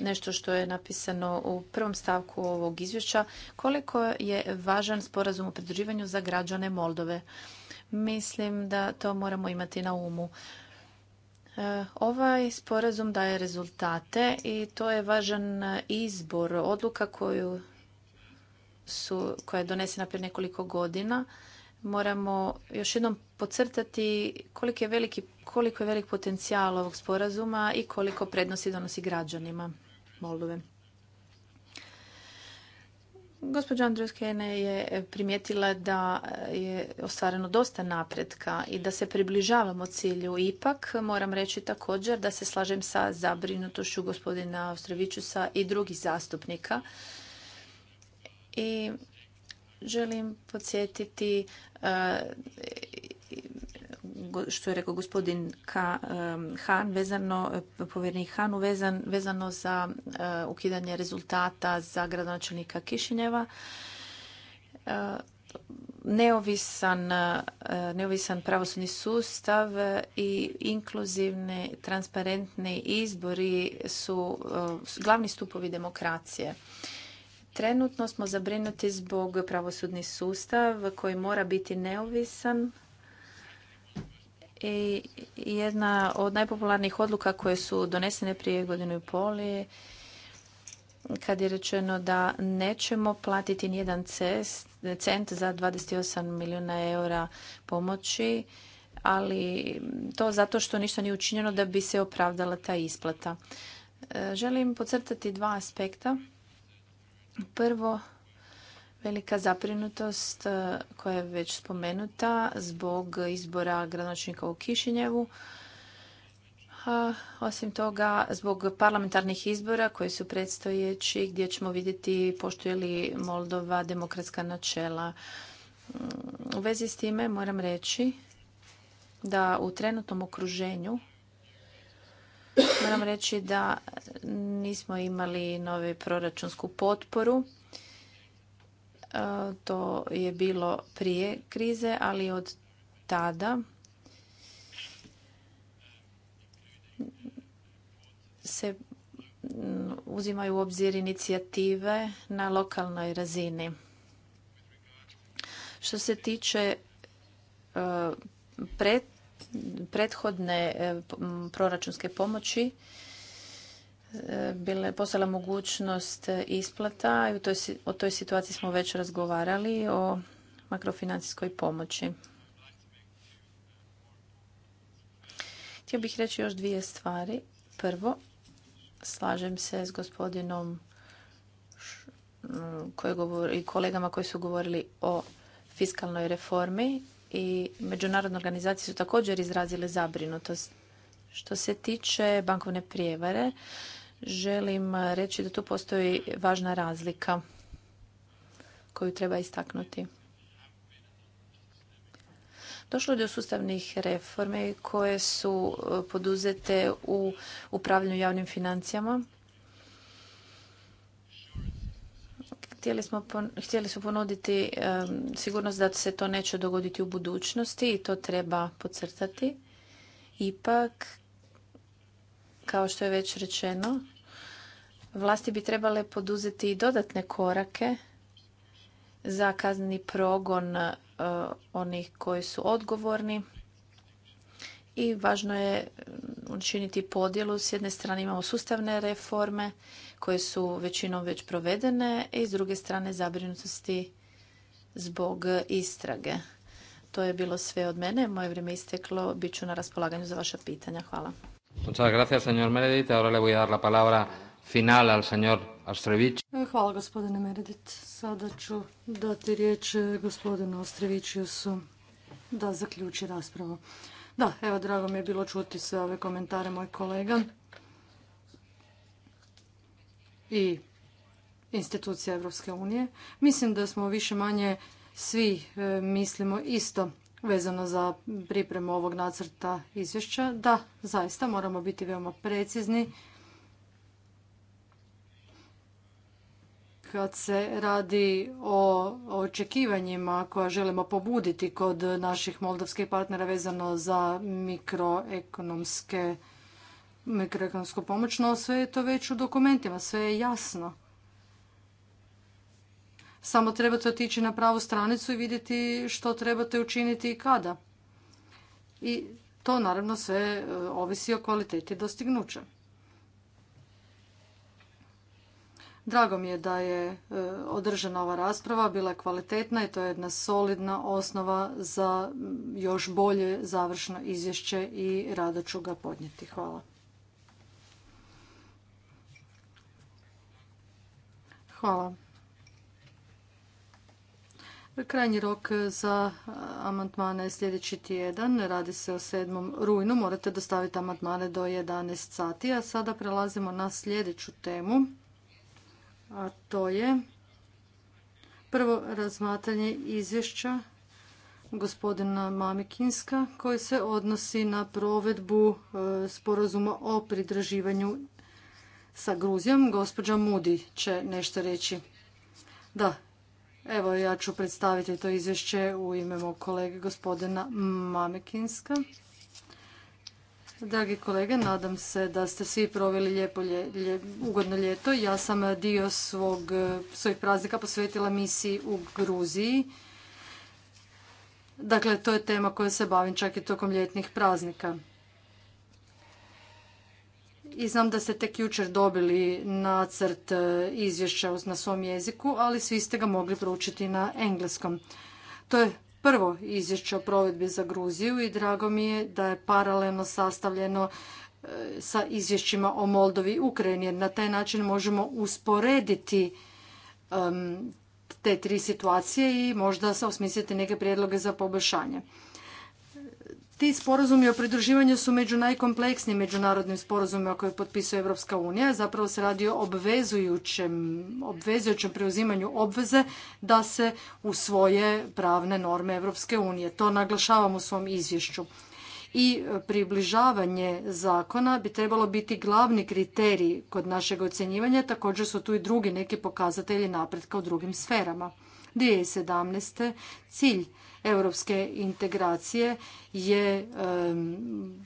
C: nešto što je napisano u prvom stavku ovog izvješća, koliko je važan sporazum o pridruživanju za građane Moldove. Mislim da to moramo imati na umu. E, ovaj sporazum daje rezultate i to je važan izbor, odluka koju su, koja je donesena prije nekoliko godina. Moramo još jednom podcrtati koliko je, veliki, koliko je velik potencijal ovog sporazuma i koliko prednosti donosi građanima. Moldove. Gospođa Andreskene je primijetila da je ostvareno dosta napretka i da se približavamo cilju. Ipak moram reći također da se slažem sa zabrinutošću gospodina Ostrovićusa i drugih zastupnika. I želim podsjetiti e, što je rekao gospodin Han vezano, eh, povjerenik Hanu vezano za eh, ukidanje rezultata za gradonačelnika Kišinjeva. Eh, neovisan, neovisan pravosudni sustav i inkluzivni, transparentni izbori su glavni stupovi demokracije. Trenutno smo zabrinuti zbog pravosudni sustav koji mora biti neovisan i jedna od najpopularnijih odluka koje su donesene prije godinu i pol je kad je rečeno da nećemo platiti nijedan cent za 28 milijuna eura pomoći, ali to zato što ništa nije učinjeno da bi se opravdala ta isplata. E, želim podcrtati dva aspekta. Prvo, velika zaprinutost e, koja je već spomenuta zbog izbora granočnika u Kišinjevu. osim toga, zbog parlamentarnih izbora koji su predstojeći gdje ćemo vidjeti poštuje li Moldova demokratska načela. Mm, u vezi s time moram reći da u trenutnom okruženju moram reći da nismo imali nove proračunsku potporu E, to je bilo prije krize, ali od tada se mm, uzimaju u obzir inicijative na lokalnoj razini. Što se tiče e, prethodne e, proračunske pomoći, bile postala mogućnost isplata i o toj situaciji smo već razgovarali o makrofinancijskoj pomoći. Htio bih reći još dvije stvari. Prvo, slažem se s gospodinom i kolegama koji su govorili o fiskalnoj reformi i međunarodne organizacije su također izrazile zabrinutost. Što se tiče bankovne prijevare, želim eh, reći da tu postoji važna razlika koju treba istaknuti. Došlo je do sustavnih reforme koje su eh, poduzete u upravljanju javnim financijama. Htjeli, smo, htjeli su ponuditi sigurnost da se to neće dogoditi u budućnosti i to treba podcrtati. Ipak, kao što je već rečeno, vlasti bi trebale poduzeti i dodatne korake za kazneni progon e, onih koji su odgovorni i važno je mm, učiniti podjelu. S jedne strane imamo sustavne reforme koje su većinom već provedene i s druge strane zabrinutosti zbog istrage. To je bilo sve od mene. Moje vrijeme isteklo. Biću na raspolaganju za vaša pitanja. Hvala.
B: Muchas gracias, señor Meredith. Ahora le voy a dar la palabra final al señor Ostrević. Eh, hvala, gospodine Meredith. Sada ću dati riječ eh, gospodinu su da zaključi raspravu. Da, evo, drago mi je bilo čuti sve ove komentare moj kolega i institucija Evropske unije. Mislim da smo više manje svi eh, mislimo isto vezano za pripremu ovog nacrta izvješća. Da, zaista moramo biti veoma precizni kad se radi o očekivanjima koja želimo pobuditi kod naših moldavskih partnera vezano za mikroekonomske mikroekonomsku pomoć, no sve je to već u dokumentima, sve je jasno. Samo trebate otići na pravu stranicu i vidjeti što trebate učiniti i kada. I to naravno sve e, ovisi o kvaliteti dostignuća. Drago mi je da je e, održana ova rasprava, bila je kvalitetna i to je jedna solidna osnova za još bolje završno izvješće i rado ću ga podnijeti. Hvala. Hvala. Krajnji rok za amandmane je sljedeći tjedan. Radi se o 7. rujnu. Morate dostaviti amandmane do 11 sati. A sada prelazimo na sljedeću temu. A to je prvo razmatranje izvješća gospodina Mamikinska koji se odnosi na provedbu e, sporazuma o pridraživanju sa Gruzijom. Gospođa Mudi će nešto reći. Da, Evo, ja ću predstaviti to izvješće u ime mog kolege gospodina Mamekinska. Dragi kolege, nadam se da ste svi proveli lijepo, ugodno ljeto. Ja sam dio svog, svojih praznika posvetila misiji u Gruziji. Dakle, to je tema koja se bavim čak i tokom ljetnih praznika i znam da ste tek jučer dobili nacrt e, izvješća na svom jeziku, ali svi ste ga mogli proučiti na engleskom. To je prvo izvješće o provedbi za Gruziju i drago mi je da je paralelno sastavljeno e, sa izvješćima o Moldovi i Ukrajini, jer na taj način možemo usporediti te tri situacije i možda osmisliti neke prijedloge za poboljšanje. Ti sporazumi o pridruživanju su među najkompleksnijim međunarodnim sporazumima koje potpisuje Europska unija. Zapravo se radi o obvezujućem, obvezujućem preuzimanju obveze da se usvoje pravne norme Europske unije. To naglašavam u svom izvješću. I približavanje zakona bi trebalo biti glavni kriterij kod našeg ocjenjivanja. Također su tu i drugi neki pokazatelji napretka u drugim sferama. 2017. cilj europske integracije je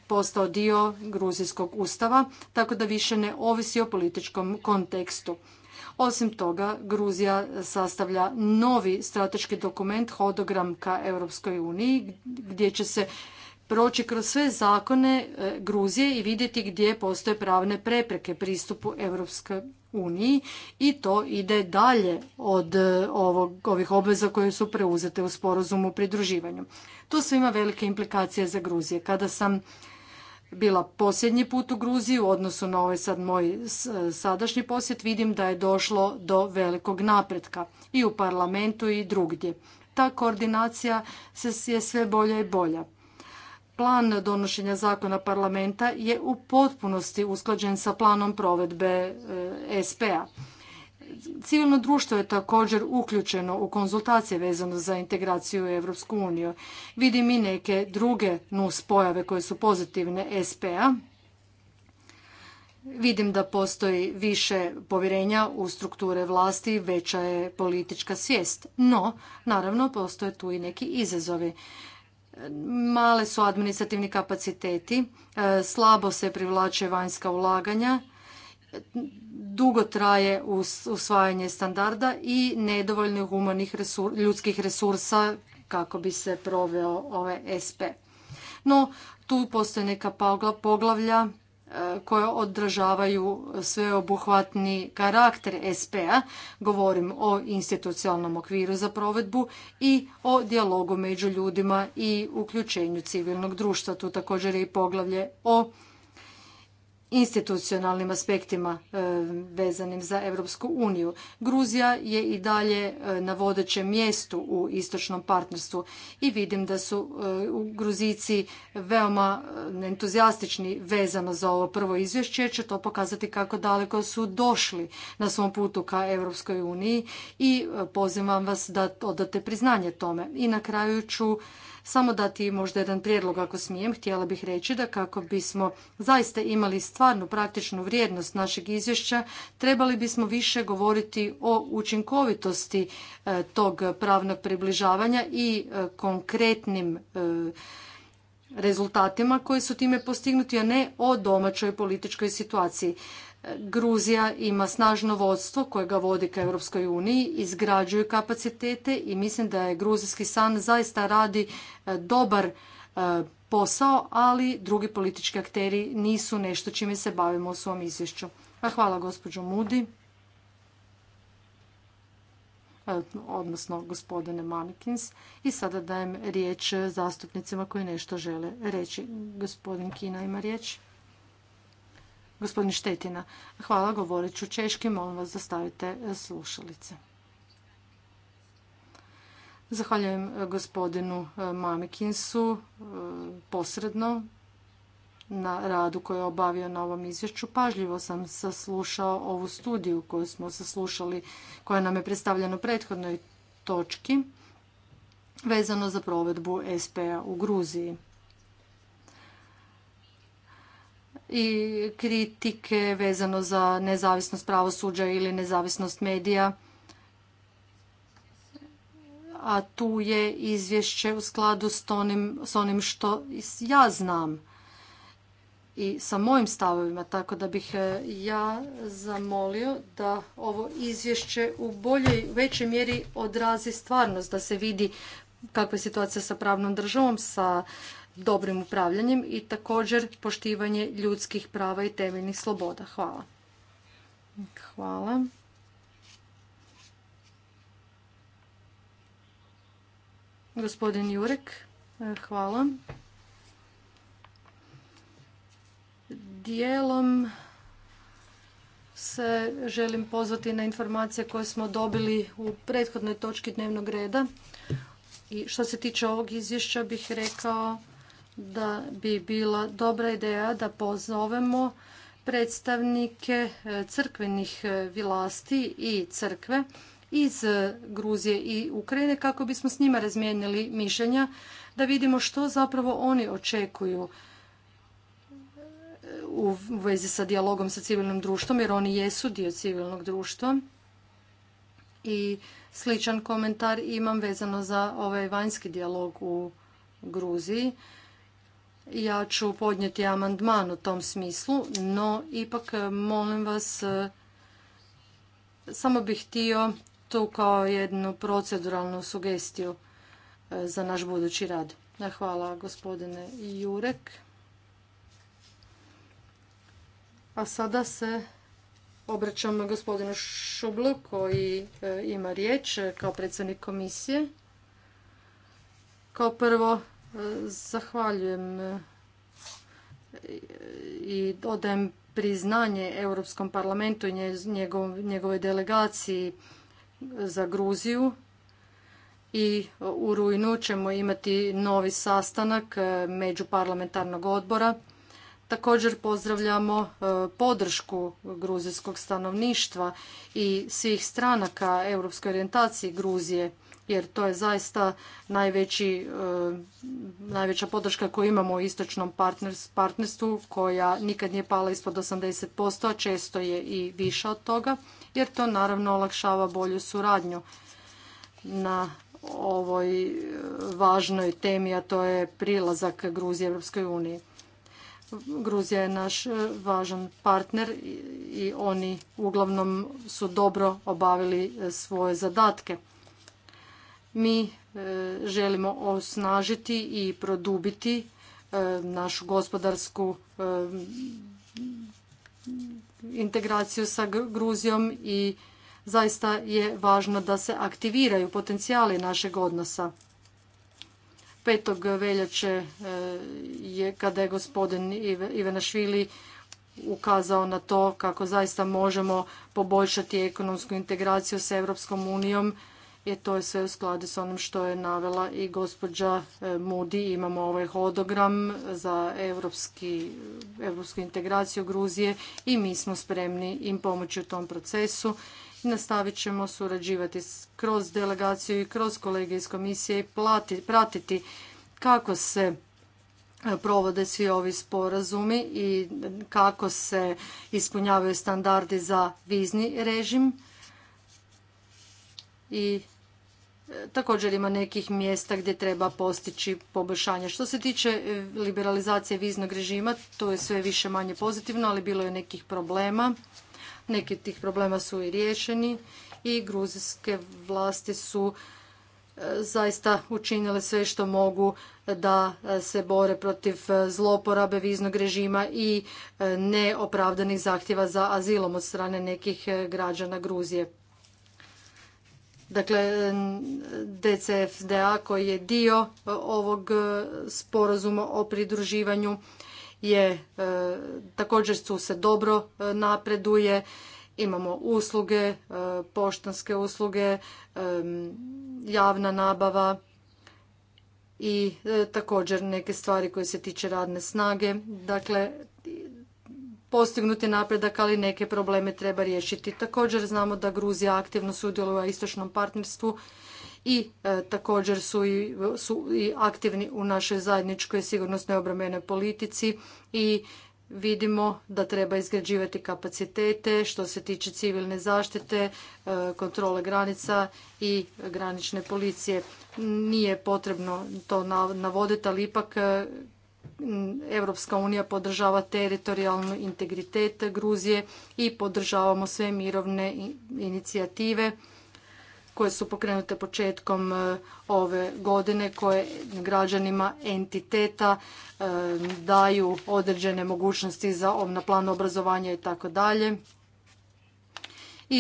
B: postao dio gruzijskog ustava, tako da više ne ovisi o političkom kontekstu. Osim toga, Gruzija sastavlja novi strateški dokument, hodogram ka Europskoj uniji, gdje će se proći kroz sve zakone e, Gruzije i vidjeti gdje postoje pravne prepreke pristupu Evropskoj uniji i to ide dalje od e, ovog, ovih obveza koje su preuzete u sporazumu o pridruživanju. To sve ima velike implikacije za Gruzije. Kada sam bila posljednji put u Gruziji u odnosu na ovaj sad moj e, sadašnji posjet vidim da je došlo do velikog napretka i u parlamentu i drugdje. Ta koordinacija se je sve bolja i bolja plan donošenja zakona parlamenta je u potpunosti usklađen sa planom provedbe e, SP-a. Civilno društvo je također uključeno u konzultacije vezano za integraciju u Europsku uniju. Vidim i neke druge nus pojave koje su pozitivne SP-a. Vidim da postoji više povjerenja u strukture vlasti, veća je politička svijest. No, naravno, postoje tu i neki izazovi male su administrativni kapaciteti, e, slabo se privlače vanjska ulaganja, dugo traje usvajanje standarda i nedovoljno humanih ljudskih resursa kako bi se proveo ove ovaj SP. No, tu postoje neka poglavlja koje održavaju sveobuhvatni karakter SP-a, govorim o institucionalnom okviru za provedbu i o dijalogu među ljudima i uključenju civilnog društva. Tu također je i poglavlje o institucionalnim aspektima e, vezanim za Europsku uniju. Gruzija je i dalje e, na vodećem mjestu u istočnom partnerstvu i vidim da su e, Gruzici veoma entuzijastični vezano za ovo prvo izvješće jer će to pokazati kako daleko su došli na svom putu ka Europskoj uniji i pozivam vas da odate priznanje tome. I na kraju ću samo dati možda jedan prijedlog ako smijem. Htjela bih reći da kako bismo zaista imali stvarnu praktičnu vrijednost našeg izvješća, trebali bismo više govoriti o učinkovitosti e, tog pravnog približavanja i e, konkretnim e, rezultatima koji su time postignuti, a ne o domaćoj političkoj situaciji. Gruzija ima snažno vodstvo koje ga vodi ka Europskoj uniji, izgrađuju kapacitete i mislim da je gruzijski san zaista radi e, dobar e, posao, ali drugi politički akteri nisu nešto čime se bavimo u svom izvješću. Hvala gospođo Mudi, e, odnosno gospodine Manikins. I sada dajem riječ zastupnicima koji nešto žele reći. Gospodin Kina ima riječ. Gospodin Štetina, hvala, govorit ću češki, molim vas da stavite e, slušalice. Zahvaljujem e, gospodinu e, Mamikinsu posredno na radu koju je obavio na ovom izvješću. Pažljivo sam saslušao ovu studiju koju smo saslušali, koja nam je predstavljena u prethodnoj točki vezano za provedbu SPA u Gruziji. i kritike vezano za nezavisnost pravosuđa ili nezavisnost medija. A tu je izvješće u skladu s onim, s onim što ja znam i sa mojim stavovima, tako da bih e, ja zamolio da ovo izvješće u boljoj, većoj mjeri odrazi stvarnost, da se vidi kakva je situacija sa pravnom državom, sa dobrim upravljanjem i također poštivanje ljudskih prava i temeljnih sloboda. Hvala. Hvala. Gospodin Jurek, hvala. Dijelom se želim pozvati na informacije koje smo dobili u prethodnoj točki dnevnog reda. I što se tiče ovog izvješća bih rekao da bi bila dobra ideja da pozovemo predstavnike e, crkvenih e, vlasti i crkve iz e, Gruzije i Ukrajine kako bismo s njima razmijenili mišljenja da vidimo što zapravo oni očekuju u vezi sa dijalogom sa civilnim društvom jer oni jesu dio civilnog društva. I sličan komentar imam vezano za ovaj vanjski dijalog u Gruziji. Ja ću podnijeti amandman u tom smislu, no ipak molim vas, samo bih htio tu kao jednu proceduralnu sugestiju e, za naš budući rad. E, hvala gospodine Jurek. A sada se obraćam gospodinu Šublu koji e, ima riječ kao predsjednik komisije. Kao prvo Zahvaljujem i odajem priznanje Europskom parlamentu i njegovoj delegaciji za Gruziju i u rujnu ćemo imati novi sastanak među parlamentarnog odbora. Također pozdravljamo e, podršku gruzijskog stanovništva i svih stranaka Europske orijentaciji Gruzije jer to je zaista najveći, eh, najveća podrška koju imamo u istočnom partnerstvu koja nikad nije pala ispod 80%, a često je i više od toga jer to naravno olakšava bolju suradnju na ovoj eh, važnoj temi, a to je prilazak Gruzije Europskoj uniji. Gruzija je naš eh, važan partner i oni uglavnom su dobro obavili svoje zadatke. Mi e, želimo osnažiti i produbiti e, našu gospodarsku e, integraciju sa Gruzijom i zaista je važno da se aktiviraju potencijali našeg odnosa. 5. veljače je kada je gospodin Švili ukazao na to kako zaista možemo poboljšati ekonomsku integraciju sa Europskom unijom je to je sve u skladu s onim što je navela i gospođa e, Mudi. Imamo ovaj hodogram za evropski, evropsku integraciju Gruzije i mi smo spremni im pomoći u tom procesu. Nastavit ćemo surađivati kroz delegaciju i kroz kolege iz komisije i pratiti kako se e, provode svi ovi sporazumi i kako se ispunjavaju standardi za vizni režim i također ima nekih mjesta gdje treba postići poboljšanje. Što se tiče e, liberalizacije viznog režima, to je sve više manje pozitivno, ali bilo je nekih problema. Neki tih problema su i riješeni i gruzijske vlasti su e, zaista učinile sve što mogu da e, se bore protiv zloporabe viznog režima i neopravdanih zahtjeva za azilom od strane nekih građana Gruzije dakle DCFDA koji je dio e, ovog e, sporazuma o pridruživanju je e, također su se dobro napreduje imamo usluge poštanske usluge javna nabava i također neke stvari koje se tiče radne snage dakle postignuti napredak, ali neke probleme treba riješiti. Također znamo da Gruzija aktivno sudjeluje u istočnom partnerstvu i e, također su i, su i aktivni u našoj zajedničkoj sigurnosnoj obrambenoj politici i vidimo da treba izgrađivati kapacitete što se tiče civilne zaštite, e, kontrole granica i granične policije. Nije potrebno to navoditi, ali ipak e, Mm, Europska unija podržava teritorijalnu integritet Gruzije i podržavamo sve mirovne inicijative koje su pokrenute početkom e, ove godine koje građanima entiteta e, daju određene mogućnosti za na plan obrazovanja i tako dalje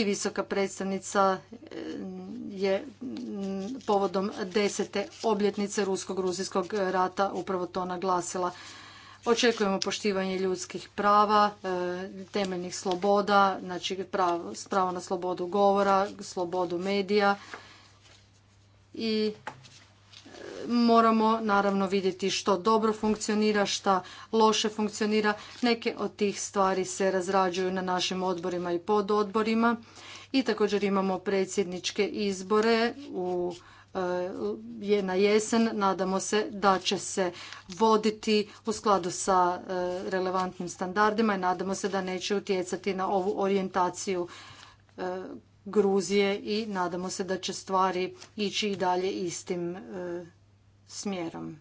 B: i visoka predstavnica e, je povodom desete obljetnice rusko-gruzijskog rata upravo to naglasila. Očekujemo poštivanje ljudskih prava, e, temeljnih sloboda, znači pravo, pravo na slobodu govora, slobodu medija i moramo naravno vidjeti što dobro funkcionira, što loše funkcionira. Neke od tih stvari se razrađuju na našim odborima i pododborima. I također imamo predsjedničke izbore u e, je na jesen. Nadamo se da će se voditi u skladu sa e, relevantnim standardima i nadamo se da neće utjecati na ovu orijentaciju e, Gruzije i nadamo se da će stvari ići i dalje istim smjerom.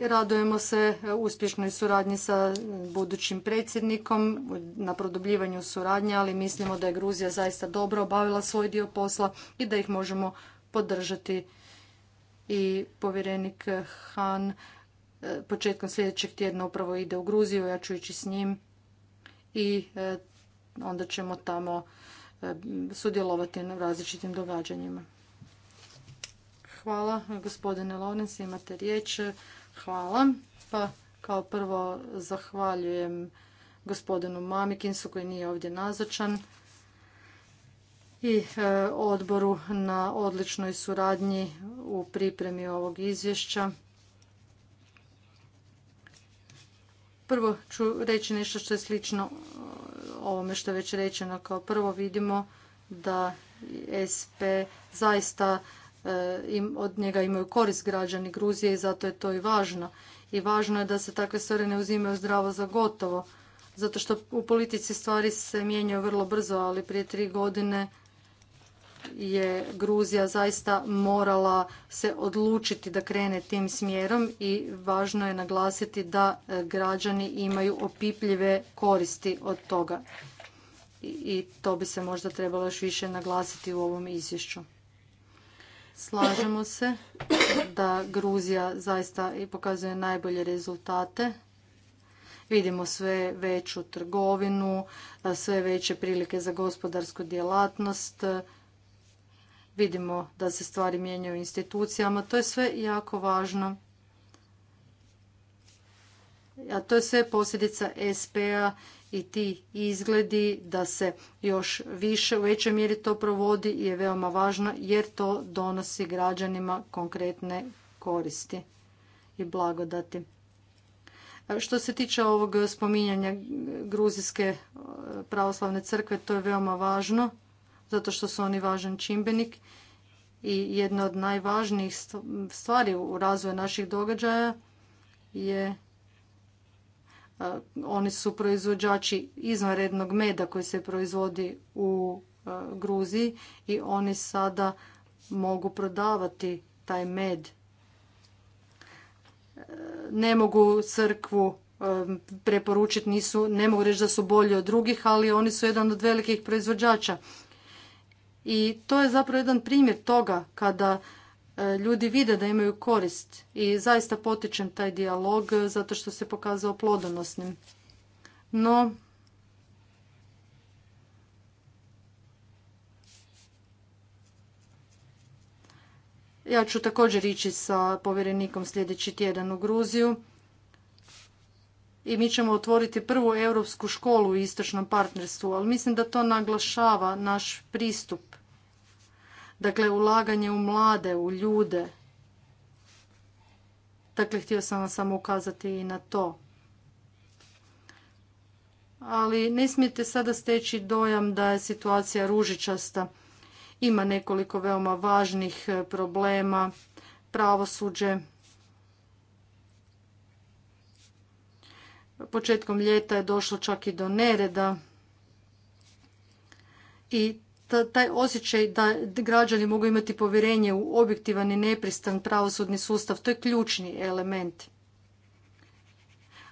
B: radujemo se uspješnoj suradnji sa budućim predsjednikom na produbljivanju suradnje, ali mislimo da je Gruzija zaista dobro obavila svoj dio posla i da ih možemo podržati. I povjerenik Han eh, početkom sljedećeg tjedna upravo ide u Gruziju, ja ću ići s njim i eh, onda ćemo tamo E, sudjelovati na različitim događanjima. Hvala, gospodine Lorenz, imate riječ. Hvala. Pa kao prvo zahvaljujem gospodinu Mamikinsu koji nije ovdje nazočan i e, odboru na odličnoj suradnji u pripremi ovog izvješća. Prvo ću reći nešto što je slično ovome što je već rečeno. Kao prvo vidimo da SP zaista e, od njega imaju korist građani Gruzije i zato je to i važno. I važno je da se takve stvari ne uzimaju zdravo za gotovo. Zato što u politici stvari se mijenjaju vrlo brzo, ali prije tri godine je Gruzija zaista morala se odlučiti da krene tim smjerom i važno je naglasiti da e, građani imaju opipljive koristi od toga. I to bi se možda trebalo još više naglasiti u ovom izvješću. Slažemo se da Gruzija zaista i pokazuje najbolje rezultate. Vidimo sve veću trgovinu, e, sve veće prilike za gospodarsku djelatnost, vidimo da se stvari mijenjaju u institucijama, to je sve jako važno. A to je sve posljedica SP-a i ti izgledi da se još više, u većoj mjeri to provodi i je veoma važno jer to donosi građanima konkretne koristi i blagodati. Što se tiče ovog spominjanja Gruzijske eh, pravoslavne crkve, to je veoma važno zato što su oni važan čimbenik i jedna od najvažnijih stvari u razvoju naših događaja je e, oni su proizvođači izvanrednog meda koji se proizvodi u e, Gruziji i oni sada mogu prodavati taj med. E, ne mogu crkvu preporučiti, nisu, ne mogu reći da su bolji od drugih, ali oni su jedan od velikih proizvođača i to je zapravo jedan primjer toga kada e, ljudi vide da imaju korist i zaista potičem taj dijalog e, zato što se pokazao plodonosnim. No, ja ću također ići sa povjerenikom sljedeći tjedan u Gruziju i mi ćemo otvoriti prvu europsku školu u istočnom partnerstvu, ali mislim da to naglašava naš pristup. Dakle, ulaganje u mlade, u ljude. Dakle, htio sam vam samo ukazati i na to. Ali ne smijete sada steći dojam da je situacija ružičasta. Ima nekoliko veoma važnih problema, pravosuđe, Početkom ljeta je došlo čak i do nereda i taj osjećaj da građani mogu imati povjerenje u objektivan i nepristan pravosudni sustav, to je ključni element.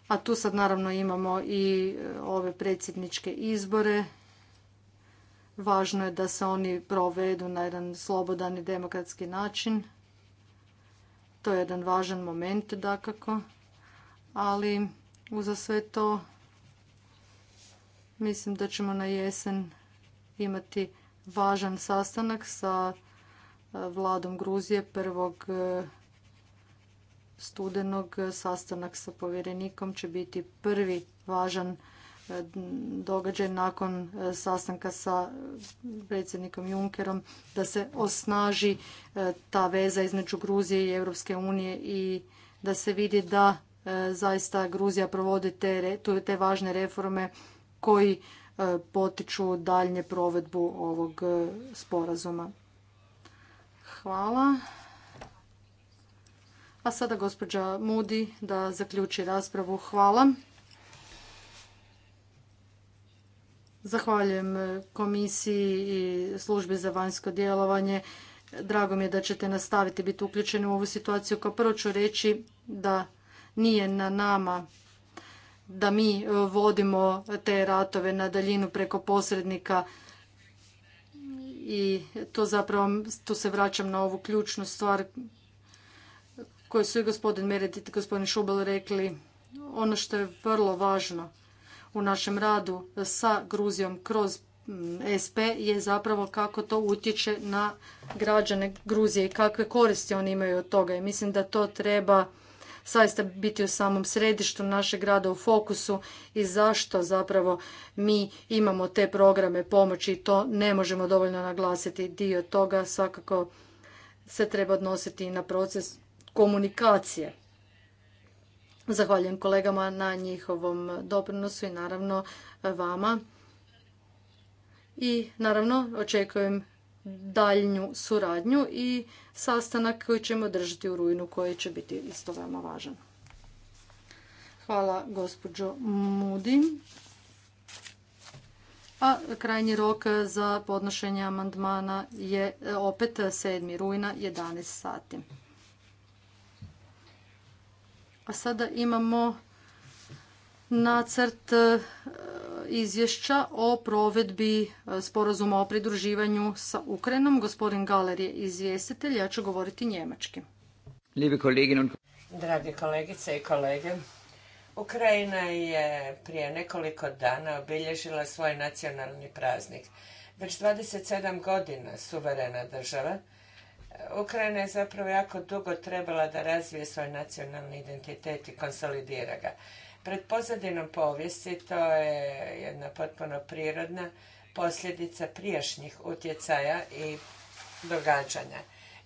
B: A tu sad naravno imamo i e, ove predsjedničke izbore. Važno je da se oni provedu na jedan slobodan i demokratski način. To je jedan važan moment, dakako. Ali Uza sve to mislim da ćemo na jesen imati važan sastanak sa e, vladom Gruzije prvog e, studenog sastanak sa povjerenikom će biti prvi važan e, događaj nakon sastanka sa predsjednikom Junkerom da se osnaži ta veza između Gruzije i Europske unije i da se vidi da E, zaista Gruzija provodi te, te važne reforme koji e, potiču daljnje provedbu ovog e, sporazuma. Hvala. A sada gospođa Mudi da zaključi raspravu. Hvala. Zahvaljujem komisiji i službi za vanjsko djelovanje. Drago mi je da ćete nastaviti biti uključeni u ovu situaciju. Kao prvo ću reći da nije na nama da mi e, vodimo te ratove na daljinu preko posrednika i to zapravo, tu se vraćam na ovu ključnu stvar koju su i gospodin Meredit i gospodin Šubel rekli. Ono što je vrlo važno u našem radu sa Gruzijom kroz mm, SP je zapravo kako to utječe na građane Gruzije i kakve koristi oni imaju od toga. I mislim da to treba saista biti u samom središtu našeg grada, u fokusu i zašto zapravo mi imamo te programe pomoći i to ne možemo dovoljno naglasiti. Dio toga svakako se treba odnositi i na proces komunikacije. Zahvaljujem kolegama na njihovom doprinosu i naravno vama. I naravno očekujem daljnju suradnju i sastanak koji ćemo držati u rujnu koji će biti isto veoma važan. Hvala gospođo Mudi. A krajnji rok za podnošenje amandmana je opet 7. rujna 11 sati. A sada imamo nacrt e, izvješća o provedbi e, sporazuma o pridruživanju sa Ukrajinom. Gospodin Galer je izvjestitelj, ja ću govoriti njemački.
A: Dragi kolegice i kolege, Ukrajina je prije nekoliko dana obilježila svoj nacionalni praznik. Već 27 godina suverena država, Ukrajina je zapravo jako dugo trebala da razvije svoj nacionalni identitet i konsolidira ga. Pred pozadinom povijesti to je jedna potpuno prirodna posljedica prijašnjih utjecaja i događanja.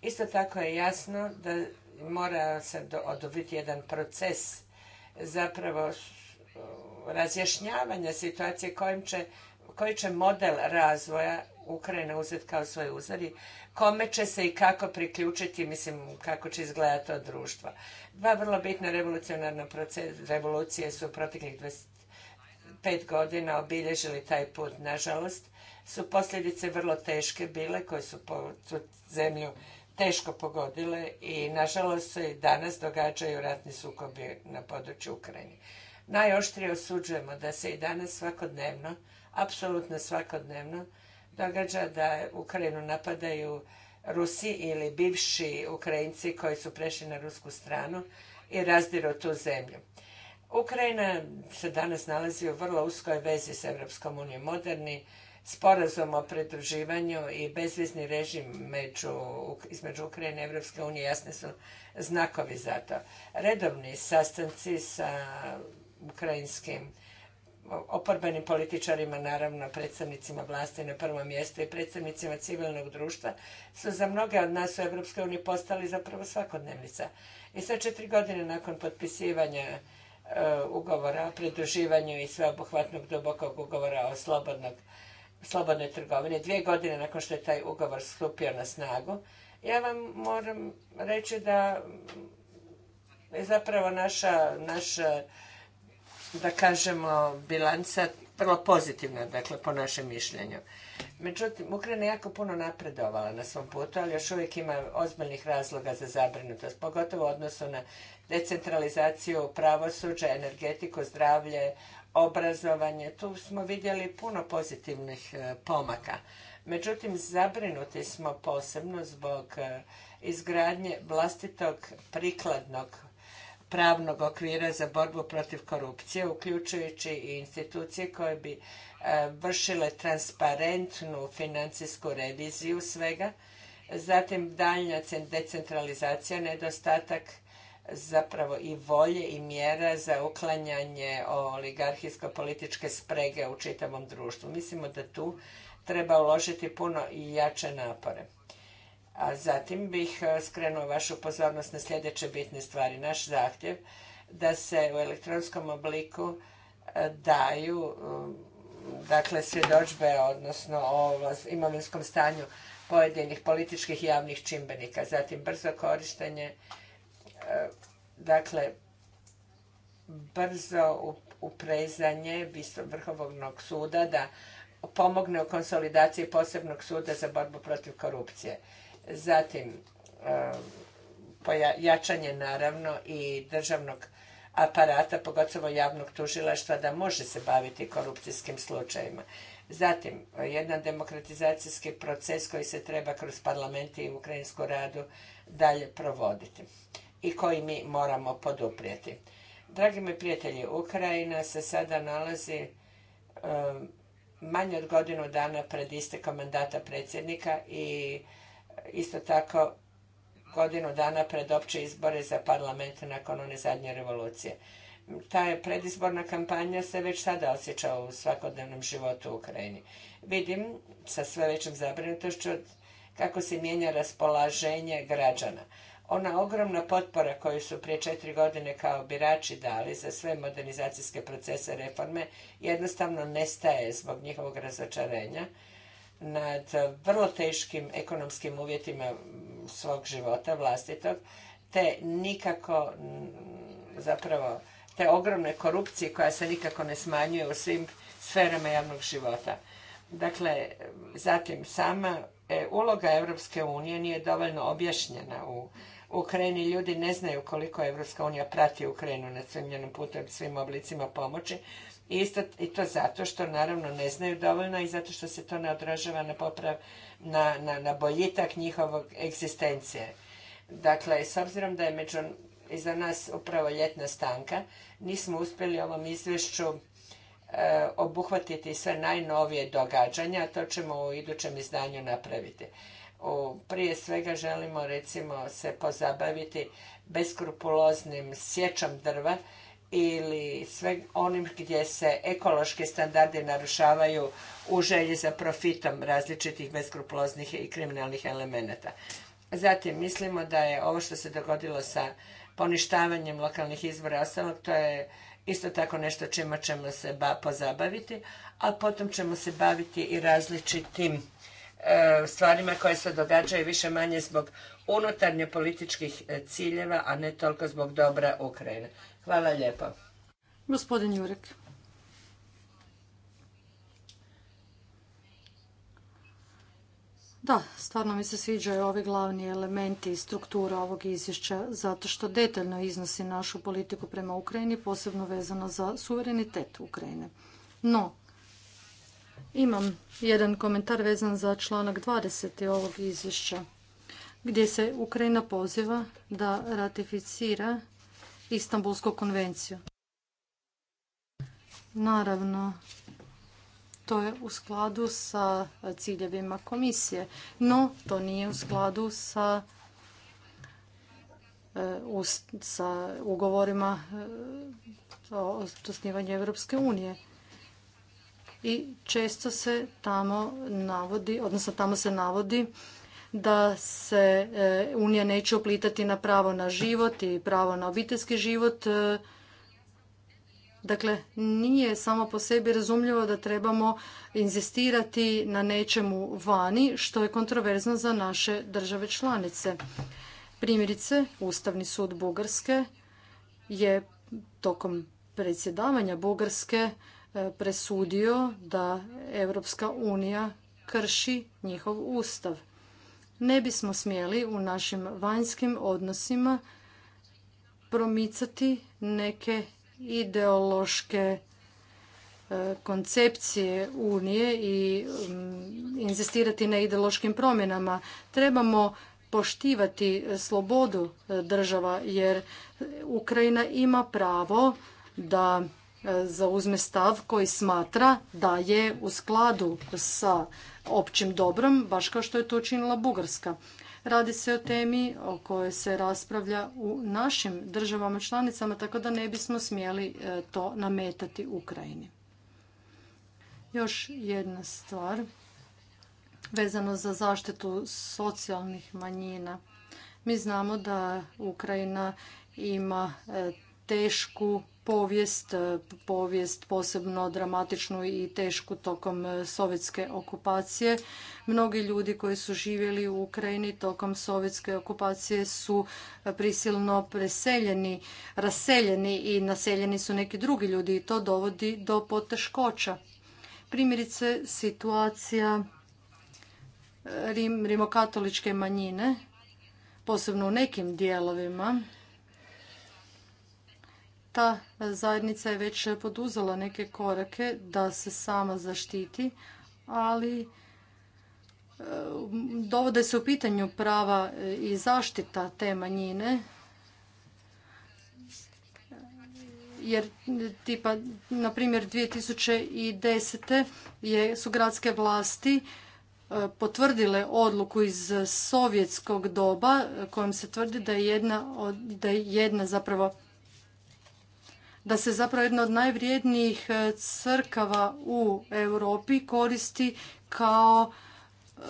A: Isto tako je jasno da mora se odobiti jedan proces zapravo razjašnjavanja situacije koji će model razvoja Ukrajina uzeti kao svoj uzor i kome će se i kako priključiti, mislim kako će izgledati to društvo. Dva vrlo bitna revolucionarna revolucije su u proteklih 25 godina obilježili taj put, nažalost, su posljedice vrlo teške bile koje su tu zemlju teško pogodile i nažalost se i danas događaju ratni sukobi na području Ukrajine. Najoštrije osuđujemo da se i danas svakodnevno, apsolutno svakodnevno, događa da Ukrajinu napadaju Rusi ili bivši Ukrajinci koji su prešli na rusku stranu i razdiru tu zemlju. Ukrajina se danas nalazi u vrlo uskoj vezi s Europskom unijom. Moderni sporazum o pridruživanju i bezvizni režim među, između Ukrajine i Europske unije jasni su znakovi za to. Redovni sastanci sa ukrajinskim oporbenim političarima, naravno predstavnicima vlasti na prvom mjestu i predstavnicima civilnog društva su za mnoge od nas u Europskoj uniji postali zapravo svakodnevnica. I sad četiri godine nakon potpisivanja e, ugovora o pridruživanju i sveobuhvatnog dubokog ugovora o slobodnog, slobodnoj trgovini, dvije godine nakon što je taj ugovor stupio na snagu, ja vam moram reći da je zapravo naša, naša da kažemo, bilanca vrlo pozitivna, dakle, po našem mišljenju. Međutim, Ukrajina je jako puno napredovala na svom putu, ali još uvijek ima ozbiljnih razloga za zabrinutost, pogotovo u odnosu na decentralizaciju pravosuđa, energetiku, zdravlje, obrazovanje. Tu smo vidjeli puno pozitivnih e, pomaka. Međutim, zabrinuti smo posebno zbog e, izgradnje vlastitog prikladnog pravnog okvira za borbu protiv korupcije, uključujući i institucije koje bi e, vršile transparentnu financijsku reviziju svega, zatim daljnja decentralizacija, nedostatak zapravo i volje i mjera za uklanjanje oligarhijsko-političke sprege u čitavom društvu. Mislimo da tu treba uložiti puno i jače napore. A zatim bih e, skrenuo vašu pozornost na sljedeće bitne stvari. Naš zahtjev da se u elektronskom obliku e, daju e, dakle svjedočbe odnosno o imovinskom stanju pojedinih političkih i javnih čimbenika. Zatim brzo korištenje dakle brzo uprezanje Vrhovnog suda da pomogne u konsolidaciji posebnog suda za borbu protiv korupcije. Zatim, eh, jačanje naravno i državnog aparata, pogotovo javnog tužilaštva, da može se baviti korupcijskim slučajima. Zatim, jedan demokratizacijski proces koji se treba kroz parlament i ukrajinsku radu dalje provoditi i koji mi moramo poduprijeti. Dragi mi prijatelji, Ukrajina se sada nalazi eh, manje od godinu dana pred istekom mandata predsjednika i isto tako godinu dana pred opće izbore za parlament nakon one zadnje revolucije. Ta je predizborna kampanja se već sada osjeća u svakodnevnom životu u Ukrajini. Vidim sa sve većom zabrinutošću kako se mijenja raspolaženje građana. Ona ogromna potpora koju su prije četiri godine kao birači dali za sve modernizacijske procese reforme jednostavno nestaje zbog njihovog razočarenja nad vrlo teškim ekonomskim uvjetima svog života vlastitog, te nikako zapravo te ogromne korupcije koja se nikako ne smanjuje u svim sferama javnog života. Dakle, zatim sama e, uloga Europske unije nije dovoljno objašnjena u Ukrajini. Ljudi ne znaju koliko Europska unija prati Ukrajinu na svim njenom putem, svim oblicima pomoći i to zato što naravno ne znaju dovoljno i zato što se to ne odražava na, poprav, na, na, na boljitak njihovog egzistencije. Dakle, s obzirom da je među, iza nas upravo ljetna stanka, nismo uspjeli ovom izvješću e, obuhvatiti sve najnovije događanja, a to ćemo u idućem izdanju napraviti. U, prije svega želimo recimo se pozabaviti beskrupuloznim sjećom drva ili sve onim gdje se ekološki standardi narušavaju u želji za profitom različitih beskrupuloznih i kriminalnih elemenata. Zatim, mislimo da je ovo što se dogodilo sa poništavanjem lokalnih izbora to je isto tako nešto čima ćemo se pozabaviti, a potom ćemo se baviti i različitim e, stvarima koje se događaju više manje zbog unutarnje političkih e, ciljeva, a ne toliko zbog dobra Ukrajine. Hvala lijepa
B: Gospodin Jurek. Da, stvarno mi se sviđaju ovi glavni elementi i struktura ovog izvješća, zato što detaljno iznosi našu politiku prema Ukrajini, posebno vezano za suverenitet Ukrajine. No, imam jedan komentar vezan za članak 20. ovog izvješća, gdje se Ukrajina poziva da ratificira Istanbulsku konvenciju. Naravno, to je u skladu sa ciljevima komisije, no to nije u skladu sa e, ugovorima e, o osnivanju Europske unije. I često se tamo navodi, odnosno tamo se navodi da se e, Unija neće oplitati na pravo na život i pravo na obiteljski život. E, dakle, nije samo po sebi razumljivo da trebamo inzistirati na nečemu vani, što je kontroverzno za naše države članice. Primjerice, Ustavni sud Bugarske je tokom predsjedavanja Bugarske e, presudio da Europska unija krši njihov ustav ne bismo smjeli u našim vanjskim odnosima promicati neke ideološke e, koncepcije Unije i mm, inzistirati na ideološkim promjenama. Trebamo poštivati slobodu e, država jer Ukrajina ima pravo da zauzme stav koji smatra da je u skladu sa općim dobrom, baš kao što je to učinila Bugarska. Radi se o temi o kojoj se raspravlja u našim državama članicama, tako da ne bismo smjeli e, to nametati Ukrajini. Još jedna stvar vezano za zaštitu socijalnih manjina. Mi znamo da Ukrajina ima e, tešku povijest, e, povijest posebno dramatičnu i tešku tokom e, sovjetske okupacije. Mnogi ljudi koji su živjeli u Ukrajini tokom sovjetske okupacije su e, prisilno preseljeni, raseljeni i naseljeni su neki drugi ljudi i to dovodi do poteškoća. Primjerice situacija rimokatoličke manjine, posebno u nekim dijelovima ta zajednica je već poduzela neke korake da se sama zaštiti, ali e, dovode se u pitanju prava i zaštita te manjine jer tipa na primjer 2010. je su gradske vlasti e, potvrdile odluku iz sovjetskog doba kojom se tvrdi da je jedna, da je jedna zapravo da se zapravo jedna od najvrijednijih e, crkava u Europi koristi kao e,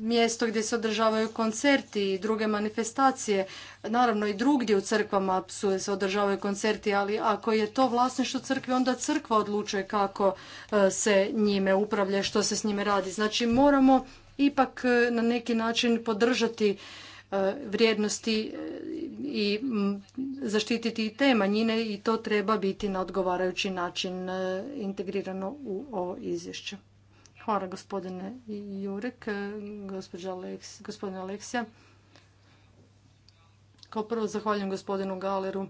B: mjesto gdje se održavaju koncerti i druge manifestacije. Naravno i drugdje u crkvama se održavaju koncerti, ali ako je to vlasništvo crkve, onda crkva odlučuje kako e, se njime upravlja, što se s njime radi. Znači moramo ipak na neki način podržati E, vrijednosti e, i zaštititi i te manjine i to treba biti na odgovarajući način e, integrirano u ovo izvješće. Hvala gospodine Jurek, gospodine Aleksija. Kao prvo zahvaljujem gospodinu Galeru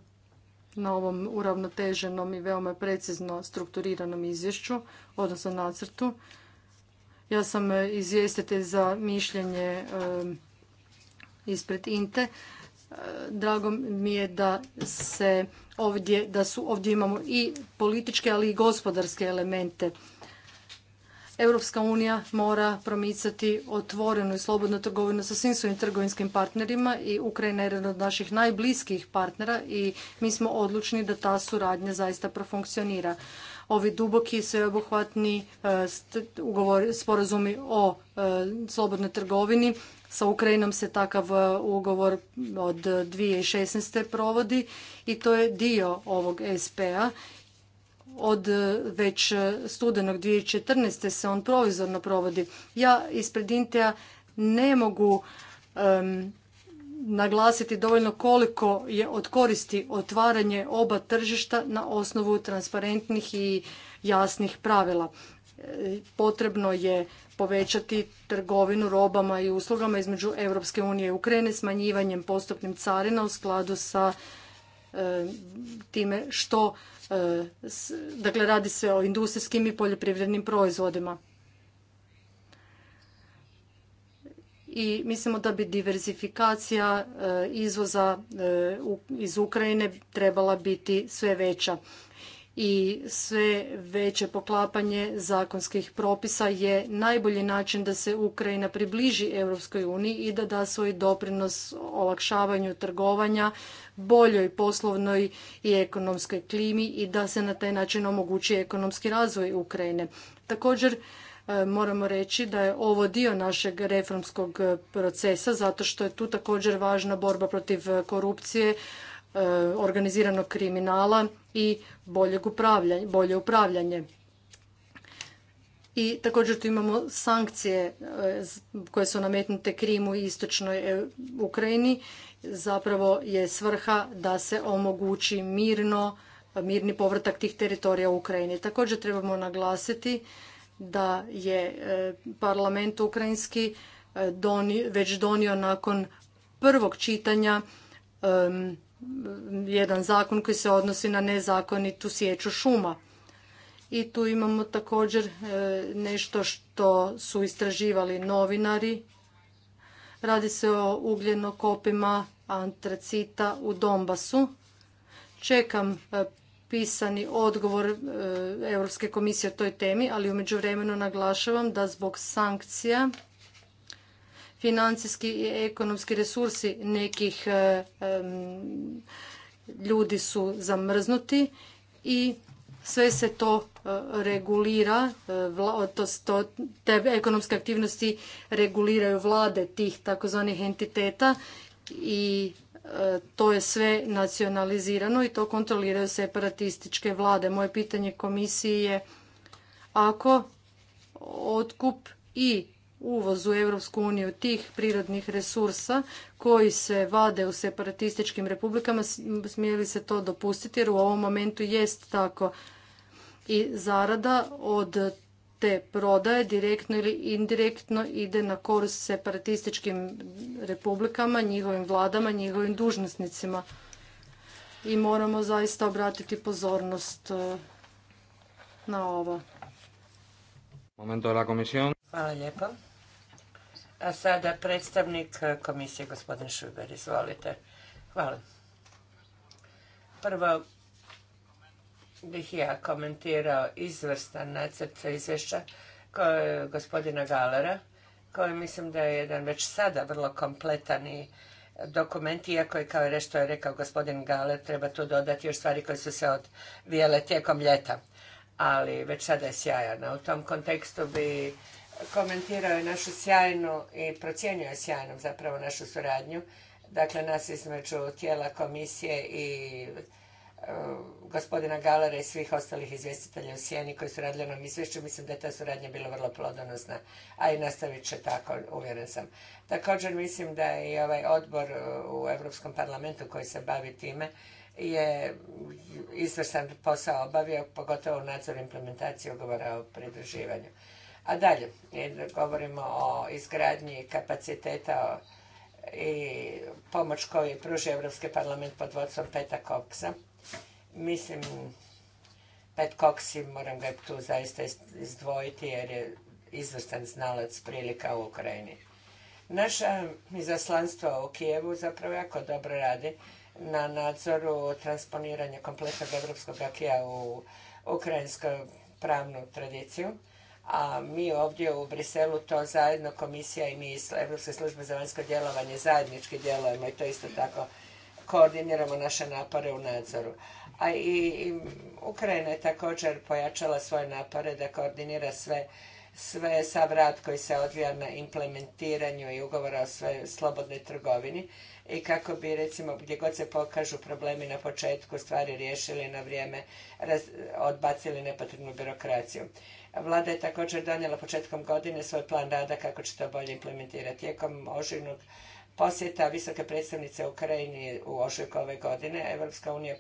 B: na ovom uravnoteženom i veoma precizno strukturiranom izvješću, odnosno nacrtu. Ja sam izvjestitelj za mišljenje ispred Inte. E, drago mi je da se ovdje, da su ovdje imamo i političke, ali i gospodarske elemente. Europska unija mora promicati otvorenu i slobodnu trgovinu sa svim svojim trgovinskim partnerima i Ukrajina je jedan od naših najbliskih partnera i mi smo odlučni da ta suradnja zaista profunkcionira. Ovi duboki sveobuhvatni e, sporazumi o e, slobodnoj trgovini sa Ukrajinom se takav e, ugovor od 2016. provodi i to je dio ovog SP-a. Od e, već e, studenog 2014. se on provizorno provodi. Ja ispred intea ne mogu naglasiti dovoljno koliko je od koristi otvaranje oba tržišta na osnovu transparentnih i jasnih pravila potrebno je povećati trgovinu robama i uslugama između Europske unije i Ukrajine smanjivanjem postupnim carina u skladu sa e, time što e, dakle radi se o industrijskim i poljoprivrednim proizvodima. I mislimo da bi diversifikacija e, izvoza iz Ukrajine trebala biti sve veća i sve veće poklapanje zakonskih propisa je najbolji način da se Ukrajina približi Europskoj uniji i da da svoj doprinos olakšavanju trgovanja, boljoj poslovnoj i ekonomskoj klimi i da se na taj način omogući ekonomski razvoj Ukrajine. Također, e, moramo reći da je ovo dio našeg reformskog procesa zato što je tu također važna borba protiv korupcije, e, organiziranog kriminala, i bolje upravljanje. I također tu imamo sankcije e, koje su nametnute Krimu i istočnoj e, Ukrajini. Zapravo je svrha da se omogući mirno, mirni povratak tih teritorija u Ukrajini. Također trebamo naglasiti da je e, parlament ukrajinski već donio nakon prvog čitanja jedan zakon koji se odnosi na nezakonitu sjeću šuma. I tu imamo također e, nešto što su istraživali novinari. Radi se o ugljenokopima antracita u Dombasu. Čekam e, pisani odgovor e, Europske komisije o toj temi, ali u međuvremenu naglašavam da zbog sankcija financijski i ekonomski resursi nekih e, ljudi su zamrznuti i sve se to e, regulira, e, te ekonomske aktivnosti reguliraju vlade tih takozvanih entiteta i to je sve nacionalizirano i to kontroliraju separatističke vlade. Moje pitanje komisiji je ako otkup i uvoz u Europsku uniju tih prirodnih resursa koji se vade u separatističkim republikama, smije li se to dopustiti jer u ovom momentu jest tako i zarada od te prodaje direktno ili indirektno ide na korist separatističkim republikama, njihovim vladama, njihovim dužnosnicima. I moramo zaista obratiti pozornost e, na ovo. Momento de la
A: Hvala lijepa. A sada predstavnik komisije, gospodin Šuber, izvolite. Hvala. Prvo bih ja komentirao izvrstan nacrt izvješća gospodina Galera, koji mislim da je jedan već sada vrlo kompletan i dokument, iako je kao što je rekao gospodin Galer, treba tu dodati još stvari koje su se odvijele tijekom ljeta. Ali već sada je sjajana. U tom kontekstu bi komentirao je našu sjajnu i procijenio je sjajnom zapravo našu suradnju, dakle nas između tijela komisije i e, gospodina Galera i svih ostalih izvjestitelja u Sjeni koji su radili onom izvješću. Mislim da je ta suradnja bila vrlo plodonosna, a i nastavit će tako, uvjeren sam. Također mislim da je i ovaj odbor e, u Europskom parlamentu koji se bavi time je izvrstan posao obavio, pogotovo u nadzoru implementacije ugovora o pridruživanju. A dalje, govorimo o izgradnji kapaciteta i pomoć koju pruži Europski parlament pod vodstvom Peta Koksa. Mislim, Pet Koksi, moram ga tu zaista izdvojiti jer je izvrstan znalac prilika u Ukrajini. Naša izaslanstva u Kijevu zapravo jako dobro radi na nadzoru transponiranja kompletnog evropskog akija u ukrajinsku pravnu tradiciju a mi ovdje u Briselu to zajedno komisija i mi iz Europske službe za vanjsko djelovanje zajednički djelujemo i to isto tako koordiniramo naše napore u nadzoru. A i, Ukrajina je također pojačala svoje napore da koordinira sve sve sav rad koji se odvija na implementiranju i ugovora o slobodnoj trgovini i kako bi recimo gdje god se pokažu problemi na početku stvari riješili na vrijeme, odbacili nepotrebnu birokraciju. Vlada je također donijela početkom godine svoj plan rada kako će to bolje implementirati. Tijekom ožujnog posjeta visoke predstavnice Ukrajini u ožujku ove godine, Evropska unija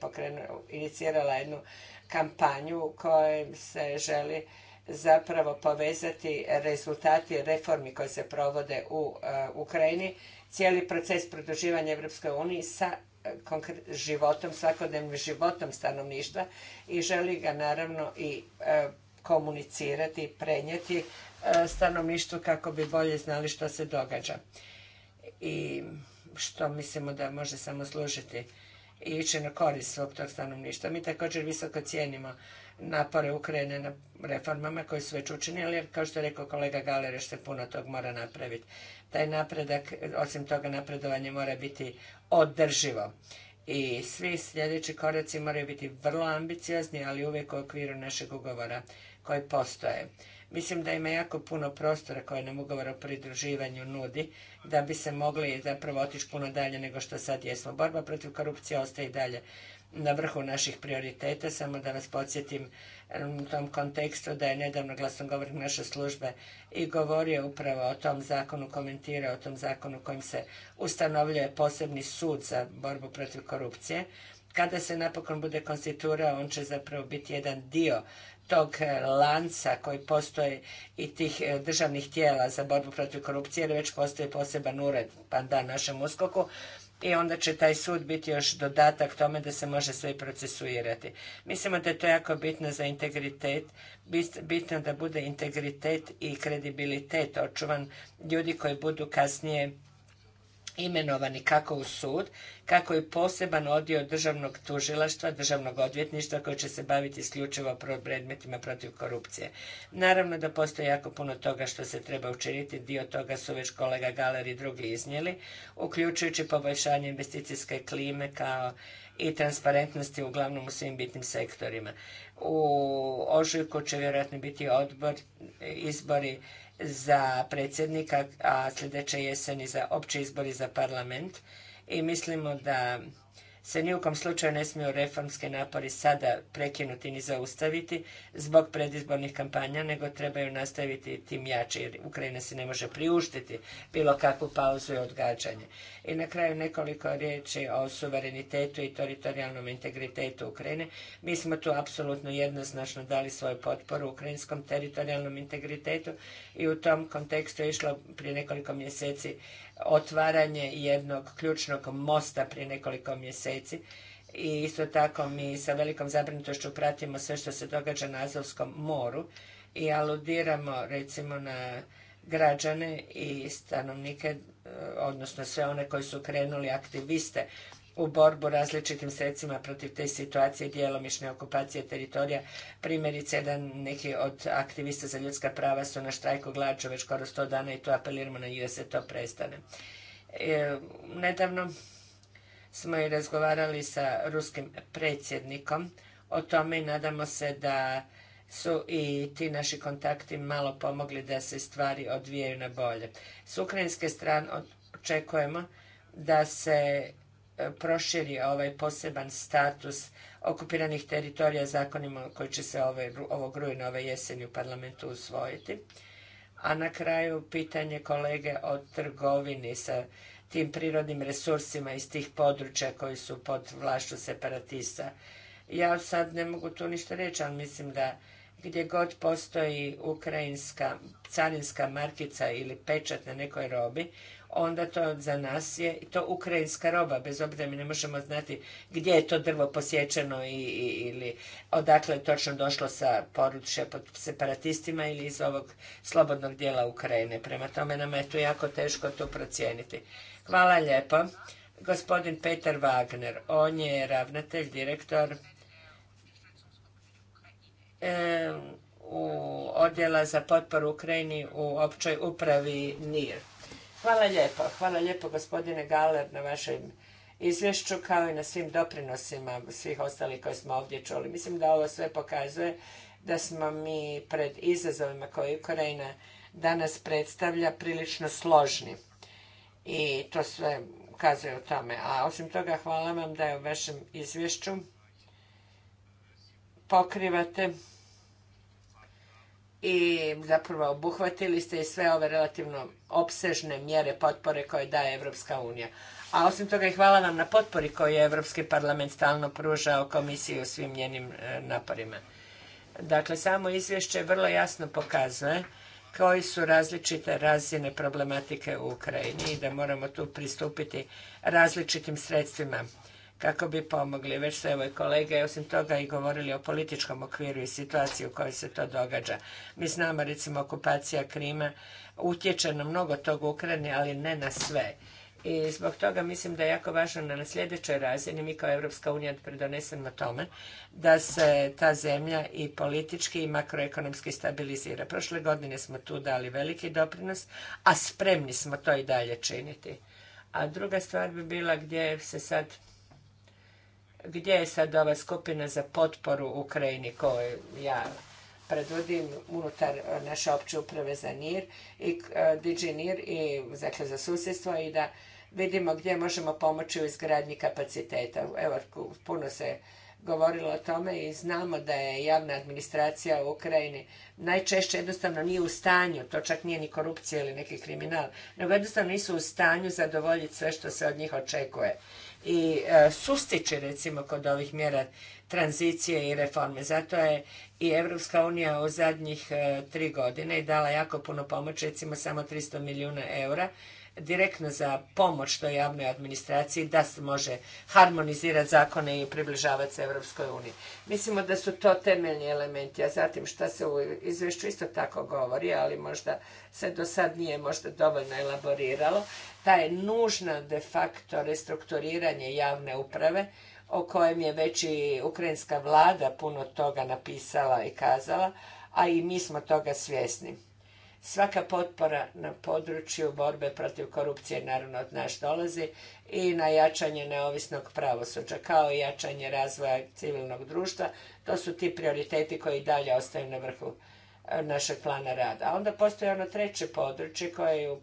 A: inicirala jednu kampanju u kojoj se želi zapravo povezati rezultati reformi koje se provode u uh, Ukrajini, cijeli proces produživanja Evropskoj uniji sa uh, životom, svakodnevnim životom stanovništva i želi ga naravno i uh, komunicirati i prenijeti e, stanovništvu kako bi bolje znali što se događa. I što mislimo da može samo služiti i ići na korist svog tog stanovništva. Mi također visoko cijenimo napore Ukrajine na reformama koje su već učinili, jer kao što je rekao kolega Galer, još se puno tog mora napraviti. Taj napredak, osim toga napredovanje mora biti održivo. I svi sljedeći koraci moraju biti vrlo ambiciozni, ali uvijek u okviru našeg ugovora koji postoje. Mislim da ima jako puno prostora koje nam ugovor o pridruživanju nudi da bi se mogli zapravo otići puno dalje nego što sad jesmo. Borba protiv korupcije ostaje i dalje na vrhu naših prioriteta. Samo da vas podsjetim u tom kontekstu da je nedavno glasnogovornik naše službe i govorio upravo o tom zakonu, komentirao o tom zakonu kojim se ustanovljuje posebni sud za borbu protiv korupcije. Kada se napokon bude konstituirao, on će zapravo biti jedan dio tog lanca koji postoje i tih e, državnih tijela za borbu protiv korupcije, jer već postoji poseban ured pa našem uskoku i onda će taj sud biti još dodatak tome da se može sve procesuirati. Mislimo da je to jako bitno za integritet, bitno da bude integritet i kredibilitet očuvan ljudi koji budu kasnije imenovani kako u sud, kako i poseban odio državnog tužilaštva, državnog odvjetništva koji će se baviti isključivo predmetima protiv korupcije. Naravno da postoji jako puno toga što se treba učiniti, dio toga su već kolega Galer i drugi iznijeli, uključujući poboljšanje investicijske klime kao i transparentnosti uglavnom u svim bitnim sektorima. U ožujku će vjerojatno biti odbor, izbori za predsjednika, a sljedeće jeseni za opće izbori za parlament i mislimo da se ni u kom slučaju ne smiju reformski napori sada prekinuti ni zaustaviti zbog predizbornih kampanja, nego trebaju nastaviti tim jači, jer Ukrajina se ne može priuštiti bilo kakvu pauzu i odgađanje. I na kraju nekoliko riječi o suverenitetu i teritorijalnom integritetu Ukrajine. Mi smo tu apsolutno jednoznačno dali svoju potporu ukrajinskom teritorijalnom integritetu i u tom kontekstu je išlo prije nekoliko mjeseci otvaranje jednog ključnog mosta prije nekoliko mjeseci i isto tako mi sa velikom zabrinutošću pratimo sve što se događa na Azovskom moru i aludiramo recimo na građane i stanovnike, odnosno sve one koji su krenuli aktiviste u borbu različitim sredstvima protiv te situacije djelomične okupacije teritorija. Primjerice, jedan neki od aktivista za ljudska prava su na štrajku glađu već skoro 100 dana i tu apeliramo na njih da se to prestane. E, nedavno smo i razgovarali sa ruskim predsjednikom o tome i nadamo se da su i ti naši kontakti malo pomogli da se stvari odvijaju na bolje. S ukrajinske strane očekujemo da se E, proširi ovaj poseban status okupiranih teritorija zakonima koji će se ove, ovaj ovog rujna, ove jeseni u parlamentu usvojiti. A na kraju pitanje kolege o trgovini sa tim prirodnim resursima iz tih područja koji su pod vlašću separatista. Ja sad ne mogu tu ništa reći, ali mislim da gdje god postoji ukrajinska carinska markica ili pečat na nekoj robi, onda to za nas je to ukrajinska roba, bez obzira mi ne možemo znati gdje je to drvo posjećeno i, ili odakle je točno došlo sa područja pod separatistima ili iz ovog slobodnog dijela Ukrajine. Prema tome nam je tu jako teško to procijeniti. Hvala lijepo. Gospodin Peter Wagner, on je ravnatelj, direktor u odjela za potporu Ukrajini u općoj upravi NIR. Hvala lijepo. Hvala lijepo gospodine Galer na vašem izvješću kao i na svim doprinosima svih ostalih koje smo ovdje čuli. Mislim da ovo sve pokazuje da smo mi pred izazovima koje Ukrajina danas predstavlja prilično složni. I to sve ukazuje o tome. A osim toga hvala vam da je u vašem izvješću pokrivate i zapravo obuhvatili ste i sve ove relativno opsežne mjere potpore koje daje Evropska unija. A osim toga i hvala vam na potpori koju je Europski parlament stalno pružao komisiji u svim njenim e, naporima. Dakle, samo izvješće vrlo jasno pokazuje koji su različite razine problematike u Ukrajini i da moramo tu pristupiti različitim sredstvima kako bi pomogli. Već su evo i kolege osim toga i govorili o političkom okviru i situaciji u kojoj se to događa. Mi znamo recimo okupacija Krima utječe na mnogo toga Ukrajini, ali ne na sve. I zbog toga mislim da je jako važno na sljedećoj razini mi kao Europska unija predonesemo tome da se ta zemlja i politički i makroekonomski stabilizira. Prošle godine smo tu dali veliki doprinos, a spremni smo to i dalje činiti. A druga stvar bi bila gdje se sad gdje je sad ova skupina za potporu Ukrajini koju ja predvodim unutar eh, naše opće uprave za NIR i eh, NIR i dakle za susjedstvo i da vidimo gdje možemo pomoći u izgradnji kapaciteta. Evo, puno se govorilo o tome i znamo da je javna administracija u Ukrajini najčešće jednostavno nije u stanju, to čak nije ni korupcija ili neki kriminal, nego jednostavno nisu u stanju zadovoljiti sve što se od njih očekuje i e, sustići recimo kod ovih mjera tranzicije i reforme. Zato je i Evropska unija u zadnjih e, tri godine dala jako puno pomoć, recimo samo 300 milijuna eura direktno za pomoć toj javnoj administraciji da se može harmonizirati zakone i približavati se Europskoj uniji. Mislimo da su to temeljni elementi, a zatim što se u izvješću isto tako govori, ali možda se do sad nije možda dovoljno elaboriralo, ta je nužna de facto restrukturiranje javne uprave o kojem je već i ukrajinska vlada puno toga napisala i kazala, a i mi smo toga svjesni. Svaka potpora na području borbe protiv korupcije naravno od nas dolazi i na jačanje neovisnog pravosuđa kao i jačanje razvoja civilnog društva. To su ti prioriteti koji i dalje ostaju na vrhu e, našeg plana rada. A onda postoji ono treće područje koje u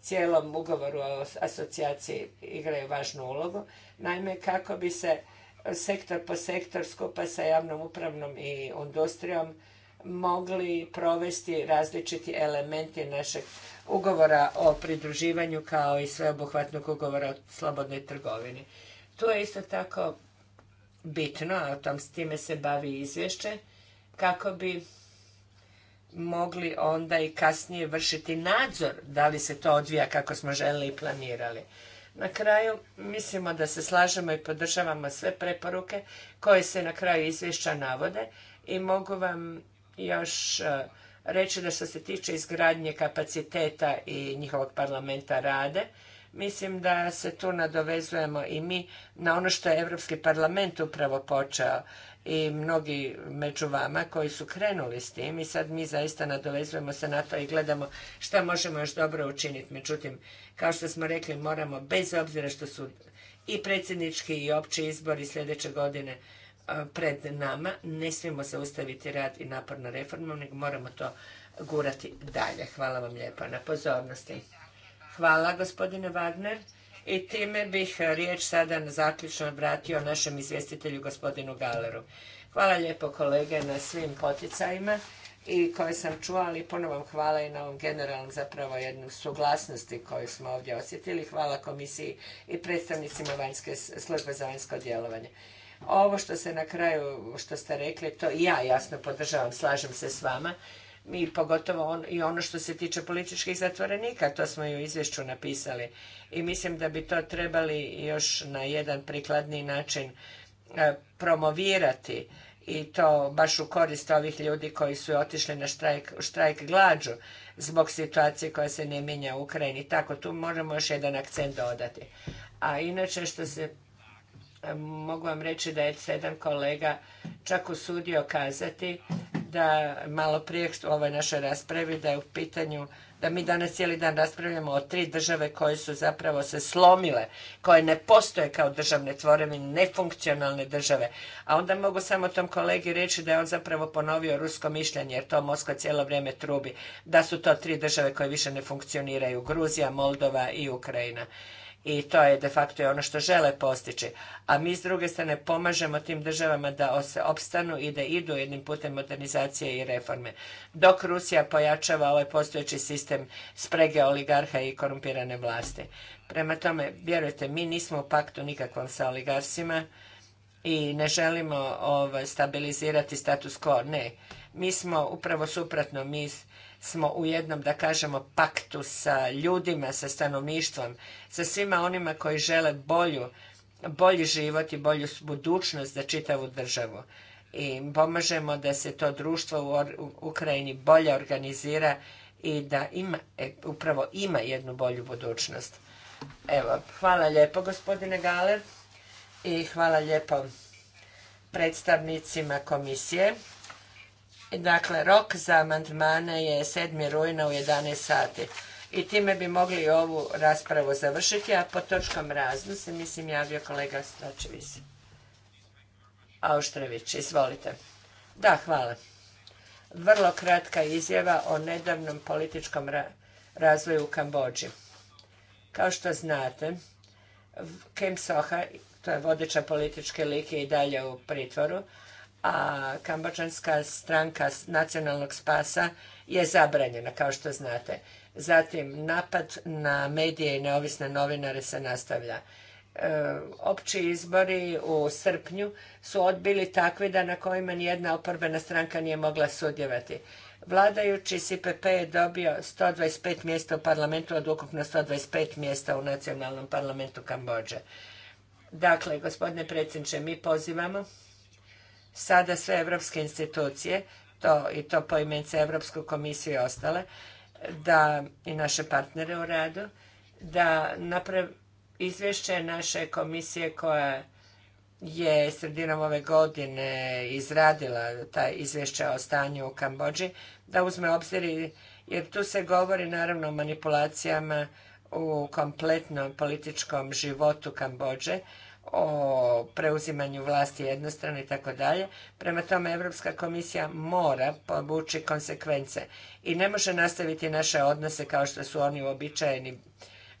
A: cijelom ugovoru o asocijaciji igraju važnu ulogu. Naime, kako bi se sektor po sektor skupa sa javnom upravnom i industrijom mogli provesti različiti elementi našeg ugovora o pridruživanju kao i sveobuhvatnog ugovora o slobodnoj trgovini. Tu je isto tako bitno, a tom s time se bavi izvješće, kako bi mogli onda i kasnije vršiti nadzor da li se to odvija kako smo željeli i planirali. Na kraju mislimo da se slažemo i podržavamo sve preporuke koje se na kraju izvješća navode i mogu vam još e, reći da što se tiče izgradnje kapaciteta i njihovog parlamenta rade, mislim da se tu nadovezujemo i mi na ono što je Europski parlament upravo počeo i mnogi među vama koji su krenuli s tim i sad mi zaista nadovezujemo se na to i gledamo što možemo još dobro učiniti. Međutim, kao što smo rekli, moramo bez obzira što su i predsjednički i opći izbori sljedeće godine pred nama. Ne smijemo ustaviti rad i napor na reformom, nego moramo to gurati dalje. Hvala vam lijepo na pozornosti. Hvala gospodine Wagner. I time bih e, riječ sada zaključno obratio našem izvjestitelju gospodinu Galeru. Hvala lijepo kolege na svim poticajima i koje sam čula, ali ponovom hvala i na ovom generalnom zapravo jednom suglasnosti koju smo ovdje osjetili. Hvala komisiji i predstavnicima vanjske službe za vanjsko djelovanje. Ovo što se na kraju, što ste rekli, to i ja jasno podržavam, slažem se s vama. I pogotovo i ono što se tiče političkih zatvorenika, to smo i u izvješću napisali. I mislim da bi to trebali još na jedan prikladniji način e, promovirati i to baš u korist ovih ljudi koji su otišli na štrajk, štrajk glađu zbog situacije koja se ne mijenja u Ukrajini. Tako, tu moramo još jedan akcent dodati. A inače što se mogu vam reći da je sedam kolega čak usudio kazati da malo prije u ovoj našoj raspravi da je u pitanju da mi danas cijeli dan raspravljamo o tri države koje su zapravo se slomile, koje ne postoje kao državne tvorevine, nefunkcionalne države. A onda mogu samo tom kolegi reći da je on zapravo ponovio rusko mišljenje, jer to Moskva cijelo vrijeme trubi, da su to tri države koje više ne funkcioniraju, Gruzija, Moldova i Ukrajina i to je de facto ono što žele postići. A mi s druge strane pomažemo tim državama da se opstanu i da idu jednim putem modernizacije i reforme. Dok Rusija pojačava ovaj postojeći sistem sprege oligarha i korumpirane vlasti. Prema tome, vjerujte, mi nismo u paktu nikakvom sa oligarsima i ne želimo ovaj, stabilizirati status quo. Ne, mi smo upravo suprotno, mi smo u jednom, da kažemo, paktu sa ljudima, sa stanovništvom, sa svima onima koji žele bolju, bolji život i bolju budućnost za čitavu državu. I pomažemo da se to društvo u Ukrajini bolje organizira i da ima, e, upravo ima jednu bolju budućnost. Evo, hvala lijepo gospodine Galer i hvala lijepo predstavnicima komisije Dakle, rok za amandmane je 7. rujna u 11 sati. I time bi mogli ovu raspravu završiti, a po točkom razno se mislim javio kolega Stočević. Auštrević, izvolite. Da, hvala. Vrlo kratka izjava o nedavnom političkom razvoju u Kambođi. Kao što znate, Kem Soha, to je vodeća političke like i dalje u pritvoru, a kambođanska stranka nacionalnog spasa je zabranjena, kao što znate. Zatim, napad na medije i neovisne novinare se nastavlja. E, opći izbori u srpnju su odbili takvi da na kojima nijedna oporbena stranka nije mogla sudjelovati. Vladajući SIPP je dobio 125 mjesta u parlamentu od ukupno 125 mjesta u nacionalnom parlamentu Kambođe. Dakle, gospodine predsjedniče, mi pozivamo sada sve evropske institucije, to i to poimence Evropsku komisiju i ostale, da i naše partnere u radu, da napravi izvješće naše komisije koja je sredinom ove godine izradila ta izvješća o stanju u Kambođi, da uzme obzir jer tu se govori naravno o manipulacijama u kompletnom političkom životu Kambođe, o preuzimanju vlasti jednostrane i tako dalje. Prema tome, Europska komisija mora povući konsekvence i ne može nastaviti naše odnose kao što su oni uobičajeni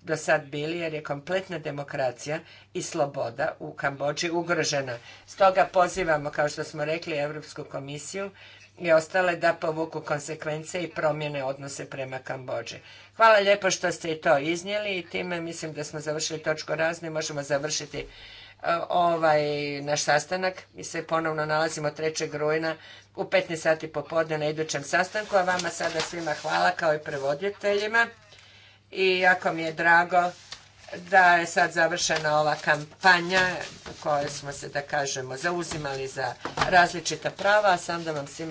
A: do sad bili, jer je kompletna demokracija i sloboda u Kambođi ugrožena. Stoga pozivamo, kao što smo rekli, Europsku komisiju i ostale da povuku konsekvence i promjene odnose prema Kambođi. Hvala lijepo što ste i to iznijeli i time mislim da smo završili točku razne možemo završiti e, ovaj naš sastanak. Mi se ponovno nalazimo 3. rujna u 15 sati popodne na idućem sastanku, a vama sada svima hvala kao i prevoditeljima. I jako mi je drago da je sad završena ova kampanja u kojoj smo se, da kažemo, zauzimali za različita prava, a sam da vam svima